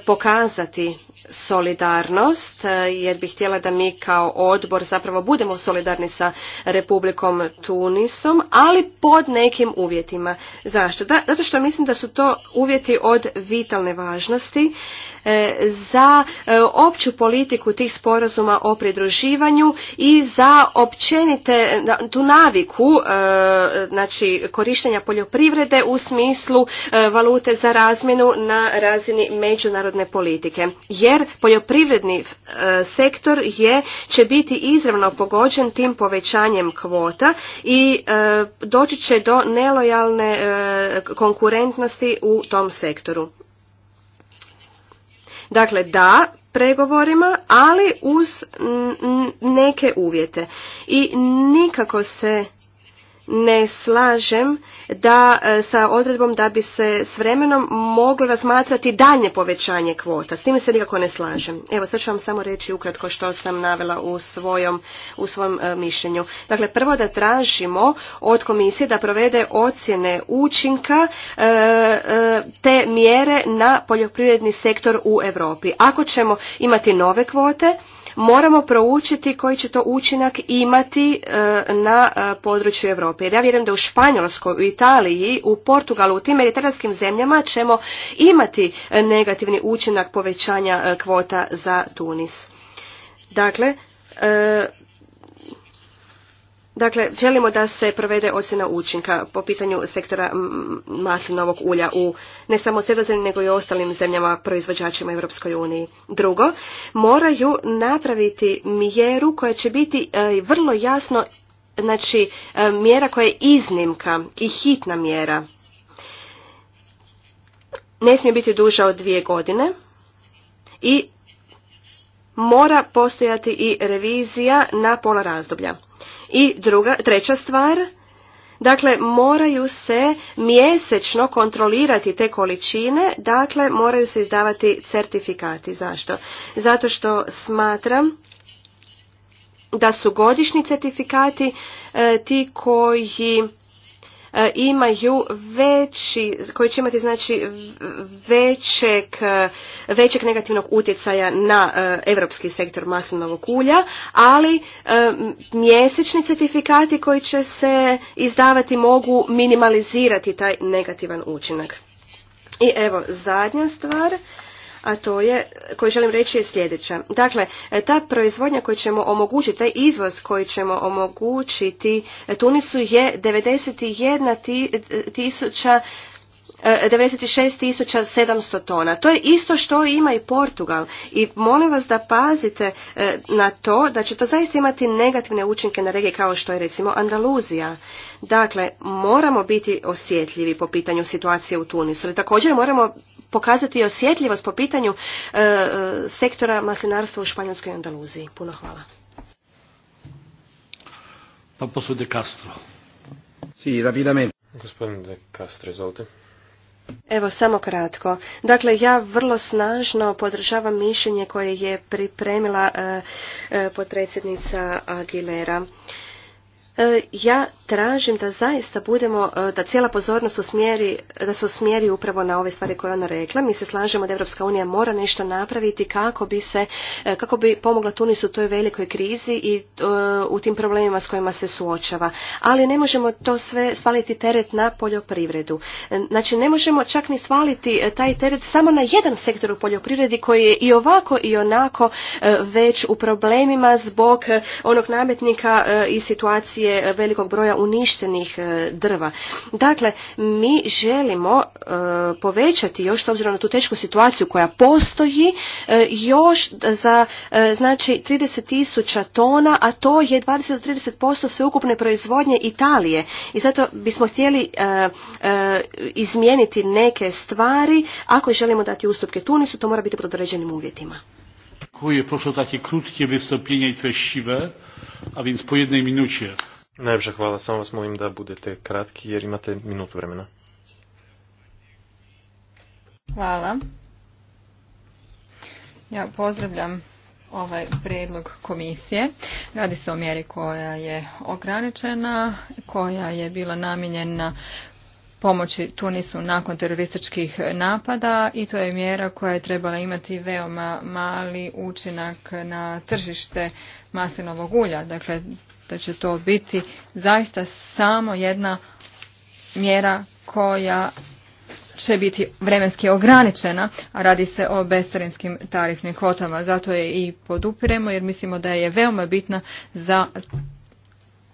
pokazati solidarnost eh, jer bih htjela da mi kao odbor zapravo budemo solidarni sa Republikom Tunisom, ali pod nekim uvjetima. Zašto? zato što mislim da su to uvjeti od vitalne važnosti eh, za eh, opću politiku tih sporazuma o pridruživanju i za općenite tu naviku znači korištenja poljoprivrede u smislu valute za razmjenu na razini međunarodne politike. Jer jer poljoprivredni e, sektor je, će biti izravno pogođen tim povećanjem kvota i e, doći će do nelojalne e, konkurentnosti u tom sektoru. Dakle, da, pregovorima, ali uz neke uvjete. I nikako se ne slažem da e, sa odredbom da bi se s vremenom moglo razmatrati daljnje povećanje kvota. S time se nikako ne slažem. Evo, sad ću vam samo reći ukratko što sam navela u svojom, u svom e, mišljenju. Dakle, prvo da tražimo od komisije da provede ocjene učinka e, te mjere na poljoprivredni sektor u Europi. Ako ćemo imati nove kvote, moramo proučiti koji će to učinak imati e, na e, području Europe. Jer ja vjerujem da u Španjolskoj, u Italiji, u Portugalu, u tim mediteranskim zemljama ćemo imati e, negativni učinak povećanja kvota za Tunis. Dakle, Dakle, želimo da se provede ocjena učinka po pitanju sektora maslinovog ulja u ne samo Sredozemlji nego i ostalim zemljama proizvođačima Europskoj uniji. Drugo, moraju napraviti mjeru koja će biti e, vrlo jasno znači e, mjera koja je iznimka i hitna mjera. Ne smije biti duža od dvije godine i mora postojati i revizija na pola razdoblja. I druga, treća stvar, Dakle, moraju se mjesečno kontrolirati te količine, dakle, moraju se izdavati certifikati. Zašto? Zato što smatram da su godišnji certifikati e, ti koji E, imaju veći, koji će imati znači većeg, e, većeg negativnog utjecaja na europski sektor maslinovog ulja, ali e, mjesečni certifikati koji će se izdavati mogu minimalizirati taj negativan učinak. I evo zadnja stvar a to je, koju želim reći je sljedeća. Dakle, ta proizvodnja koju ćemo omogućiti, taj izvoz koji ćemo omogućiti Tunisu je 91 tisuća 96.700 e, tona. To je isto što ima i Portugal. I molim vas da pazite e, na to da će to zaista imati negativne učinke na regije kao što je recimo Andaluzija. Dakle, moramo biti osjetljivi po pitanju situacije u Tunisu. i također moramo pokazati osjetljivost po pitanju e, e, sektora maslinarstva u Španjolskoj Andaluziji. Puno hvala. Pa de Castro. Si, rapidamente. Gospodin Castro, izvolite. Evo, samo kratko. Dakle, ja vrlo snažno podržavam mišljenje koje je pripremila e, e, potpredsjednica Aguilera. E, ja tražim da zaista budemo, e, da cijela pozornost usmjeri, da se usmjeri upravo na ove stvari koje ona rekla. Mi se slažemo da Europska unija mora nešto napraviti kako bi se, e, kako bi pomogla Tunisu u toj velikoj krizi i e, u tim problemima s kojima se suočava. Ali ne možemo to sve svaliti teret na poljoprivredu. Znači ne možemo čak ni svaliti taj teret samo na jedan sektor u poljoprivredi koji je i ovako i onako već u problemima zbog onog nametnika i situacije velikog broja uništenih e, drva. Dakle, mi želimo e, povećati još s obzirom na tu tešku situaciju koja postoji e, još za znači 30.000 tisuća tona, a to je 20 do 30% sveukupne proizvodnje Italije. I zato bismo htjeli izmijeniti neke stvari. Ako želimo dati ustupke Tunisu, to mora biti pod određenim uvjetima. Dziękuję. Proszę o takie krótkie wystąpienie i treściwe, a więc po jednej minucie. Najljepša hvala, samo vas molim da budete kratki jer imate minutu vremena. Hvala. Ja pozdravljam ovaj predlog komisije. Radi se o mjeri koja je ograničena, koja je bila namijenjena pomoći Tunisu nakon terorističkih napada i to je mjera koja je trebala imati veoma mali učinak na tržište maslinovog ulja. Dakle, da će to biti zaista samo jedna mjera koja će biti vremenski ograničena, a radi se o bescarinskim tarifnim kvotama. Zato je i podupiremo jer mislimo da je veoma bitna za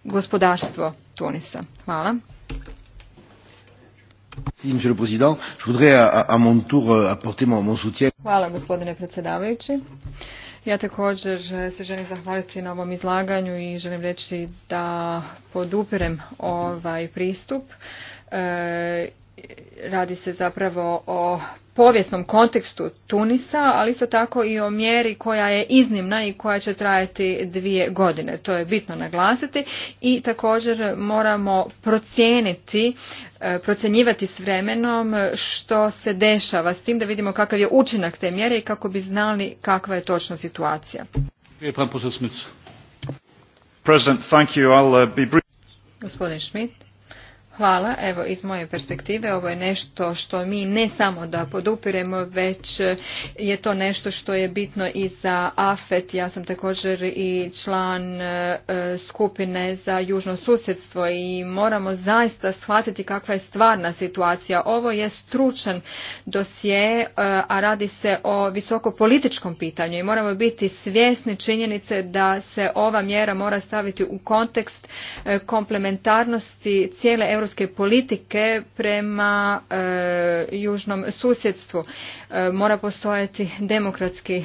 gospodarstvo Tunisa. Hvala. Hvala gospodine predsjedavajući. Ja također eh, se želim zahvaliti na ovom izlaganju i želim reći da podupirem ovaj pristup eh, radi se zapravo o povijesnom kontekstu Tunisa, ali isto tako i o mjeri koja je iznimna i koja će trajati dvije godine. To je bitno naglasiti i također moramo procijeniti, e, procjenjivati s vremenom što se dešava s tim da vidimo kakav je učinak te mjere i kako bi znali kakva je točno situacija. Uh, Gospodin Schmidt. Hvala. Evo, iz moje perspektive ovo je nešto što mi ne samo da podupiremo, već je to nešto što je bitno i za AFET. Ja sam također i član e, skupine za južno susjedstvo i moramo zaista shvatiti kakva je stvarna situacija. Ovo je stručan dosje, e, a radi se o visokopolitičkom pitanju i moramo biti svjesni činjenice da se ova mjera mora staviti u kontekst e, komplementarnosti cijele EU europske politike prema e, južnom susjedstvu. E, mora postojati demokratski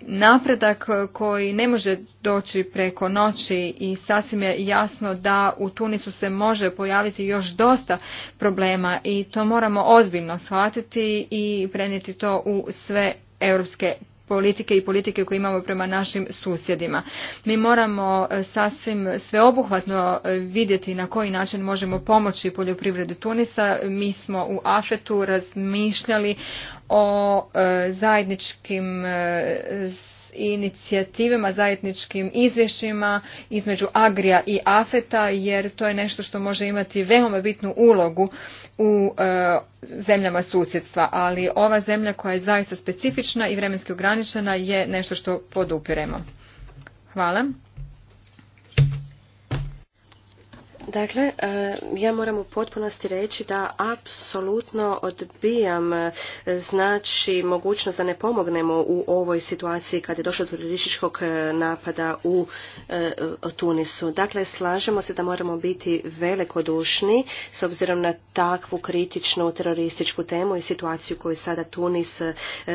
napredak koji ne može doći preko noći i sasvim je jasno da u Tunisu se može pojaviti još dosta problema i to moramo ozbiljno shvatiti i prenijeti to u sve europske politike i politike koje imamo prema našim susjedima. Mi moramo e, sasvim sveobuhvatno e, vidjeti na koji način možemo pomoći poljoprivredi Tunisa. Mi smo u Afetu razmišljali o e, zajedničkim inicijativama, zajedničkim izvješćima između Agrija i Afeta jer to je nešto što može imati veoma bitnu ulogu u e, zemljama susjedstva, ali ova zemlja koja je zaista specifična i vremenski ograničena je nešto što podupiremo. Hvala. Dakle, e, ja moram u potpunosti reći da apsolutno odbijam e, znači mogućnost da ne pomognemo u ovoj situaciji kad je došlo do terorističkog e, napada u Tunisu. Dakle, slažemo se da moramo biti velikodušni s obzirom na takvu kritičnu terorističku temu i situaciju koju sada Tunis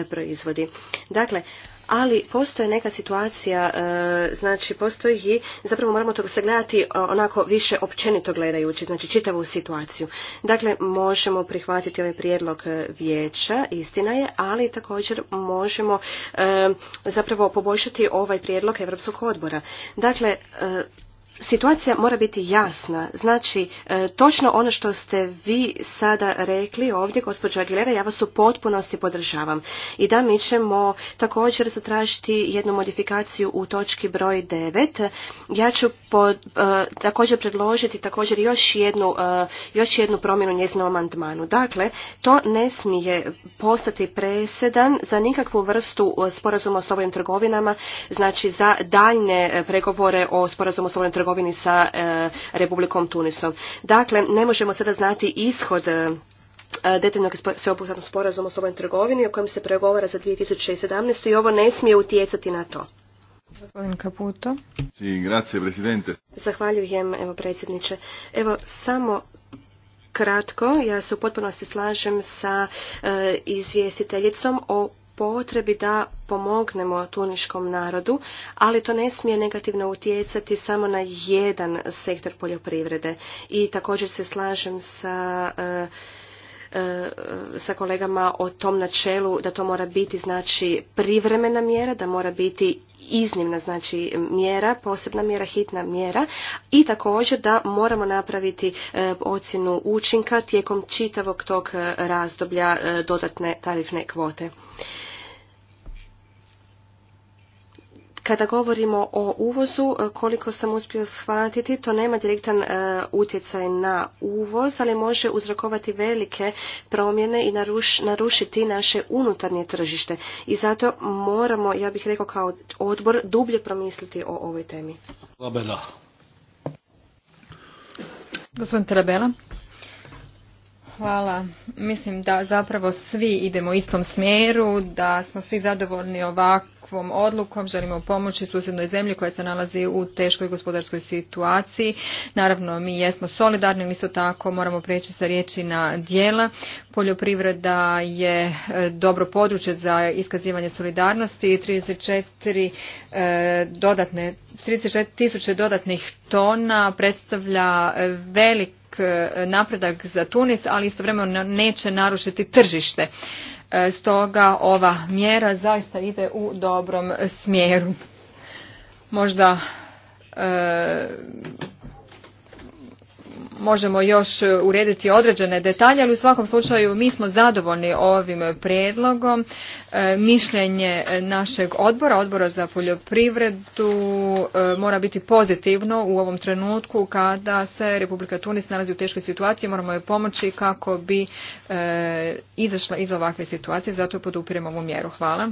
proizvodi. Dakle, ali postoje neka situacija, e, znači postoji i, zapravo moramo to sagledati e, onako više općenito gledajući, znači čitavu situaciju. Dakle, možemo prihvatiti ovaj prijedlog e, vijeća, istina je, ali također možemo zapravo poboljšati ovaj prijedlog Europskog odbora. Dakle, Situacija mora biti jasna. Znači, e, točno ono što ste vi sada rekli ovdje, gospođo Aguilera, ja vas u potpunosti podržavam. I da, mi ćemo također zatražiti jednu modifikaciju u točki broj 9. Ja ću e, također predložiti također još jednu, e, još jednu promjenu njezinom amandmanu. Dakle, to ne smije postati presedan za nikakvu vrstu sporazuma o slobodnim trgovinama, znači za daljne pregovore o sporazumu o slobodnim trgovinama trgovini sa e, Republikom Tunisom. Dakle, ne možemo sada znati ishod e, detaljnog sveobuhvatnog sporazuma o slobodnoj trgovini o kojem se pregovara za 2017. i ovo ne smije utjecati na to. Gospodin presidente. Zahvaljujem, evo predsjedniče. Evo, samo kratko, ja se u potpunosti slažem sa e, izvjestiteljicom o potrebi da pomognemo tuniškom narodu, ali to ne smije negativno utjecati samo na jedan sektor poljoprivrede. I također se slažem sa e, E, sa kolegama o tom načelu da to mora biti znači privremena mjera, da mora biti iznimna znači mjera, posebna mjera, hitna mjera i također da moramo napraviti e, ocjenu učinka tijekom čitavog tog e, razdoblja dodatne tarifne kvote. Kada govorimo o uvozu, e, koliko sam uspio shvatiti, to nema direktan e, utjecaj na uvoz, ali može uzrokovati velike promjene i narušiti naše unutarnje tržište. I zato moramo, ja bih rekao kao odbor, dublje promisliti o ovoj temi. Gospodin Terabela. Hvala. Mislim da zapravo svi idemo u istom smjeru, da smo svi zadovoljni ovakvom odlukom, želimo pomoći susjednoj zemlji koja se nalazi u teškoj gospodarskoj situaciji. Naravno, mi jesmo solidarni, isto tako moramo preći sa riječi na dijela. Poljoprivreda je e, dobro područje za iskazivanje solidarnosti i 34 e, dodatne 34 tisuće dodatnih tona predstavlja e, velik E, napredak za Tunis, ali istovremeno neće narušiti tržište. E, stoga ova mjera zaista ide u dobrom smjeru. Možda e, možemo još e, urediti određene detalje, ali u svakom slučaju mi smo zadovoljni ovim predlogom. E, mišljenje e, našeg odbora, odbora za poljoprivredu, mora biti pozitivno u ovom trenutku kada se Republika Tunis nalazi u teškoj situaciji. Moramo joj pomoći kako bi izašla iz ovakve situacije, zato podupiremo ovu mjeru. Hvala.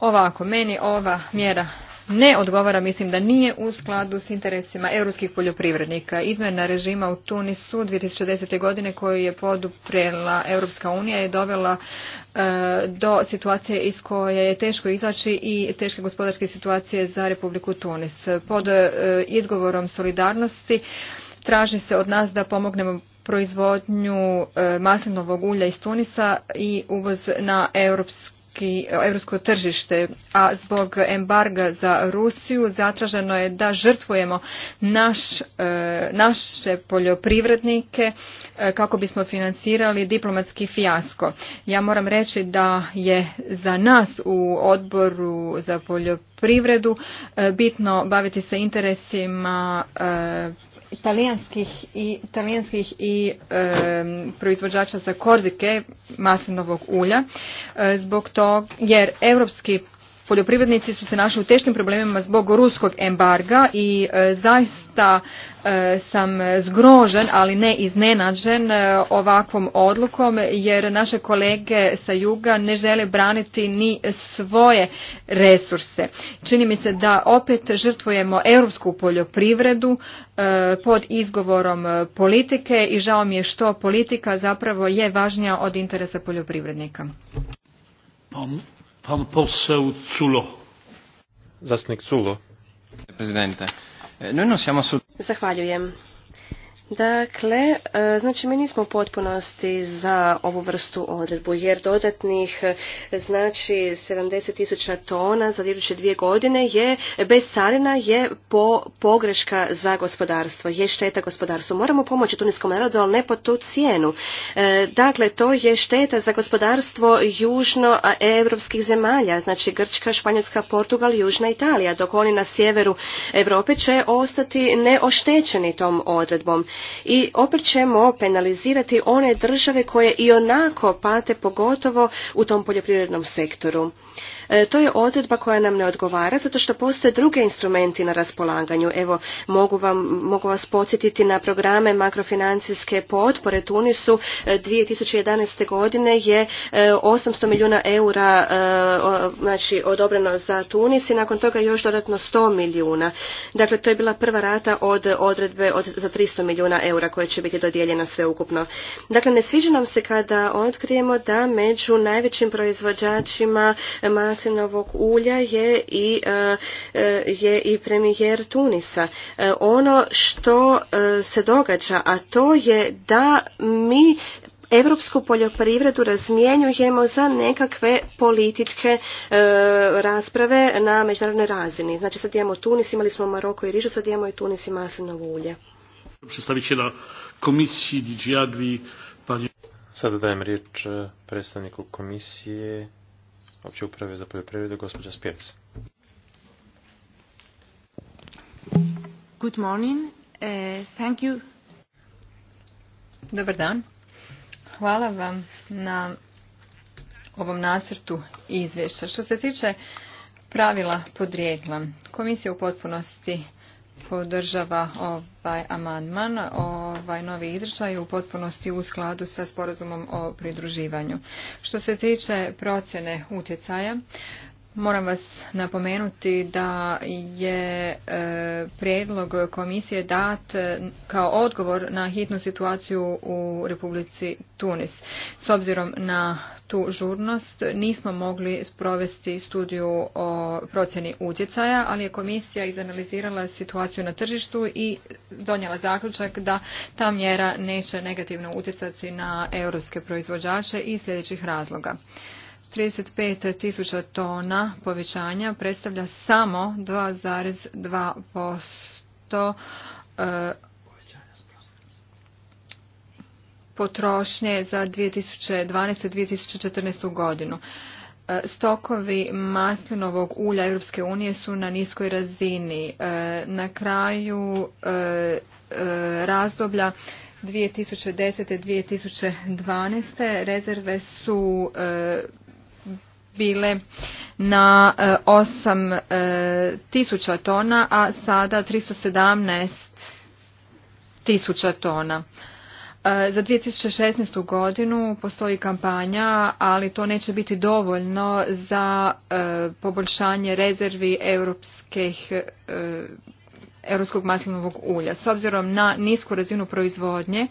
Ovako, meni ova mjera ne odgovara, mislim da nije u skladu s interesima europskih poljoprivrednika. Izmjena režima u Tunisu 2010. godine koju je poduprela Europska unija je dovela e, do situacije iz koje je teško izaći i teške gospodarske situacije za Republiku Tunis. Pod e, izgovorom solidarnosti traži se od nas da pomognemo proizvodnju e, maslinovog ulja iz Tunisa i uvoz na europsku europsko tržište, a zbog embarga za Rusiju zatraženo je da žrtvujemo naš, e, naše poljoprivrednike e, kako bismo financirali diplomatski fijasko. Ja moram reći da je za nas u odboru za poljoprivredu e, bitno baviti se interesima talijanskih i, talijanskih i proizvođača za korzike maslinovog ulja e, zbog tog jer europski poljoprivrednici su se našli u teškim problemima zbog ruskog embarga i e, zaista e, sam zgrožen, ali ne iznenađen e, ovakvom odlukom jer naše kolege sa juga ne žele braniti ni svoje resurse. Čini mi se da opet žrtvujemo europsku poljoprivredu pod izgovorom politike i žao mi je što politika zapravo je važnija od interesa poljoprivrednika. Pan poseł Culo. Zastupnik Culo. Prezidente. No, no, Zahvaljujem. Dakle, e, znači mi nismo u potpunosti za ovu vrstu odredbu jer dodatnih e, znači 70 tisuća tona za iduće dvije godine je bez carina je po, pogreška za gospodarstvo, je šteta gospodarstvu. Moramo pomoći tuniskom narodu, ali ne po tu cijenu. E, dakle, to je šteta za gospodarstvo južnoevropskih zemalja, znači Grčka, Španjolska, Portugal, Južna Italija, dok oni na sjeveru Europe će ostati neoštećeni tom odredbom i opet ćemo penalizirati one države koje i onako pate pogotovo u tom poljoprivrednom sektoru. E, to je odredba koja nam ne odgovara zato što postoje druge instrumenti na raspolaganju. Evo, mogu, vam, mogu vas podsjetiti na programe makrofinancijske potpore Tunisu 2011. E, godine je 800 e, milijuna eura znači, odobreno za Tunis i nakon toga još dodatno 100 milijuna. Dakle, to je bila prva rata od odredbe od, za 300 milijuna eura koje će biti dodijeljena sveukupno. Dakle, ne sviđa nam se kada otkrijemo da među najvećim proizvođačima maslinovog ulja je i, e, e, je i premijer Tunisa. E, ono što se događa, a to je da mi europsku poljoprivredu razmjenjujemo za nekakve političke rasprave na međunarodnoj razini. Znači sad imamo Tunis, imali smo Maroko i Rižu, sad imamo i Tunis i maslinovo ulje. komisiji Sada dajem riječ predstavniku komisije opće uprave za poljoprivredu, gospođa Spjevca. Good morning. Eh, thank you. Dobar dan. Hvala vam na ovom nacrtu izvješća. Što se tiče pravila podrijetla, komisija u potpunosti podržava ovaj amandman o ovaj novi izričaj u potpunosti u skladu sa sporazumom o pridruživanju. Što se tiče procjene utjecaja, Moram vas napomenuti da je e, prijedlog komisije dat e, kao odgovor na hitnu situaciju u Republici Tunis. S obzirom na tu žurnost nismo mogli sprovesti studiju o procjeni utjecaja, ali je komisija izanalizirala situaciju na tržištu i donijela zaključak da ta mjera neće negativno utjecati na europske proizvođače iz sljedećih razloga. 35.000 tona povećanja predstavlja samo 2,2% e, potrošnje za 2012. 2014. godinu. E, stokovi maslinovog ulja Europske unije su na niskoj razini. E, na kraju razdoblja 2010. 2012. rezerve su bile na 8 e, e, tisuća tona, a sada 317 tisuća tona. E, za 2016. godinu postoji kampanja, ali to neće biti dovoljno za poboljšanje rezervi europskih europskog maslinovog ulja. S obzirom na nisku razinu proizvodnje,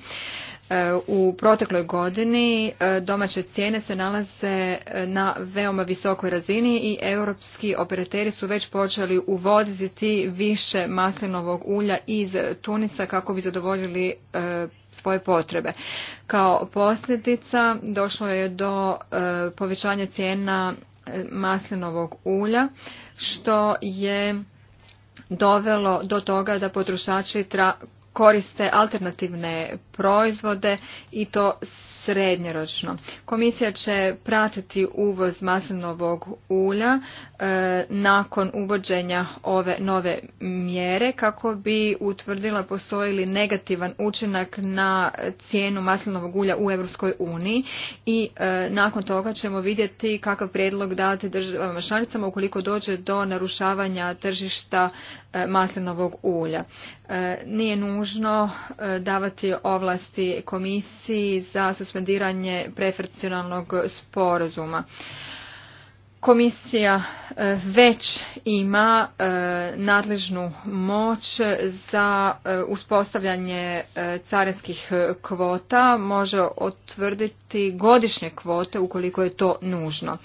u protekloj godini e, domaće cijene se nalaze e, na veoma visokoj razini i europski operateri su već počeli uvoziti više maslinovog ulja iz Tunisa kako bi zadovoljili e, svoje potrebe. Kao posljedica došlo je do povećanja cijena maslinovog ulja što je dovelo do toga da potrošači tra koriste alternativne proizvode i to srednjoročno. Komisija će pratiti uvoz maslinovog ulja e, nakon uvođenja ove nove mjere kako bi utvrdila postoji li negativan učinak na cijenu maslinovog ulja u Europskoj uniji i e, nakon toga ćemo vidjeti kakav prijedlog dati državama članicama ukoliko dođe do narušavanja tržišta e, maslinovog ulja. Nije nužno davati ovlasti komisiji za suspendiranje prefercionalnog sporazuma. Komisija e, već ima e, nadležnu moć za e, uspostavljanje carinskih kvota, može otvrditi godišnje kvote ukoliko je to nužno.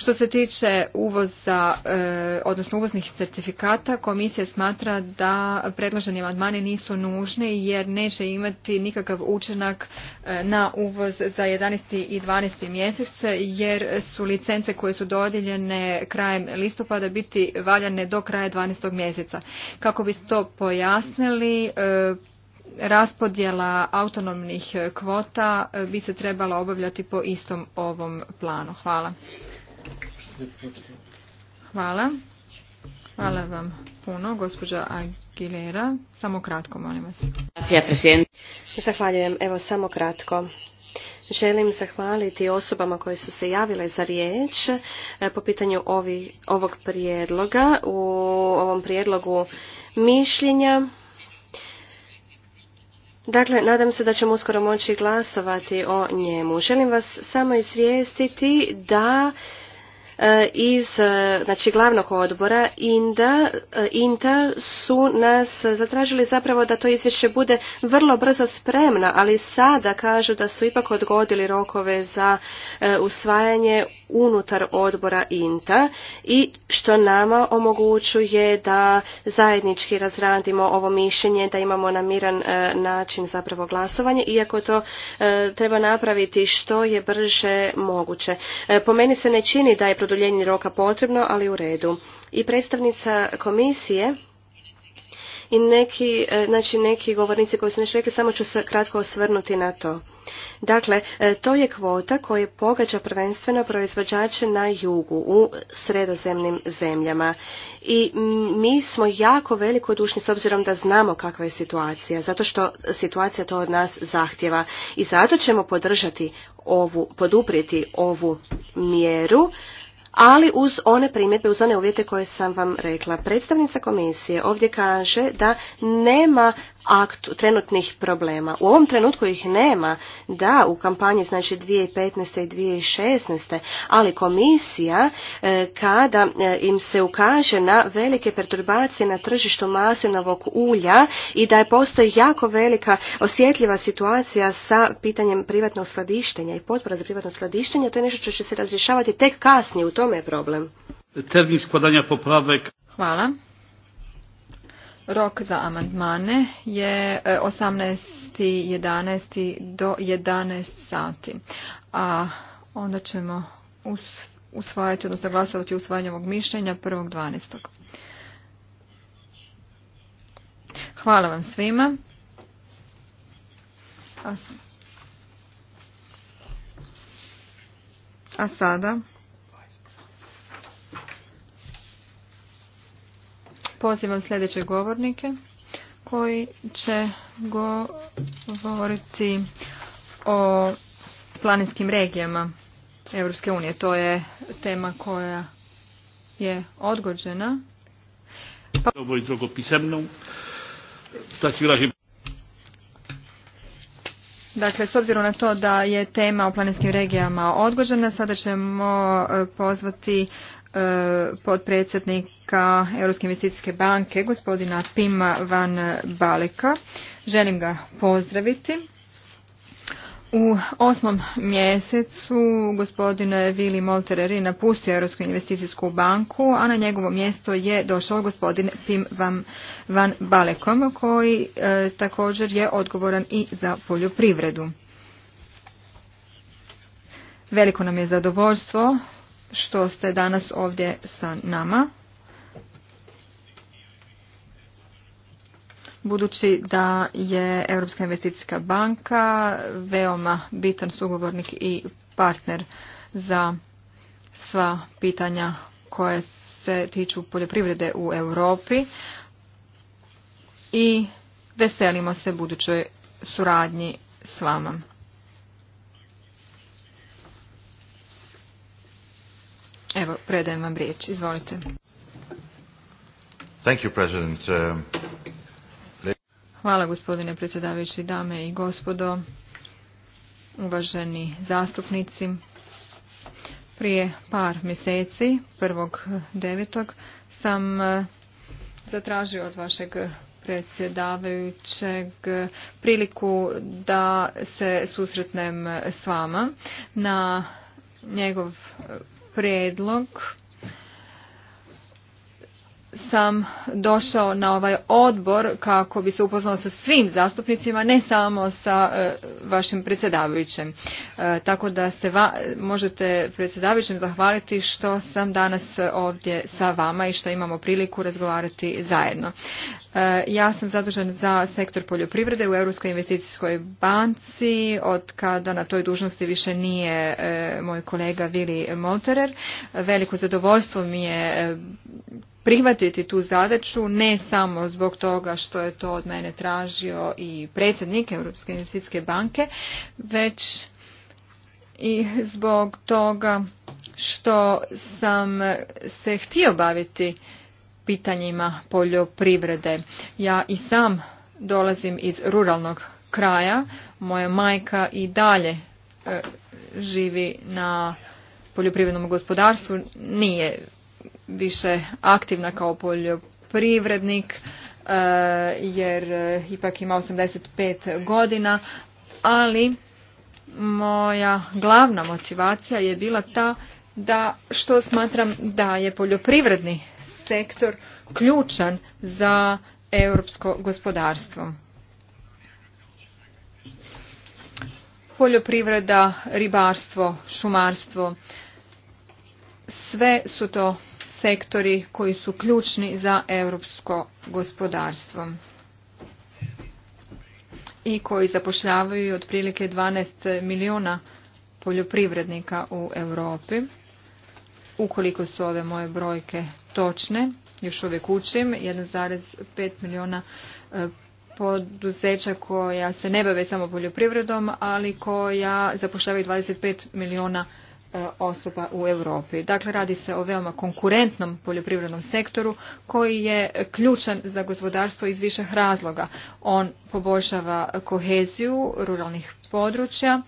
Što se tiče uvoza, e, odnosno uvoznih certifikata, komisija smatra da predloženi amandmani nisu nužni jer neće imati nikakav učinak e, na uvoz za 11. i 12. mjesec jer su licence koje su dodijeljene krajem listopada biti valjane do kraja 12. mjeseca. Kako bi to pojasnili, e, raspodjela autonomnih kvota bi se trebala obavljati po istom ovom planu. Hvala. Hvala. Hvala vam puno, gospođa Aguilera. Samo kratko, molim vas. Zahvaljujem. Evo, samo kratko. Želim zahvaliti osobama koje su se javile za riječ e, po pitanju ovog prijedloga. U ovom prijedlogu mišljenja Dakle, nadam se da ćemo uskoro moći glasovati o njemu. Želim vas samo izvijestiti da Eh, iz eh, znači, glavnog odbora INDA, eh, INTA su nas zatražili zapravo da to izvješće bude vrlo brzo spremno, ali sada kažu da su ipak odgodili rokove za usvajanje unutar odbora INTA i što nama omogućuje da zajednički razradimo ovo mišljenje, da imamo na miran način zapravo glasovanje, iako to treba napraviti što je brže moguće. Po meni se ne čini da je produljenje roka potrebno, ali u redu. I predstavnica komisije i neki, e, znači neki govornici koji su nešto rekli, samo ću se kratko osvrnuti na to. Dakle, e, to je kvota koja pogađa prvenstveno proizvođače na jugu u sredozemnim zemljama. I mi smo jako veliko dušni s obzirom da znamo kakva je situacija, zato što situacija to od nas zahtjeva. I zato ćemo podržati ovu, poduprijeti ovu mjeru ali uz one primjedbe, uz one uvjete koje sam vam rekla. Predstavnica komisije ovdje kaže da nema aktu, trenutnih problema. U ovom trenutku ih nema, da, u kampanji znači 2015. i 2016. Ali komisija e, kada e, im se ukaže na velike perturbacije na tržištu maslinovog ulja i da je postoji jako velika osjetljiva situacija sa pitanjem privatnog skladištenja i potpora za privatno skladištenje, to je nešto što će se razrješavati tek kasnije, u tome je problem. Termin Hvala. Rok za amandmane je 18.11. E, do 11 sati. A onda ćemo usvajati, odnosno glasovati usvajanje ovog mišljenja 1.12. Hvala vam svima. A sada Pozivam sljedeće govornike koji će govoriti o planinskim regijama Europske unije. To je tema koja je odgođena. Pa- dakle, s obzirom na to da je tema o planinskim regijama odgođena, sada ćemo e, pozvati E, potpredsjednika Europske investicijske banke gospodina Pima Van Baleka. Želim ga pozdraviti. U osmom mjesecu gospodin Vili Moltereri napustio Europsku investicijsku banku, a na njegovo mjesto je došao gospodin Pim Van, Balekom, koji e, također je odgovoran i za poljoprivredu. Veliko nam je zadovoljstvo što ste danas ovdje sa nama. Budući da je Europska investicijska banka veoma bitan sugovornik i partner za sva pitanja koje se tiču poljoprivrede u Europi i veselimo se budućoj suradnji s vama. Evo, predajem vam riječ. Izvolite. Um, Hvala gospodine predsjedavajući dame i gospodo, uvaženi zastupnici. Prije par mjeseci, 1.9. sam eh, zatražio od vašeg predsjedavajućeg eh, priliku da se susretnem s vama na njegov predlog sam došao na ovaj odbor kako bi se upoznao sa svim zastupnicima, ne samo sa e, vašim predsjedavajućem. E, tako da se možete predsjedavajućem zahvaliti što sam danas ovdje sa vama i što imamo priliku razgovarati zajedno. E, ja sam zadužen za sektor poljoprivrede u Europskoj investicijskoj banci, od kada na toj dužnosti više nije moj kolega Vili Molterer. Veliko zadovoljstvo mi je prihvatiti tu zadaću ne samo zbog toga što je to od mene tražio i predsjednik Europske investicijske banke, već i zbog toga što sam se htio baviti pitanjima poljoprivrede. Ja i sam dolazim iz ruralnog kraja, moja majka i dalje e, živi na poljoprivrednom gospodarstvu, nije više aktivna kao poljoprivrednik e, jer e, ipak ima 85 godina, ali moja glavna motivacija je bila ta da što smatram da je poljoprivredni sektor ključan za europsko gospodarstvo. Poljoprivreda, ribarstvo, šumarstvo, sve su to sektori koji su ključni za europsko gospodarstvo i koji zapošljavaju otprilike 12 milijuna poljoprivrednika u Europi. Ukoliko su ove moje brojke točne, još uvijek učim, 1,5 milijuna e, poduzeća koja se ne bave samo poljoprivredom, ali koja zapošljavaju 25 milijuna E, osoba u Europi. Dakle, radi se o veoma konkurentnom poljoprivrednom sektoru koji je ključan za gospodarstvo iz više razloga. On poboljšava koheziju ruralnih područja,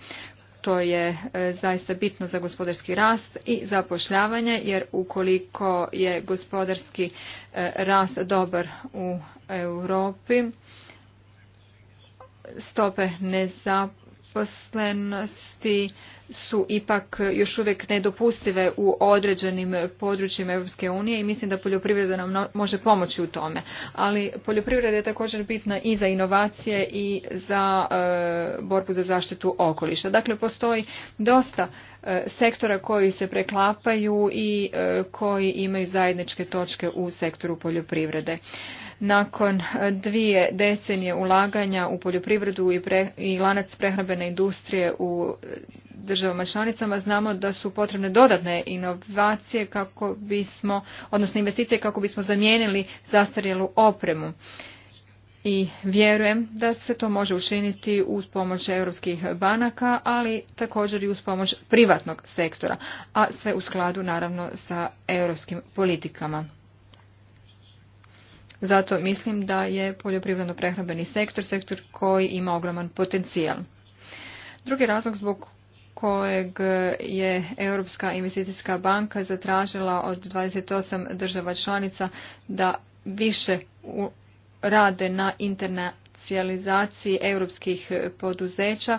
to je e, zaista bitno za gospodarski rast i zapošljavanje, jer ukoliko je gospodarski e, rast dobar u Europi, stope nezaposlenosti nezaposlenosti su ipak još uvijek nedopustive u određenim područjima Europske unije i mislim da poljoprivreda nam može pomoći u tome. Ali poljoprivreda je također bitna i za inovacije i za e, borbu za zaštitu okoliša. Dakle, postoji dosta e, sektora koji se preklapaju i e, koji imaju zajedničke točke u sektoru poljoprivrede. Nakon e, dvije decenije ulaganja u poljoprivredu i, i lanac prehrambene industrije u e, državama članicama znamo da su potrebne dodatne inovacije kako bismo, odnosno investicije kako bismo zamijenili zastarjelu opremu. I vjerujem da se to može učiniti uz pomoć europskih banaka, ali također i uz pomoć privatnog sektora, a sve u skladu naravno sa europskim politikama. Zato mislim da je poljoprivredno prehrambeni sektor sektor koji ima ogroman potencijal. Drugi razlog zbog kojeg je Europska investicijska banka zatražila od 28 država članica da više rade na internacionalizaciji europskih poduzeća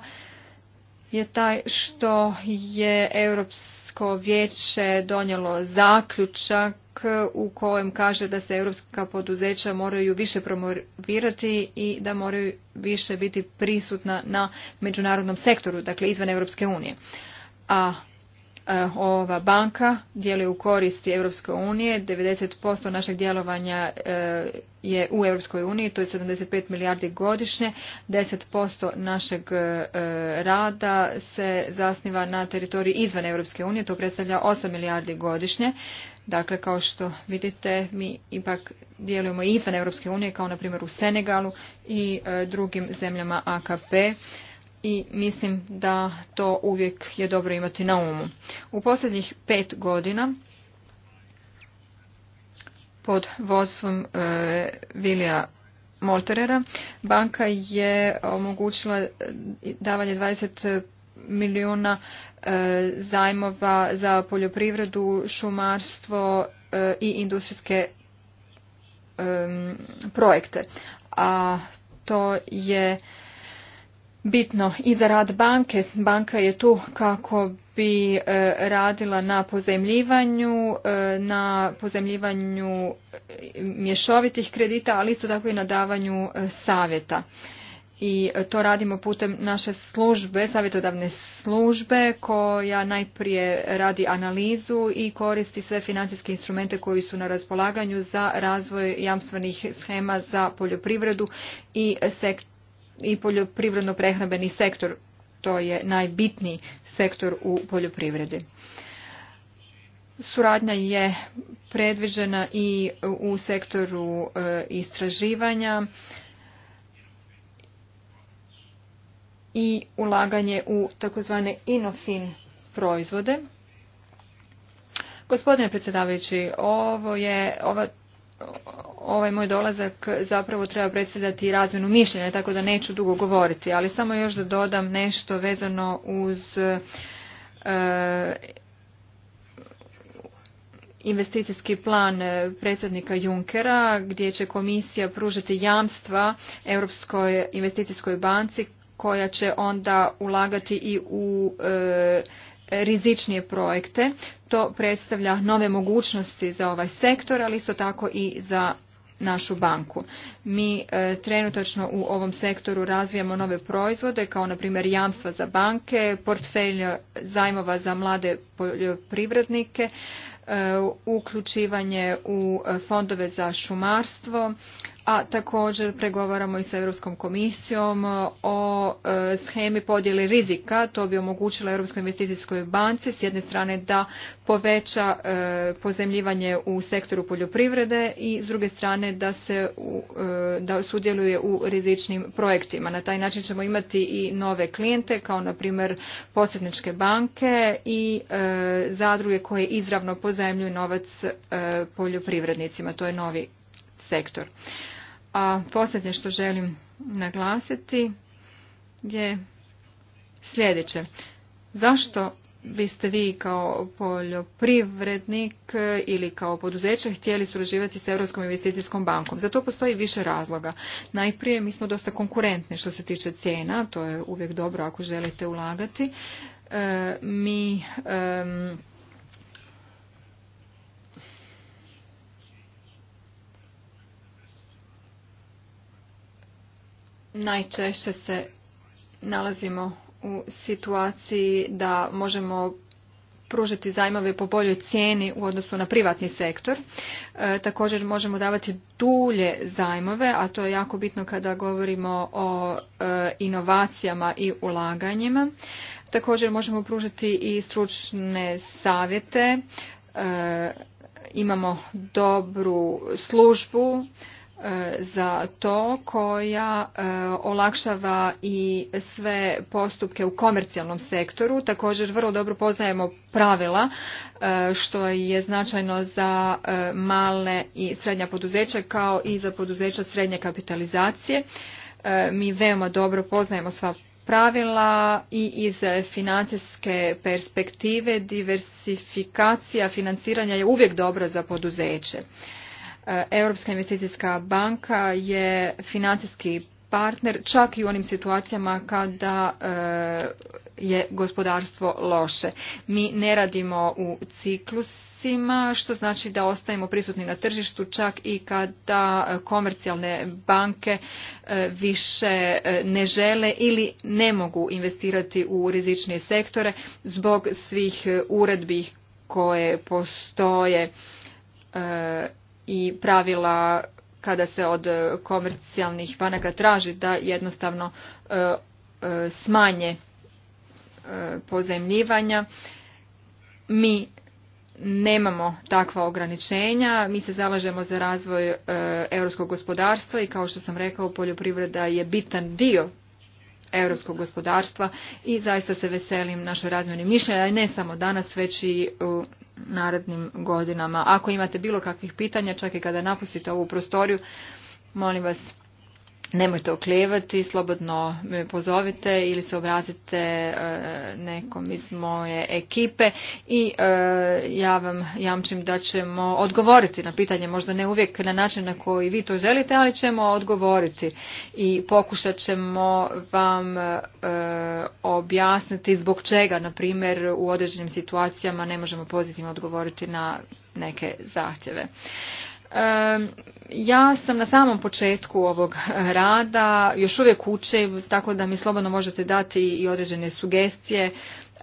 je taj što je Europsko vijeće donijelo zaključak u kojem kaže da se europska poduzeća moraju više promovirati i da moraju više biti prisutna na međunarodnom sektoru, dakle izvan Europske unije. A E, ova banka djeluje u koristi Europske unije, 90% našeg djelovanja e, je u Europskoj uniji, to je 75 milijardi godišnje, 10% našeg e, rada se zasniva na teritoriji izvan Europske unije, to predstavlja 8 milijardi godišnje. Dakle, kao što vidite, mi ipak djelujemo izvan Europske unije, kao na primjer u Senegalu i drugim zemljama AKP i mislim da to uvijek je dobro imati na umu. U posljednjih pet godina pod vodstvom Vilija e, Molterera banka je omogućila e, davanje 20 milijuna e, zajmova za poljoprivredu, šumarstvo i industrijske projekte. A to je bitno i za rad banke. Banka je tu kako bi e, radila na pozemljivanju, e, na pozemljivanju e, mješovitih kredita, ali isto tako i na davanju savjeta. I to radimo putem naše službe, savjetodavne službe koja najprije radi analizu i koristi sve financijske instrumente koji su na raspolaganju za razvoj jamstvenih schema za poljoprivredu i sektor i poljoprivredno prehrabeni sektor. To je najbitniji sektor u poljoprivredi. Suradnja je predviđena i u sektoru e, istraživanja i ulaganje u takozvane inofin proizvode. Gospodine predsjedavajući, ovo je, ova ovaj moj dolazak zapravo treba predstavljati razmjenu mišljenja, tako da neću dugo govoriti, ali samo još da dodam nešto vezano uz e, investicijski plan e, predsjednika Junkera gdje će komisija pružiti jamstva Europskoj investicijskoj banci koja će onda ulagati i u e, rizičnije projekte. To predstavlja nove mogućnosti za ovaj sektor, ali isto tako i za našu banku. Mi e, trenutačno u ovom sektoru razvijamo nove proizvode kao na primjer jamstva za banke, portfelj zajmova za mlade poljoprivrednike, e, uključivanje u e, fondove za šumarstvo, a također pregovaramo i sa Europskom komisijom e, o e, shemi podjele rizika. To bi omogućilo Europskoj investicijskoj banci s jedne strane da poveća e, pozemljivanje u sektoru poljoprivrede i s druge strane da se da sudjeluje u rizičnim projektima. Na taj način ćemo imati i nove klijente kao na primjer posredničke banke i zadruge koje izravno pozemljuju novac poljoprivrednicima. To je novi sektor. A posljednje što želim naglasiti je sljedeće. Zašto biste vi kao poljoprivrednik ili kao poduzeće htjeli surađivati s Europskom investicijskom bankom. Za to postoji više razloga. Najprije mi smo dosta konkurentni što se tiče cijena, to je uvijek dobro ako želite ulagati. E, mi najčešće se nalazimo u situaciji da možemo pružiti zajmove po boljoj cijeni u odnosu na privatni sektor. E, također možemo davati dulje zajmove, a to je jako bitno kada govorimo o e, inovacijama i ulaganjima. Također možemo pružiti i stručne savjete. E, imamo dobru službu za to koja e, olakšava i sve postupke u komercijalnom sektoru. Također vrlo dobro poznajemo pravila e, što je značajno za e, male i srednja poduzeća kao i za poduzeća srednje kapitalizacije. Mi veoma dobro poznajemo sva pravila i iz financijske perspektive diversifikacija financiranja je uvijek dobra za poduzeće. E, Europska investicijska banka je financijski partner čak i u onim situacijama kada e, je gospodarstvo loše. Mi ne radimo u ciklusima, što znači da ostajemo prisutni na tržištu čak i kada komercijalne banke e, više ne žele ili ne mogu investirati u rizične sektore zbog svih uredbi koje postoje i pravila kada se od komercijalnih banaka traži da jednostavno e, e, smanje e, pozajmljivanja. Mi nemamo takva ograničenja, mi se zalažemo za razvoj europskog gospodarstva i kao što sam rekao poljoprivreda je bitan dio europskog gospodarstva i zaista se veselim našoj razmjeni mišljenja i ne samo danas već i u narednim godinama. Ako imate bilo kakvih pitanja, čak i kada napustite ovu prostoriju, molim vas Nemojte oklijevati, slobodno me pozovite ili se obratite e, nekom iz moje ekipe i e, ja vam jamčim da ćemo odgovoriti na pitanje, možda ne uvijek na način na koji vi to želite, ali ćemo odgovoriti i pokušat ćemo vam e, objasniti zbog čega, na primjer, u određenim situacijama ne možemo pozitivno odgovoriti na neke zahtjeve. Ja sam na samom početku ovog rada, još uvijek uče, tako da mi slobodno možete dati i određene sugestije.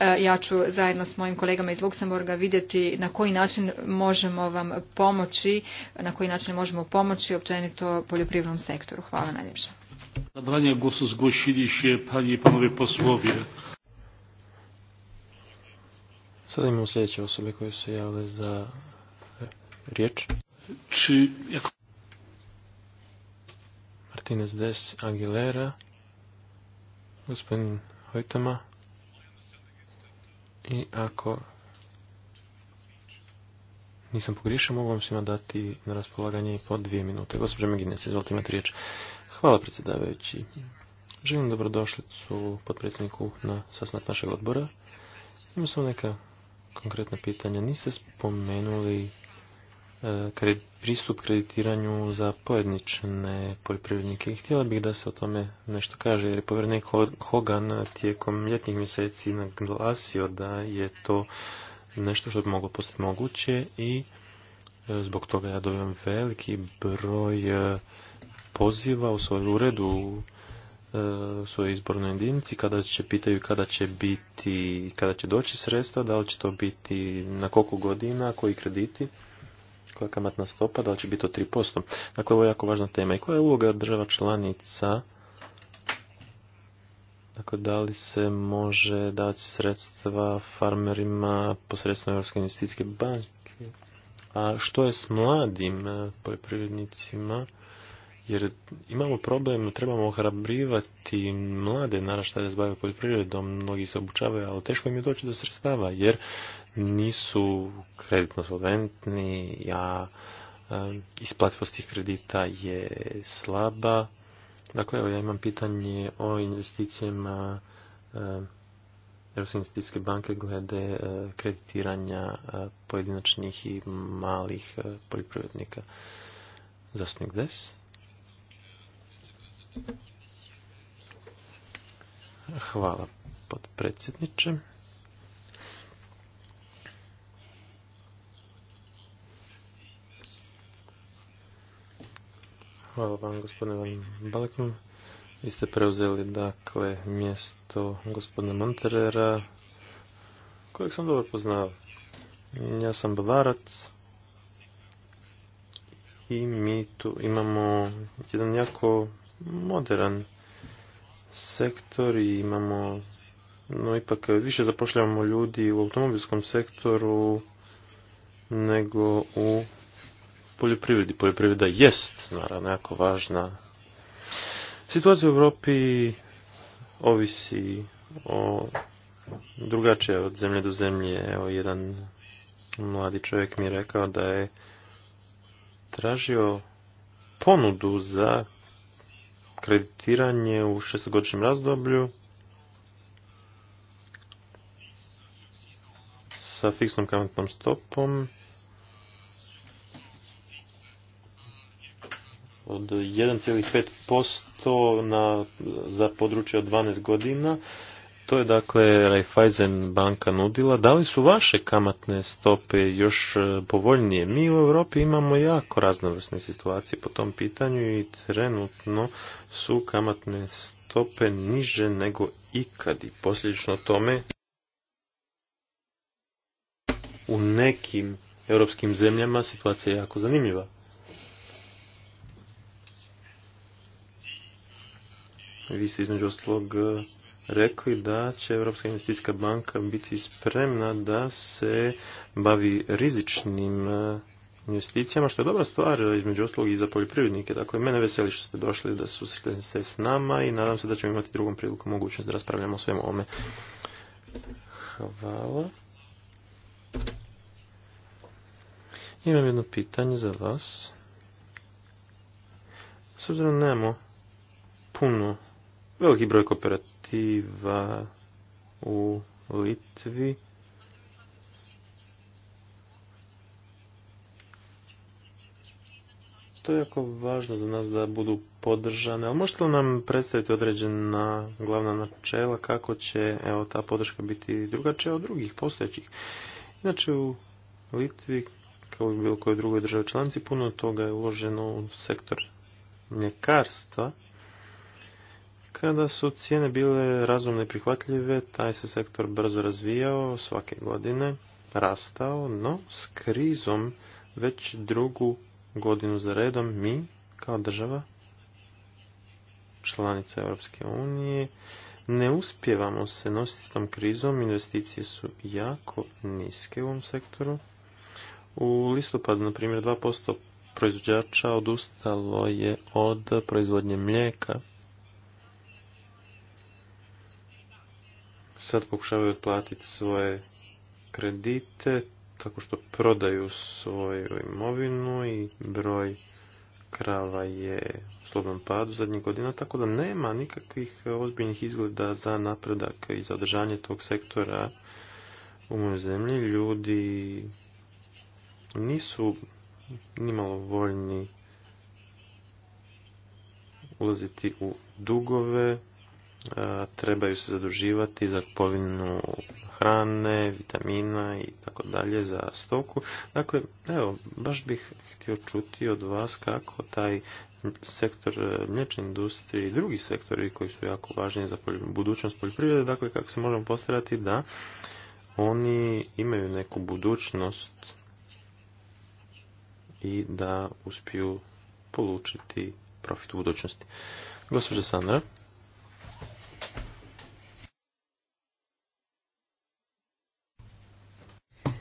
E, ja ću zajedno s mojim kolegama iz Luksemburga vidjeti na koji način možemo vam pomoći, na koji način možemo pomoći općenito poljoprivrednom sektoru. Hvala najljepša. Zabranje gosu i javile za riječ. Czy Martinez Des Aguilera, gospodin Hojtama i ako nisam pogriješio, mogu vam svima dati na raspolaganje po dvije minute. Gospođa Meginec, izvolite imati riječ. Hvala predsjedavajući. Želim dobrodošlicu potpredsjedniku na sastanak našeg odbora. Imam samo neka konkretna pitanja. Niste spomenuli E, pristup kreditiranju za pojednične poljoprivrednike. Htjela bih da se o tome nešto kaže, jer je povjerenik Hogan tijekom ljetnih mjeseci naglasio da je to nešto što bi moglo postati moguće i e, zbog toga ja dobivam veliki broj e, poziva u svoju uredu u svojoj izbornoj jedinici kada će pitaju kada će biti kada će doći sredstva da li će to biti na koliko godina koji krediti koja kamatna stopa, da li će biti to 3%. Dakle, ovo je jako važna tema. I koja je uloga država članica? Dakle, da li se može dati sredstva farmerima posredstvom Europske investicijske banke? A što je s mladim eh, poljoprivrednicima? jer imamo problem, trebamo ohrabrivati mlade naraštaje da se poljoprivredom, mnogi se obučavaju, ali teško im je doći do sredstava jer nisu kreditno solventni, a eh, isplativost tih kredita je slaba. Dakle, evo ja imam pitanje o investicijama eh, Europske investicijske banke glede eh, kreditiranja pojedinačnih i malih poljoprivrednika. Zastupnik Des. Hvala podpredsjedniče Hvala vam gospodine Balekom. Vi ste preuzeli dakle mjesto gospodina Monterera kojeg sam dobro poznao. Ja sam Bavarac i mi tu imamo jedan jako modern sektor i imamo, no ipak više zapošljavamo ljudi u automobilskom sektoru nego u poljoprivredi. Poljoprivreda jest, naravno, jako važna. Situacija u Europi ovisi o drugačije od zemlje do zemlje. Evo, jedan mladi čovjek mi je rekao da je tražio ponudu za kreditiranje u šestogodišnjem razdoblju sa fiksnom kamatnom stopom od 1,5% na, za područje od 12 godina to je dakle Raiffeisen banka nudila. Da li su vaše kamatne stope još e, povoljnije? Mi u Europi imamo jako raznovrsne situacije po tom pitanju i trenutno su kamatne stope niže nego ikad i posljedično tome u nekim europskim zemljama situacija je jako zanimljiva. Vi ste između ostalog e, rekli da će Europska investicijska banka biti spremna da se bavi rizičnim e, investicijama, što je dobra stvar između ostalog i za poljoprivrednike. Dakle, mene veseli što ste došli da susretli ste s nama i nadam se da ćemo imati drugom priliku mogućnost da raspravljamo o svemu ovome. Hvala. Imam jedno pitanje za vas. S obzirom nemamo puno, veliki broj kooperativa u Litvi. To je jako važno za nas da budu podržane, ali možete li nam predstaviti određena glavna načela kako će evo, ta podrška biti drugačija od drugih postojećih? Inače u Litvi, kao i bilo kojoj drugoj državi članci, puno toga je uloženo u sektor mljekarstva, kada su cijene bile razumne i prihvatljive, taj se sektor brzo razvijao svake godine, rastao, no s krizom već drugu godinu za redom mi, kao država, članica Europske unije, ne uspijevamo se nositi s tom krizom, investicije su jako niske u ovom sektoru. U listopadu, na primjer, 2% proizvođača odustalo je od proizvodnje mlijeka, sad pokušavaju otplatiti svoje kredite tako što prodaju svoju imovinu i broj krava je u slobodnom padu zadnjih godina, tako da nema nikakvih ozbiljnih izgleda za napredak i zadržanje tog sektora u mojoj zemlji. Ljudi nisu nimalo voljni ulaziti u dugove, trebaju se zaduživati za kupovinu hrane, vitamina i tako dalje za stoku. Dakle, evo, baš bih htio čuti od vas kako taj sektor e, mlječne industrije i drugi sektori koji su jako važni za budućnost poljoprivrede, dakle kako se možemo postarati da oni imaju neku budućnost i da uspiju polučiti profit u budućnosti. Gospođa Sandra.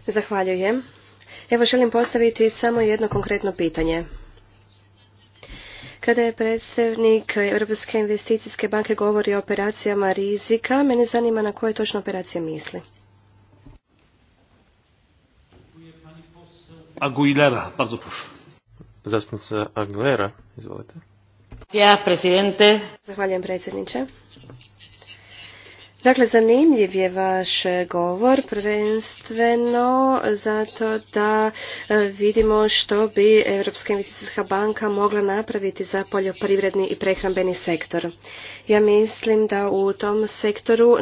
Zahvaljujem. Evo želim postaviti samo jedno konkretno pitanje. Kada je predstavnik Europske investicijske banke govori o operacijama rizika, mene zanima na koje točno operacije misli. Aguilera, bardzo proszę. Aguilera, izvolite. Ja, Zahvaljujem predsjedniče. Dakle, zanimljiv je vaš govor, prvenstveno zato da e, vidimo što bi Europska investicijska banka mogla napraviti za poljoprivredni i prehrambeni sektor. Ja mislim da u tom sektoru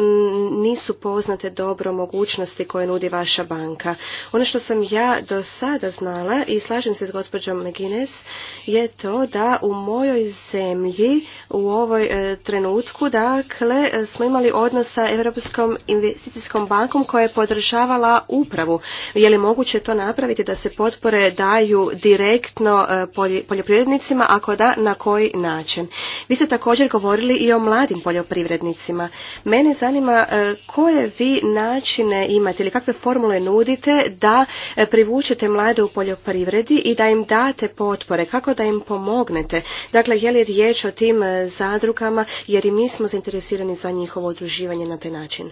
nisu poznate dobro mogućnosti koje nudi vaša banka. Ono što sam ja do sada znala i slažem se s gospođom McGuinness je to da u mojoj zemlji u ovoj e, trenutku dakle e, smo imali odnos sa Europskom investicijskom bankom koja je podržavala upravu. Je li moguće to napraviti da se potpore daju direktno e, poljoprivrednicima, ako da, na koji način? Vi ste također govorili i o mladim poljoprivrednicima. Mene zanima e, koje vi načine imate ili kakve formule nudite da e, privučete mlade u poljoprivredi i da im date potpore, kako da im pomognete. Dakle, je li riječ o tim zadrugama, jer i mi smo zainteresirani za njihovo odruživanje na taj način.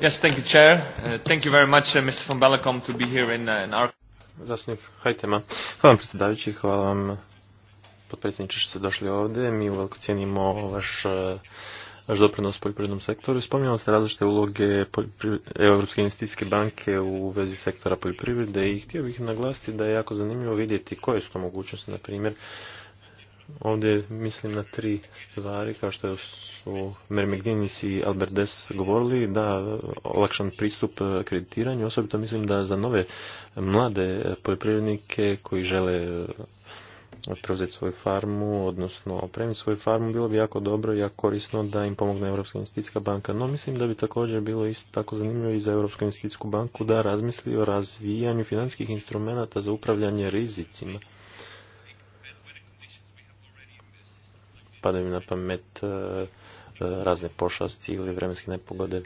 Yes, thank you, Chair. Uh, thank you very much, uh, Mr. von Bellekom, to be here in, uh, in our... Zastupnik Hajtema. Hvala vam predsjedavajući, hvala vam potpredsjedniče što ste došli ovdje. Mi uveliko cijenimo vaš uh, vaš doprinos poljoprivrednom sektoru. Spominjali ste različite uloge Europske investicijske banke u vezi sektora poljoprivrede i htio bih naglasiti da je jako zanimljivo vidjeti koje su to mogućnosti, na primjer, Ovdje mislim na tri stvari, kao što su Mermegdinis i Albert Des govorili, da olakšan pristup kreditiranju, osobito mislim da za nove mlade poljoprivrednike koji žele preuzeti svoju farmu, odnosno opremiti svoju farmu, bilo bi jako dobro i jako korisno da im pomogne Europska investicijska banka. No mislim da bi također bilo isto tako zanimljivo i za Europsku investicijsku banku da razmisli o razvijanju financijskih instrumenata za upravljanje rizicima. padaju na pamet e, e, razne pošasti ili vremenske nepogode.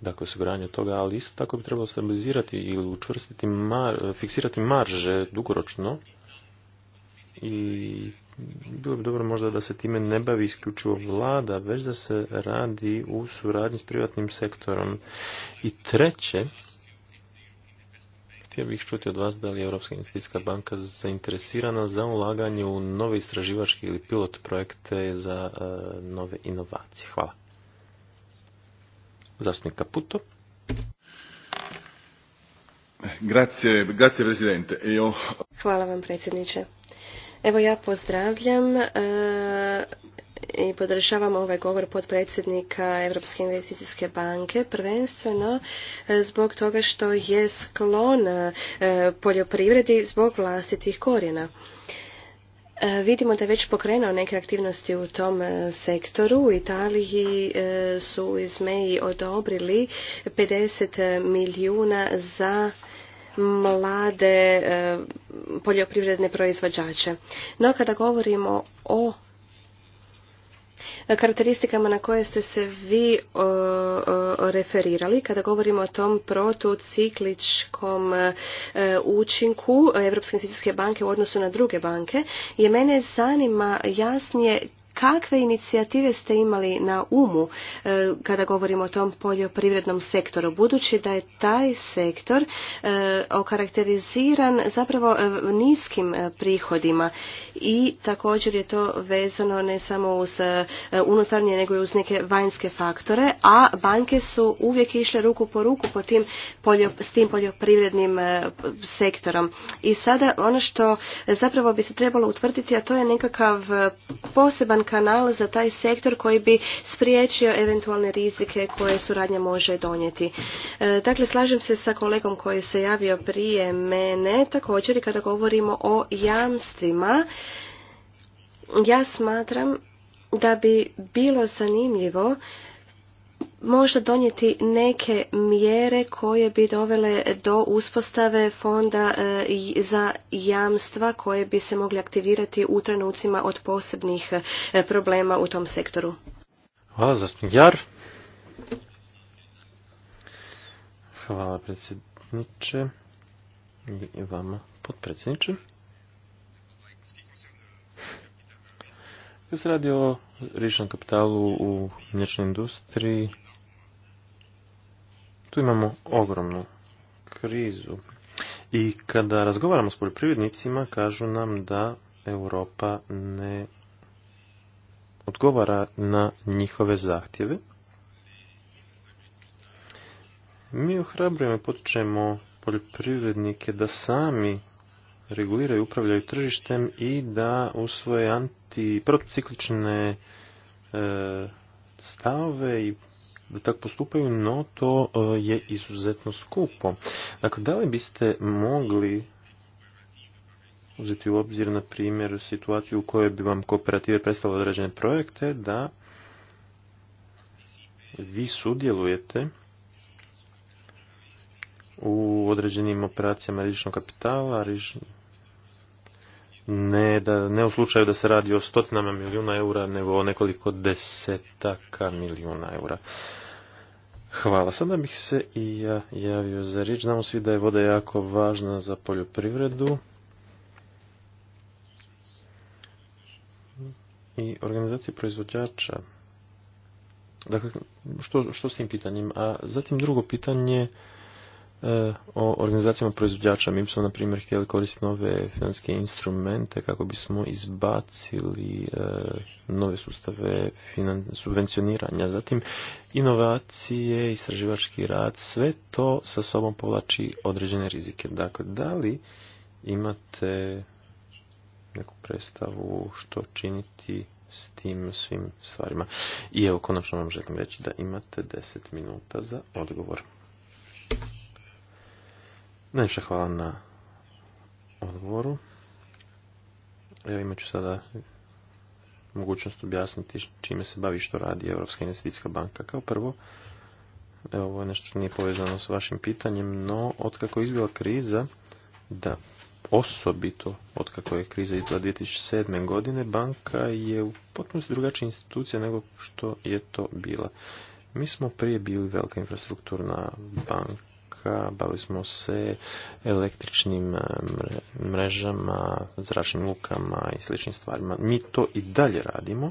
Dakle, osiguranje toga, ali isto tako bi trebalo stabilizirati ili učvrstiti, e, fiksirati marže dugoročno i bilo bi dobro možda da se time ne bavi isključivo vlada, već da se radi u suradnji s privatnim sektorom. I treće, Htio bih čuti od vas da li je Europska investicijska banka zainteresirana za ulaganje u nove istraživačke ili pilot projekte za e, nove inovacije. Hvala. Zastupnik Kaputo. Grazie, grazie presidente. Io... Hvala vam predsjedniče. Evo ja pozdravljam e, i podržavam ovaj govor potpredsjednika Europske investicijske banke prvenstveno e, zbog toga što je sklon e, poljoprivredi zbog vlastitih korijena. E, vidimo da je već pokrenuo neke aktivnosti u tom sektoru. U Italiji su iz odobrili 50 milijuna za mlade poljoprivredne proizvođače. No kada govorimo o karakteristikama na koje ste se vi referirali kada govorimo o tom protucikličkom e, učinku Europske investicijske banke u odnosu na druge banke, je mene zanima jasnije Kakve inicijative ste imali na umu e, kada govorimo o tom poljoprivrednom sektoru, budući da je taj sektor e, okarakteriziran zapravo e, niskim prihodima i također je to vezano ne samo uz unutarnje nego i uz neke vanjske faktore, a banke su uvijek išle ruku po ruku po tim s tim poljoprivrednim sektorom. I sada ono što zapravo bi se trebalo utvrditi, a to je nekakav poseban kanal za taj sektor koji bi spriječio eventualne rizike koje suradnja može donijeti. E, dakle, slažem se sa kolegom koji se javio prije mene, također i kada govorimo o jamstvima, ja smatram da bi bilo zanimljivo možda donijeti neke mjere koje bi dovele do uspostave fonda e, za jamstva koje bi se mogli aktivirati u trenucima od posebnih e, problema u tom sektoru. Hvala za Jar. Hvala predsjedniče i vama podpredsjedniče. Kada se radi o ričnom kapitalu u mlječnoj industriji, tu imamo ogromnu krizu. I kada razgovaramo s poljoprivrednicima, kažu nam da Europa ne odgovara na njihove zahtjeve. Mi ohrabrujemo i potičemo poljoprivrednike da sami reguliraju upravljaju tržištem i da usvoje anti, protociklične e, stave i da tako postupaju, no to e, je izuzetno skupo. Dakle, da li biste mogli uzeti u obzir, na primjer, situaciju u kojoj bi vam kooperative predstavile određene projekte, da vi sudjelujete u određenim operacijama rizičnog kapitala, ne, da, ne u slučaju da se radi o stotinama milijuna eura, nego o nekoliko desetaka milijuna eura. Hvala. Sada bih se i ja javio za riječ. Znamo svi da je voda jako važna za poljoprivredu. I organizacije proizvođača. Dakle, što, što s tim pitanjem? A zatim drugo pitanje E, o organizacijama proizvođača. Mi smo, na primjer, htjeli koristiti nove financijske instrumente kako bismo izbacili e, nove sustave subvencioniranja. Zatim, inovacije, istraživački rad, sve to sa sobom povlači određene rizike. Dakle, da li imate neku predstavu što činiti s tim svim stvarima. I evo, konačno vam želim reći da imate 10 minuta za odgovor. Najviše hvala na odgovoru. Evo imat ću sada mogućnost objasniti čime se bavi što radi Europska investicijska banka. Kao prvo, evo ovo je nešto što nije povezano sa vašim pitanjem, no otkako je izbila kriza, da osobito otkako je kriza izbila 2007. godine, banka je u potpunosti drugačija institucija nego što je to bila. Mi smo prije bili velika infrastrukturna banka zraka, bavili smo se električnim eh, mrežama, zračnim lukama i sličnim stvarima. Mi to i dalje radimo,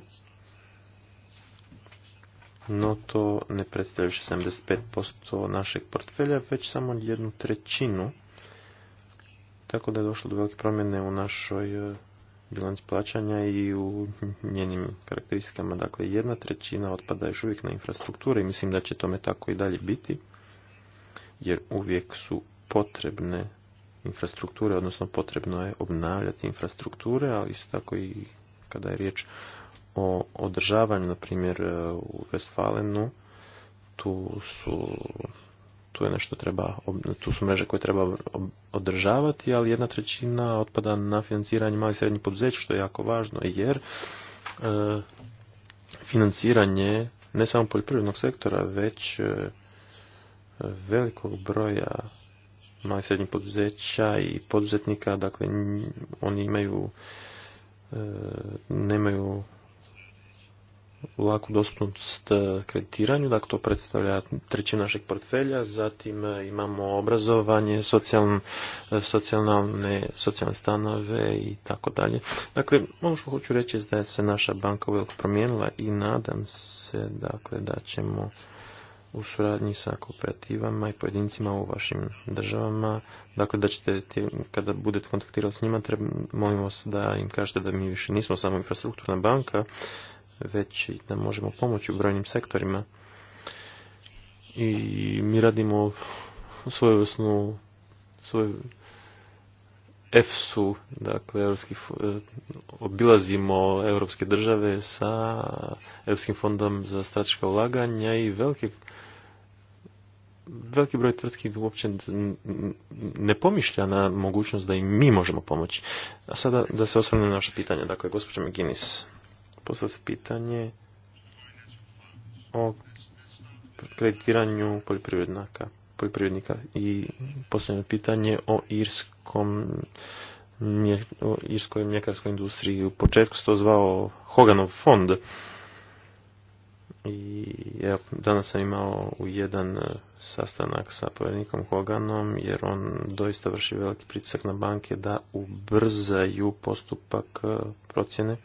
no to ne predstavlja 75% našeg portfelja, već samo jednu trećinu. Tako da je došlo do velike promjene u našoj eh, bilanci plaćanja i u njenim karakteristikama. Dakle, jedna trećina otpada još uvijek na infrastrukture i mislim da će tome tako i dalje biti jer uvijek su potrebne infrastrukture, odnosno potrebno je obnavljati infrastrukture, ali isto tako i kada je riječ o održavanju, na primjer e, u Westfalenu, tu su je nešto treba, tu su mreže koje treba održavati, ali jedna trećina otpada na financiranje malih srednjih poduzeća, što je jako važno, jer e, financiranje ne samo poljoprivrednog sektora, već e, velikog broja malih srednjih poduzeća i poduzetnika, dakle oni imaju e, nemaju laku dostupnost e, kreditiranju, dakle to predstavlja trećinu našeg portfelja, zatim e, imamo obrazovanje, socijalne, socijalne stanove i tako dalje. Dakle, ono što hoću reći je da se naša banka veliko promijenila i nadam se dakle, da ćemo u suradnji sa kooperativama i pojedincima u vašim državama. Dakle, da ćete, kada budete kontaktirali s njima, treba, molim vas da im kažete da mi više nismo samo infrastrukturna banka, već da možemo pomoći u brojnim sektorima. I mi radimo svojevrsnu svoju EFSU, dakle, europski, e, obilazimo europske države sa Europskim fondom za strateška ulaganja i velike veliki broj tvrtki uopće ne pomišlja na mogućnost da i mi možemo pomoći. A sada da se osvrnem na naše pitanje. Dakle, gospođa McGinnis, postavlja se pitanje o kreditiranju poljoprivrednaka poljoprivrednika. I posljedno pitanje o irskom o irskoj mljekarskoj industriji. U početku se to zvao Hoganov fond. I ja danas sam imao u jedan e, sastanak sa povjerenikom Hoganom jer on doista vrši veliki pritisak na banke da ubrzaju postupak e, procjene.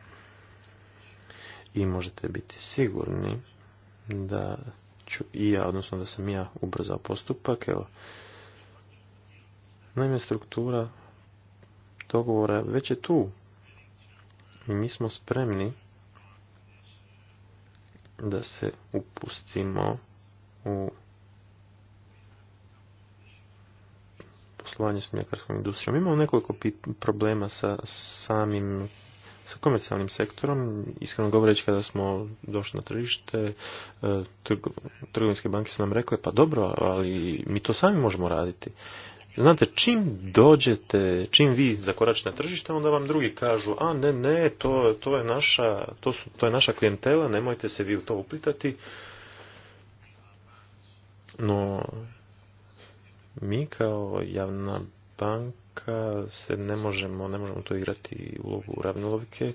I možete biti sigurni da ću i ja, odnosno da sam ja ubrzao postupak. Evo. Naime, struktura dogovora već je tu. I mi smo spremni da se upustimo u poslovanje s mljekarskom industrijom. Imamo nekoliko problema sa samim sa komercijalnim sektorom, iskreno govoreći kada smo došli na tržište, e, trgovinske banke su nam rekle, pa dobro, ali mi to sami možemo raditi. Znate, čim dođete, čim vi zakoračite na tržište, onda vam drugi kažu, a ne, ne, to, je, naša, je naša klijentela, nemojte se vi u to uplitati. No, mi kao javna banka, se ne možemo, ne možemo to igrati u ravnolovike.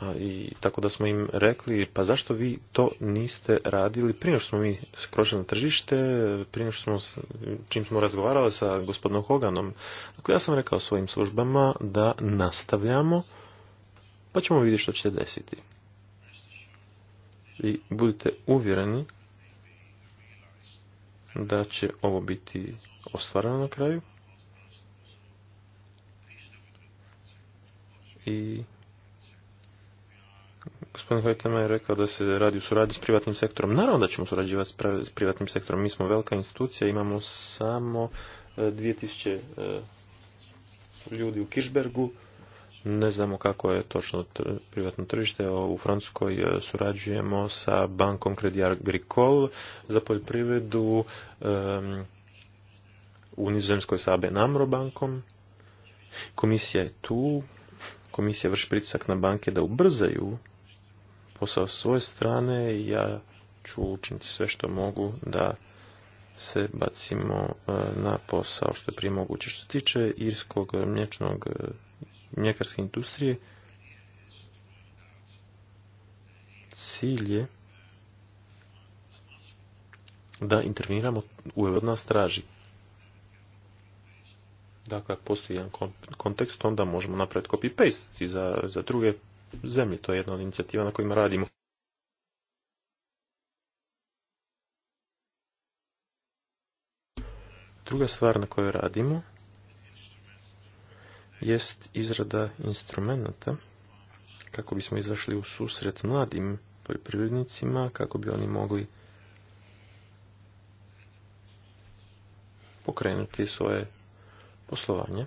A, I tako da smo im rekli, pa zašto vi to niste radili prije što smo mi skrošili na tržište, prije što smo, čim smo razgovarali sa gospodinom Hoganom. Dakle, ja sam rekao svojim službama da nastavljamo, pa ćemo vidjeti što će se desiti. I budite uvjereni da će ovo biti ostvareno na kraju. i gospodin Hojtema je rekao da se radi u suradnji s privatnim sektorom. Naravno da ćemo surađivati s privatnim sektorom. Mi smo velika institucija, imamo samo 2000 e, e, ljudi u Kišbergu. Ne znamo kako je točno privatno tržište. U Francuskoj e, surađujemo sa bankom Credit Agricole za poljoprivredu u Nizozemskoj sa AB Namro bankom. Komisija je tu, komisija vrši pritisak na banke da ubrzaju posao s svoje strane, ja ću učiniti sve što mogu da se bacimo e, na posao što je prije moguće. Što se tiče irskog mlječnog e, mljekarske industrije, cilj je da interveniramo u od straži dakle postoji jedan kontekst, onda možemo napraviti copy-paste i za, za druge zemlje. To je jedna od inicijativa na kojima radimo. Druga stvar na kojoj radimo jest izrada instrumenta kako bismo izašli u susret mladim poljoprivrednicima, kako bi oni mogli pokrenuti svoje poslovanje.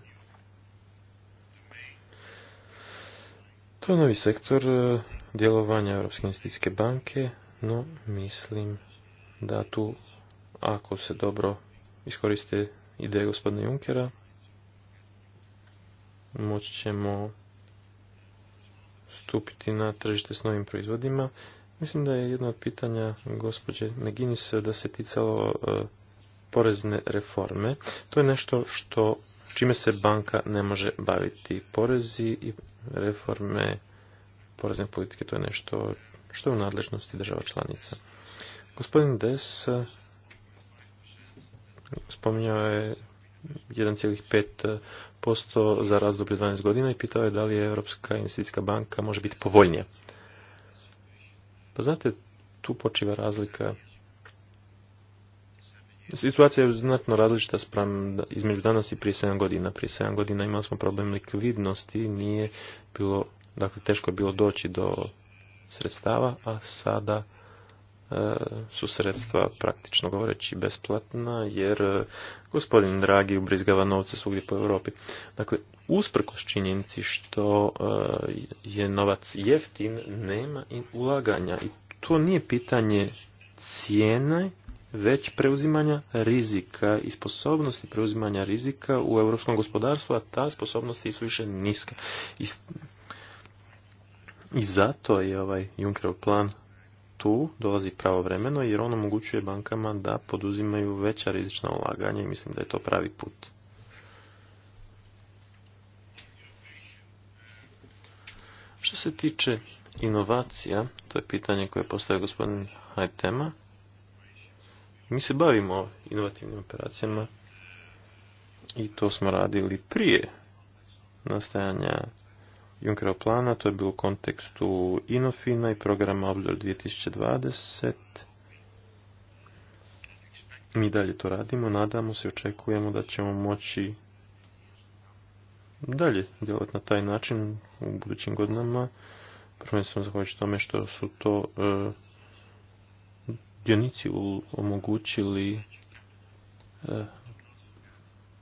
To je novi sektor e, djelovanja Europske investicijske banke, no mislim da tu, ako se dobro iskoriste ideje gospodina Junkera, moći ćemo stupiti na tržište s novim proizvodima. Mislim da je jedno od pitanja gospođe Neginis da se ticalo e, porezne reforme. To je nešto što čime se banka ne može baviti. Porezi i reforme porezne politike, to je nešto što je u nadležnosti država članica. Gospodin Des eh, spominjao je 1,5% za razdoblje 12 godina i pitao je da li je Europska investicijska banka može biti povoljnija. Pa znate, tu počiva razlika Situacija je znatno različita spram između danas i prije 7 godina. Prije 7 godina imali smo problem likvidnosti, nije bilo, dakle teško je bilo doći do sredstava, a sada e, su sredstva praktično govoreći besplatna, jer e, gospodin Dragi ubrizgava novce svugdje po Europi. Dakle, usprkos činjenici što e, je novac jeftin, nema i ulaganja. I to nije pitanje cijene, već preuzimanja rizika i sposobnosti preuzimanja rizika u europskom gospodarstvu, a ta sposobnost su više niska. I, I zato je ovaj Juncker plan tu dolazi pravovremeno jer on omogućuje bankama da poduzimaju veća rizična ulaganja i mislim da je to pravi put. Što se tiče inovacija, to je pitanje koje postavio gospodin Hajtema. Mi se bavimo inovativnim operacijama i to smo radili prije nastajanja Junkerov plana, to je bilo u kontekstu Inofina i programa Obzor 2020. Mi dalje to radimo, nadamo se, očekujemo da ćemo moći dalje djelovati na taj način u budućim godinama. Prvenstveno zahvaljujući tome što su to e, dionici omogućili e,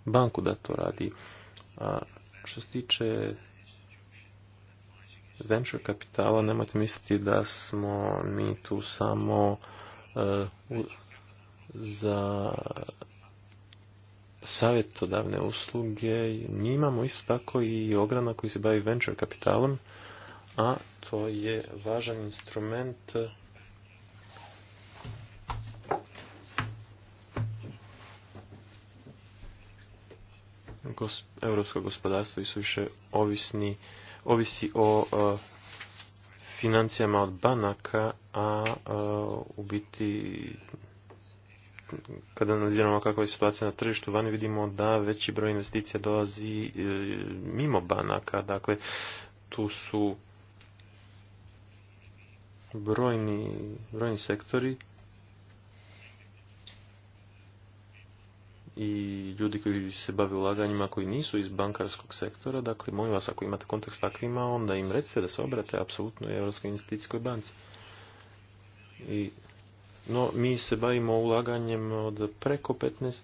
banku da to radi. A što se tiče venture kapitala, nemojte misliti da smo mi tu samo e, za savjetodavne usluge. Mi imamo isto tako i ograna koji se bavi venture kapitalom, a to je važan instrument europsko gospodarstvo i su više ovisni, ovisi o e, financijama od banaka, a e, u biti kada analiziramo kakva je situacija na tržištu vani vidimo da veći broj investicija dolazi e, mimo banaka, dakle tu su brojni sektori i ljudi koji se bave ulaganjima koji nisu iz bankarskog sektora, dakle molim vas ako imate kontakt s takvima onda im recite da se obrate apsolutno Europskoj investicijskoj banci. I, no mi se bavimo ulaganjem od preko 15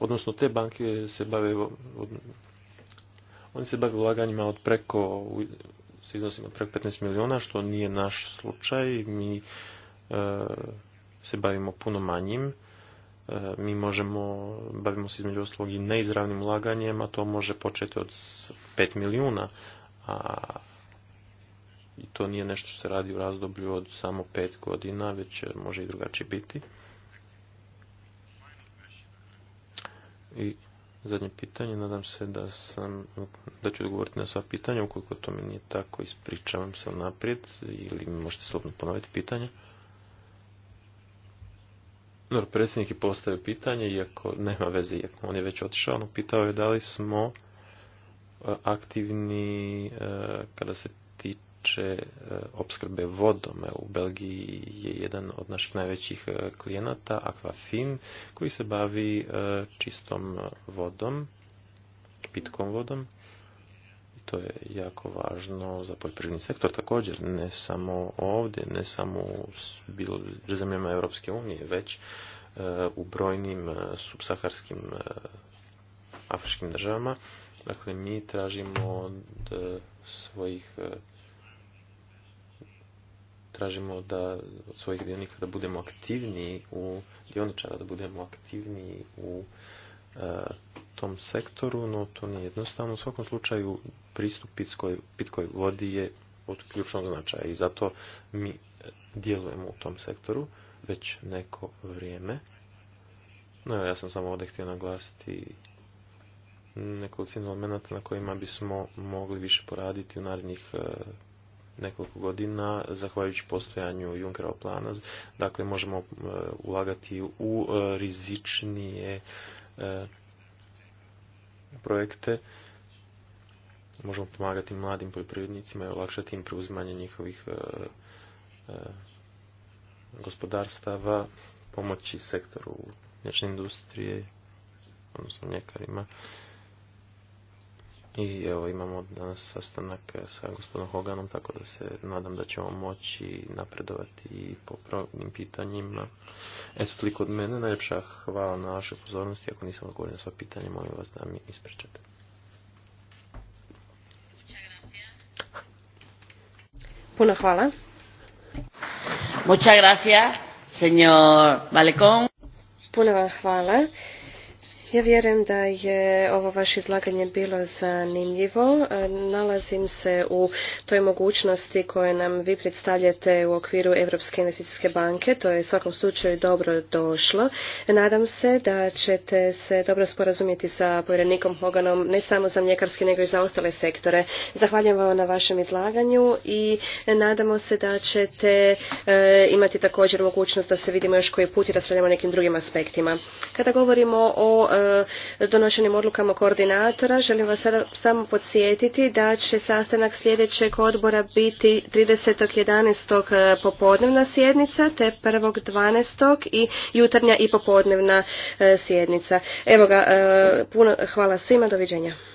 odnosno te banke se bave od, oni se bave ulaganjima od preko s iznosima preko 15 milijuna što nije naš slučaj mi e, se bavimo puno manjim E, mi možemo, bavimo se između ostalog i neizravnim ulaganjem, a to može početi od 5 milijuna, a i to nije nešto što se radi u razdoblju od samo 5 godina, već e, može i drugačije biti. I zadnje pitanje, nadam se da sam, da ću odgovoriti na sva pitanja, ukoliko to mi nije tako, ispričavam se naprijed ili možete slobodno ponoviti pitanje. Dobro, predsjednik je postavio pitanje, iako nema veze, iako on je već otišao, no pitao je da li smo e, aktivni e, kada se tiče e, opskrbe vodom. U Belgiji je jedan od naših najvećih klijenata, Aquafin, koji se bavi čistom vodom, pitkom vodom to je jako važno za poljoprivredni sektor također, ne samo ovdje, ne samo u bilo zemljama Europske unije, već e, u brojnim e, subsaharskim e, afričkim državama. Dakle, mi tražimo od svojih tražimo da od svojih dionika da budemo aktivniji u dioničara, da budemo aktivniji u tom sektoru, no to nije jednostavno. U svakom slučaju pristup pitkoj, vodi je od ključnog značaja i zato mi e, djelujemo u tom sektoru već neko vrijeme. No ja sam samo ovdje htio naglasiti nekoliko elemenata na kojima bismo mogli više poraditi u narednih e, nekoliko godina, zahvaljujući postojanju Junkerova plana. Dakle, možemo e, ulagati u rizičnije projekte, možemo pomagati mladim poljoprivrednicima i olakšati im preuzimanje njihovih e, e, gospodarstava, pomoći sektoru mlječne industrije, odnosno mljekarima i evo imamo danas sastanak e, sa gospodinom Hoganom, tako da se nadam da ćemo moći napredovati i po pravnim pitanjima. Eto, toliko od mene. Najljepša hvala na vašoj pozornosti. Ako nisam odgovorio na sva pitanja, molim vas da mi ispričate. Puno hvala. gracias, Puno hvala. Ja vjerujem da je ovo vaše izlaganje bilo zanimljivo. E, nalazim se u toj mogućnosti koje nam vi predstavljate u okviru Europske investicijske banke. To je svakom slučaju dobro došlo. Nadam se da ćete se dobro sporazumjeti sa povjerenikom Hoganom ne samo za mljekarske nego i za ostale sektore. Zahvaljujem vam na vašem izlaganju i nadamo se da ćete e, imati također mogućnost da se vidimo još koji put i raspravljamo o nekim drugim aspektima. Kada govorimo o e, E, donošenim odlukama koordinatora. Želim vas samo podsjetiti da će sastanak sljedećeg odbora biti 30.11. E, popodnevna sjednica te 1.12. i jutarnja i popodnevna e, sjednica. Evo ga, puno hvala svima, doviđenja.